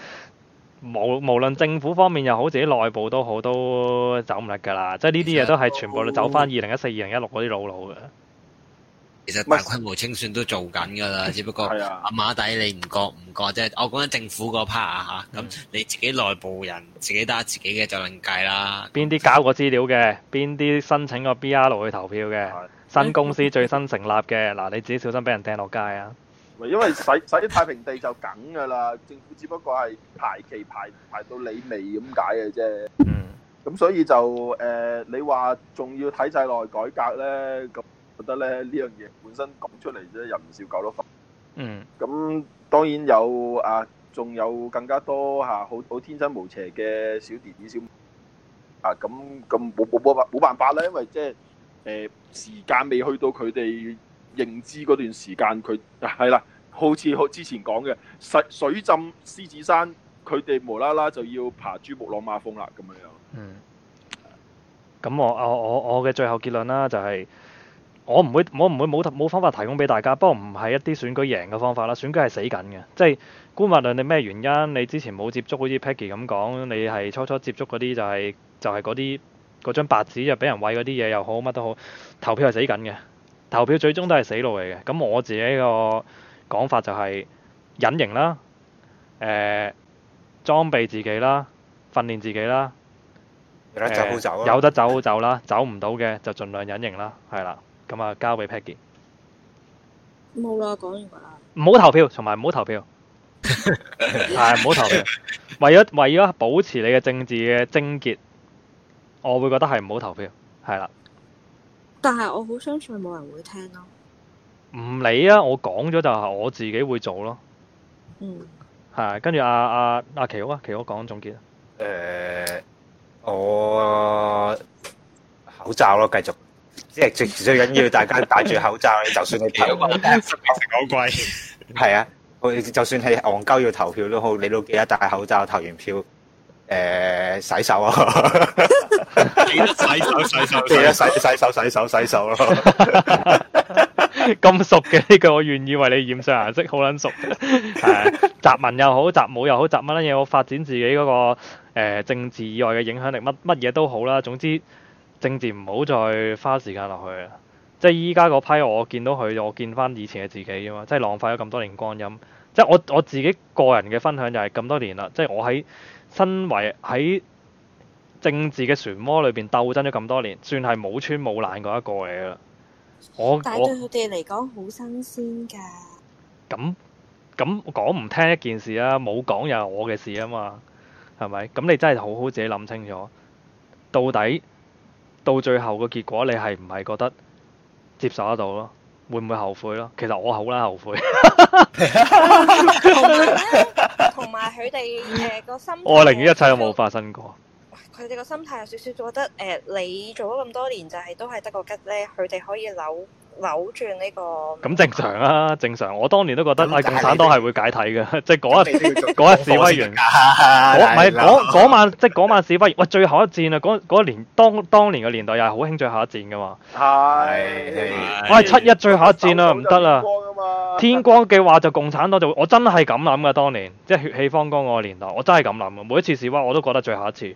無無論政府方面又好，自己內部都好，都走唔甩噶啦。即係呢啲嘢都係全部走翻二零一四、二零一六嗰啲老路嘅。其實大規模清算都做緊噶啦， 只不過 阿馬底你唔覺唔覺啫。我講緊政府個 part 啊吓，咁、 嗯、你自己內部人自己打自己嘅就另計啦。邊啲交過資料嘅，邊啲申請個 B R 六去投票嘅，的新公司最新成立嘅，嗱 你自己小心俾人掟落街啊！因為使使啲太平地就梗噶啦，政府只不過係排期排排到你未咁解嘅啫。嗯，咁所以就誒、呃，你話仲要體制內改革咧，咁覺得咧呢樣嘢本身講出嚟啫，又唔少舊咯。嗯，咁當然有啊，仲有更加多嚇好好天真無邪嘅小弟弟小妹啊，咁咁冇冇冇冇辦法咧？因為即係誒時間未去到佢哋。認知嗰段時間，佢係啦，好似我之前講嘅，水水浸獅子山，佢哋無啦啦就要爬珠穆朗瑪峰啦，咁樣樣。嗯。咁我我我嘅最後結論啦，就係我唔會我唔會冇冇方法提供俾大家，不過唔係一啲選舉贏嘅方法啦，選舉係死緊嘅，即係姑勿論你咩原因，你之前冇接觸，好似 Peggy 咁講，你係初初接觸嗰啲就係、係、就係嗰啲嗰張白紙又俾人喂嗰啲嘢又好，乜都好，投票係死緊嘅。投票最終都係死路嚟嘅，咁我自己個講法就係隱形啦，誒，裝備自己啦，訓練自己啦，有得走就走啦，有得走就走啦，走唔到嘅就盡量隱形啦，係啦，咁啊交俾 Paggie，冇啦，講完話，唔好投票，同埋唔好投票，係唔好投票，為咗為咗保持你嘅政治嘅精潔，我會覺得係唔好投票，係啦。但係我好相信冇人會聽咯，唔理啊！我講咗就係我自己會做咯，嗯，係跟住阿阿阿奇好啊，奇好講總結啊，誒、呃，我口罩咯，繼續，即係最最緊要大家戴住口罩， 就算你投票都好，食好係啊，就算係戇鳩要投票都好，你都記得戴口罩，投完票。誒、呃，洗手啊 洗！洗手，洗手，洗洗手、啊，洗 手， 洗手咯。咁熟嘅呢句，我願意為你染上顏色，好捻熟。係 習文又好，習武又好，習乜嘢？我發展自己嗰、那個誒、呃、政治以外嘅影響力，乜乜嘢都好啦。總之政治唔好再花時間落去啦。即係依家嗰批我見到佢，我見翻以前嘅自己啊嘛，即係浪費咗咁多年光陰。即係我我自己個人嘅分享就係咁多年啦。即係我喺。身為喺政治嘅漩渦裏邊鬥爭咗咁多年，算係冇穿冇爛嗰一個嚟噶。我但對佢哋嚟講好新鮮噶。咁咁講唔聽一件事啦，冇講又係我嘅事啊嘛，係咪？咁你真係好好自己諗清楚，到底到最後嘅結果，你係唔係覺得接受得到咯？會唔會後悔咯？其實我好啦，後悔。同埋佢哋誒個心，我寧願一切都冇發生過。佢哋個心態有少少覺得，誒、呃，你做咗咁多年，就係、是、都係得個吉咧。佢哋可以扭扭轉呢、這個，咁正常啊，正常。我當年都覺得，啊，共產黨係會解體嘅。即係嗰一嗰示威完，唔係嗰晚，即係嗰晚示威，喂，最後一戰啦！嗰年當當年嘅年代又係好興最後一戰噶嘛。係、 哎，我係七一最後一戰啦，唔得啦， 天光嘅話就共產黨就會，我真係咁諗噶。當年即係血氣方剛個年代，我真係咁諗。每一次示威我都覺得最後一次。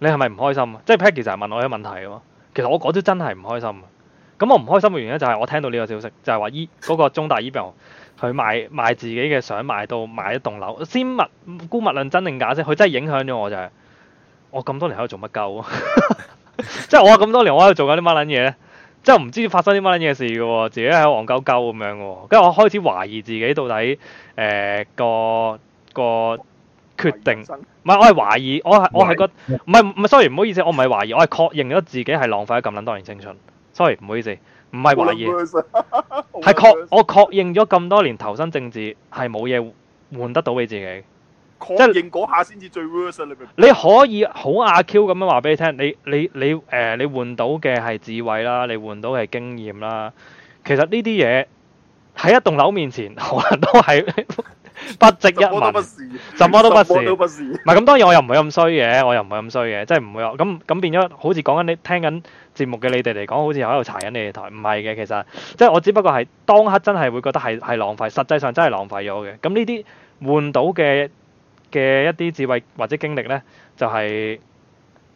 你係咪唔開心、啊？即係 Patrick 成日問我啲問題喎，其實我嗰朝真係唔開心、啊。咁我唔開心嘅原因就係我聽到呢個消息，就係話醫嗰個中大醫病去賣賣自己嘅相賣到買一棟樓。先物估物論真定假先，佢真係影響咗我、就係。就係我咁多年喺度做乜鳩？即 係我咁多年我喺度做緊啲乜撚嘢？即係唔知發生啲乜撚嘢事嘅喎，自己喺度戇鳩鳩咁樣嘅喎。跟住我開始懷疑自己到底誒個、呃、個。個決定唔係，我係懷疑，我係我係覺唔係唔係，sorry 唔好意思，我唔係懷疑，我係確認咗自己係浪費咗咁撚多年青春。sorry 唔好意思，唔係懷疑，係 確 我確認咗咁多年投身政治係冇嘢換得到俾自己。確認嗰即下先至最 worse 你可以好阿 Q 咁樣話俾你聽，你你你誒你換到嘅係智慧啦，你換到嘅係經驗啦，其實呢啲嘢喺一棟樓面前可能都係。 不值一文，什麼都不是，唔係咁。當然，我，我又唔係咁衰嘅，我又唔係咁衰嘅，即係唔會咁咁變咗，好似講緊你聽緊節目嘅你哋嚟講，好似喺度查緊你哋台，唔係嘅，其實即係我只不過係當刻真係會覺得係係浪費，實際上真係浪費咗嘅。咁呢啲換到嘅嘅一啲智慧或者經歷呢，就係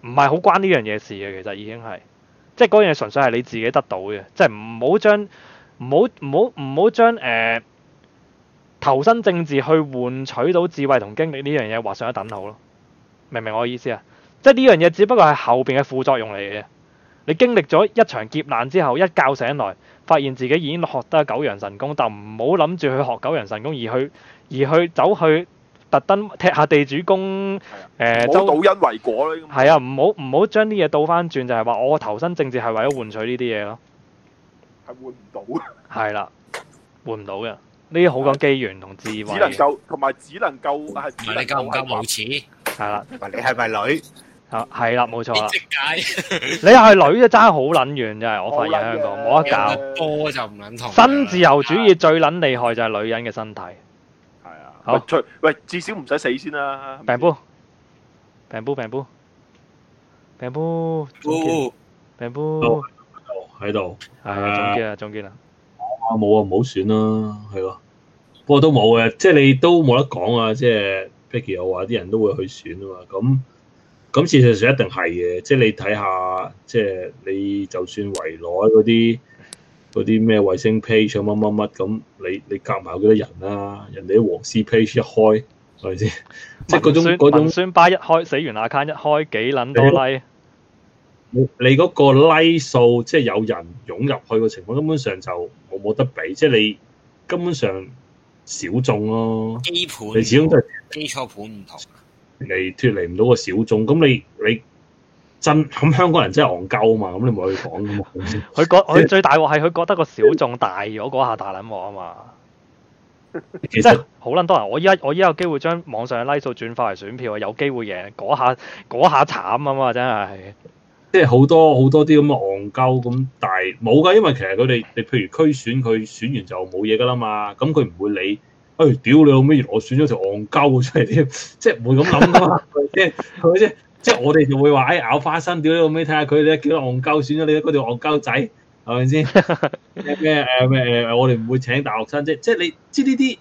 唔係好關呢樣嘢事嘅，其實已經係，即係嗰樣嘢純粹係你自己得到嘅，即係唔好將唔好唔好唔好將誒。投身政治去換取到智慧同經歷呢樣嘢畫上一等號咯，明唔明我意思啊？即係呢樣嘢只不過係後邊嘅副作用嚟嘅。你經歷咗一場劫難之後，一覺醒來，發現自己已經學得九陽神功，但唔好諗住去學九陽神功，而去而去走去特登踢下地主公，誒的，倒、呃、因為果咧。係啊，唔好唔好將啲嘢倒翻轉，就係、是、話我投身政治係為咗換取呢啲嘢咯。係換唔到。係啦，換唔到嘅。呢啲好講機緣同智慧，只能夠同埋只能夠係。唔係你夠唔夠有錢？係啦。唔係你係咪女？啊，係啦，冇錯啦。你係女就爭好撚遠，真係我發現喺香港冇得搞。我就唔撚同。新自由主義最撚厲害就係女人嘅身體。係啊。好。喂，至少唔使死先啦。平波。平波平波。平波波。平波。喺度。係啊。總結啊！總結啊！啊冇啊，唔好選咯，係咯。不過都冇嘅，即係你都冇得講啊。即係 Picky 有話啲人都會去選啊嘛。咁咁事實上一定係嘅。即係你睇下，即係你就算圍內嗰啲嗰啲咩衛星 page 乜乜乜咁，你你夾埋有幾多人啊？人哋啲黃絲 page 一開，係咪先？即係嗰種，宣，種宣巴一開，死完阿 c 一開幾撚多 like？你你嗰個 like 數即係有人湧入去嘅情況，根本上就～我冇得比，即係你根本上小眾咯，啊，基盤，你始終都係基礎盤唔同，你脫離唔到個小眾。咁你你真咁香港人真係戇鳩啊嘛，咁你咪去講噶嘛？佢覺佢、就是、最大鑊係佢覺得個小眾大咗嗰下大捻鑊啊嘛。 即係好捻多人，我依家我依家有機會將網上嘅拉數轉化為選票啊，有機會贏嗰下嗰下慘啊嘛，真係。即係好多好多啲咁嘅戇鳩咁，但係冇㗎，因為其實佢哋，你譬如區選佢選完就冇嘢㗎啦嘛，咁佢唔會理，哎，屌你老味，我選咗條戇鳩出嚟添， 即係唔會咁諗㗎嘛，係咪先？係咪先？即係我哋就會話，哎咬花生，屌你老味，睇下佢哋幾多戇鳩，選咗你嗰條戇鳩仔，係咪先？咩誒咩誒？我哋唔會請大學生啫，即係你知呢啲。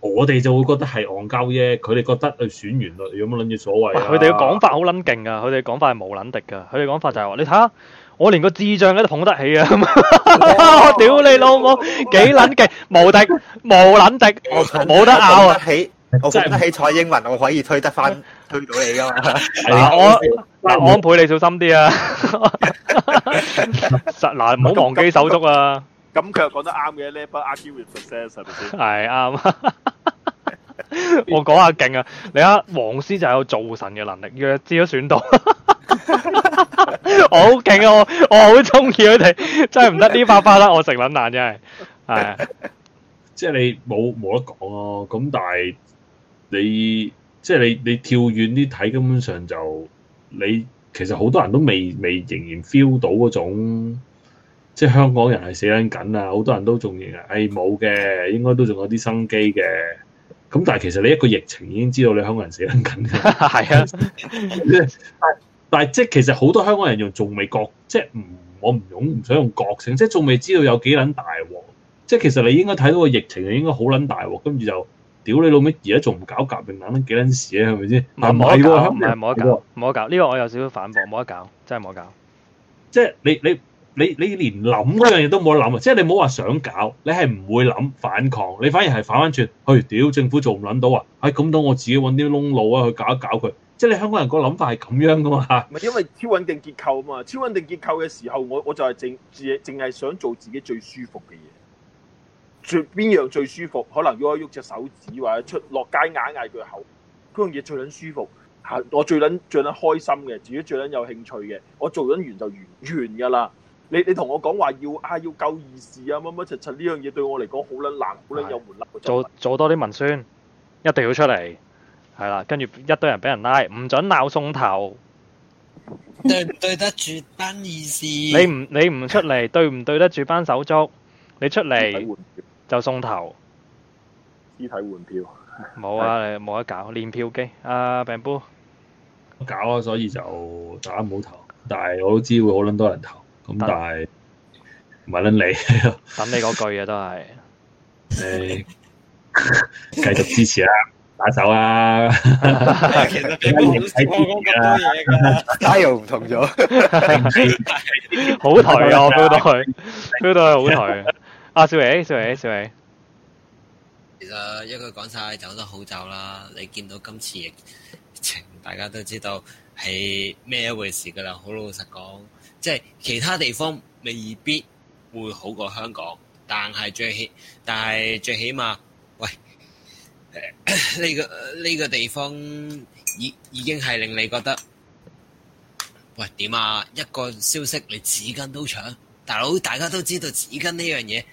我哋就會覺得係戇鳩啫，佢哋覺得去選完嘞有冇諗住所謂？佢哋嘅講法好撚勁啊！佢哋講法係無撚敵噶，佢哋講法就係、是、話：你睇下，我連個智障都捧得起啊！哇 我屌你老母，幾撚勁？哇無敵無撚敵，冇得拗啊！起，我捧得起蔡英文，我可以推得翻，推到你噶嘛？嗱，我安培你小心啲啊！嗱， 唔好忘記手足啊！咁佢又講得啱嘅，呢筆 argue with success 係啱，我講下勁啊！你睇黃絲就有造神嘅能力，弱智都選到， 我好勁啊！我我好中意佢哋，真係唔得呢把花啦！我食撚爛真係，係即係你冇冇得講咯。咁但係你即係你你跳遠啲睇，根本上就你其實好多人都未未仍然 feel 到嗰種。即係香港人係死撚緊啊，好多人都仲認為，誒冇嘅，應該都仲有啲生機嘅。咁但係其實你一個疫情已經知道你香港人死撚緊㗎。係啊，但係即係其實好多香港人用「仲未覺，即係唔我唔用唔想用覺性」，即係仲未知道有幾撚大鑊。即係其實你應該睇到個疫情就應該好撚大鑊，跟住就屌你老味，而家仲唔搞革命，等得幾撚事咧？係咪先？唔係喎，唔係冇得搞，冇得搞。呢個我有少少反駁，冇得搞，真係冇得搞。即係你你。你你連諗嗰樣嘢都冇得諗啊！即係你冇好話想搞，你係唔會諗反抗，你反而係反翻轉。去、哎、屌政府做唔撚到啊！喺咁到我自己揾啲窿路啊去搞一搞佢。即係你香港人個諗法係咁樣噶嘛？唔係因為超穩定結構啊嘛。超穩定結構嘅時候，我我就係淨淨淨係想做自己最舒服嘅嘢。着邊樣最舒服？可能喐一喐隻手指，或者出落街嗌一嗌句口，嗰樣嘢最撚舒服嚇。我最撚最撚開心嘅，自己最撚有興趣嘅，我做緊完就完完噶啦。你你同我講話，要啊要救二事啊乜乜柒柒，呢樣嘢對我嚟講好捻難，好捻有門檻，做做多啲文宣一定要出嚟，係啦，跟住一堆人俾人拉，唔准鬧，送頭，對唔對得住班二事？你唔你唔出嚟，對唔對得住班手足？你出嚟就送頭，屍體換票冇 啊，你冇得搞練票機啊，病波搞，啊所以就打唔到頭，但係我都知會好捻多人投。咁但係唔係諗你，等你嗰句啊，都係誒，繼續支持啊，打手啊，其實幾好睇，講咁多嘢噶加油，唔同咗，好頹啊，我 feel 到佢，feel 到佢好頹啊，阿小偉，小偉，小偉，其實一句講晒走得好走啦，你見到今次疫情，大家都知道係咩一回事噶啦，好老實講。即係其他地方未必會好過香港，但係最起，但係最起碼，喂，呢、呃呢個呢、呢個地方已已經係令你覺得，喂點啊？一個消息你紙巾都搶，大佬大家都知道紙巾呢樣嘢，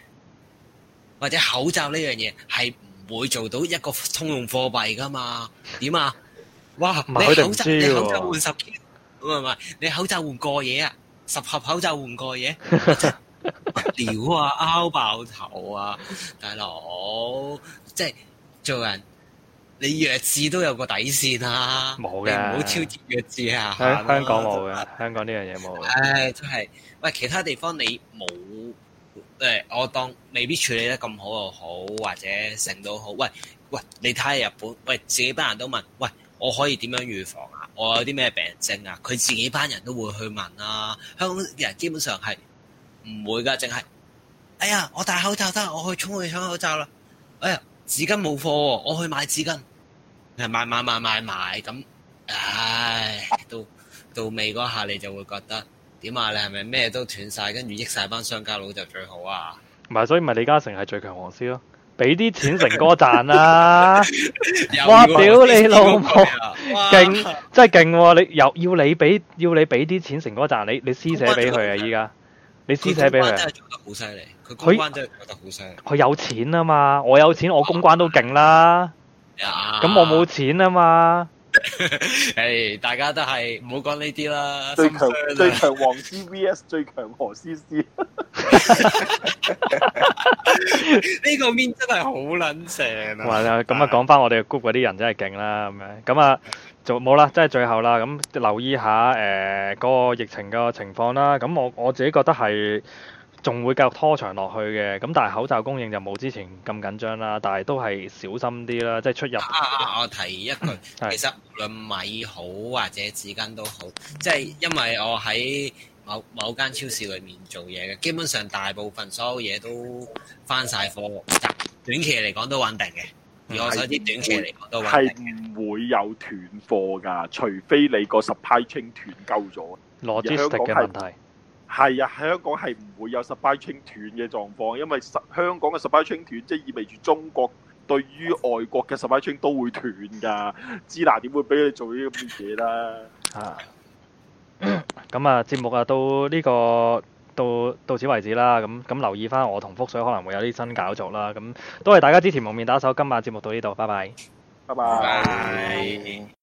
或者口罩呢樣嘢係唔會做到一個通用貨幣噶嘛？點啊？哇！你口，你口罩你口罩換十幾，唔係唔係你口罩換過嘢啊？十盒口罩換過嘢，屌 啊！拗爆頭啊！大佬，即、就、係、是、做人，你弱智都有個底線啊！冇嘅的，唔好超越弱智啊！香港冇嘅，啊、香港呢樣嘢冇。唉是，真係、哎、喂，其他地方你冇誒、哎？我當未必處理得咁好又好，或者成都好。喂喂，你睇下日本，喂，自己班人都問，喂，我可以點樣預防啊？我有啲咩病症啊？佢自己班人都會去問啊！香港人基本上係唔會噶，淨係哎呀，我戴口罩得，我去衝去搶口罩啦！哎呀，紙巾冇貨，我去買紙巾，係買買買買買咁，唉，到到尾嗰下你就會覺得點啊？你係咪咩都斷晒，跟住益晒班商家佬就最好啊？唔係，所以咪李嘉誠係最強王師咯。俾啲錢成哥賺啦！ 啊、哇，屌你老母，勁哇害真係勁喎！你又要你俾要你俾啲錢成哥賺，你你施捨俾佢啊！依家你施捨俾佢。公關真係做得好犀利，佢啊他！公關真係做得好犀利。佢佢有錢啊嘛，我有錢哇我公關都勁啦，咁、啊、我冇錢啊嘛。誒， hey，大家都係唔好講呢啲啦。最強強最強黃師 VS 最強何師師，呢個面真係好撚成。啊！咁啊，講翻我哋嘅 group 嗰啲人真係勁啦，咁樣咁啊，就冇啦，即係最後啦。咁留意下誒，呃嗰個疫情個情況啦。咁我我自己覺得係。仲會繼續拖長落去嘅，咁但係口罩供應就冇之前咁緊張啦，但係都係小心啲啦，即係出入。啊我提一句，嗯、其實是無論米好或者紙巾都好，即係因為我喺某某間超市裏面做嘢嘅，基本上大部分所有嘢都翻晒貨，短期嚟講都穩定嘅。以我所知，短期嚟講都穩定。係唔會，會有斷貨㗎，除非你個 supply chain 斷鳩咗。Logistic 嘅問題。係啊，香港係唔會有 supply chain 斷嘅狀況，因為香港嘅 supply chain 斷，即係意味住中國對於外國嘅 supply chain 都會斷噶，知嗱，點會俾你做呢啲咁嘅嘢啦。吓，咁啊節目啊到呢個到到此為止啦，咁、嗯、咁留意翻我同福水可能會有啲新搞作啦，咁、嗯、多謝大家支持，蒙面打手，今晚節目到呢度，拜拜，拜拜。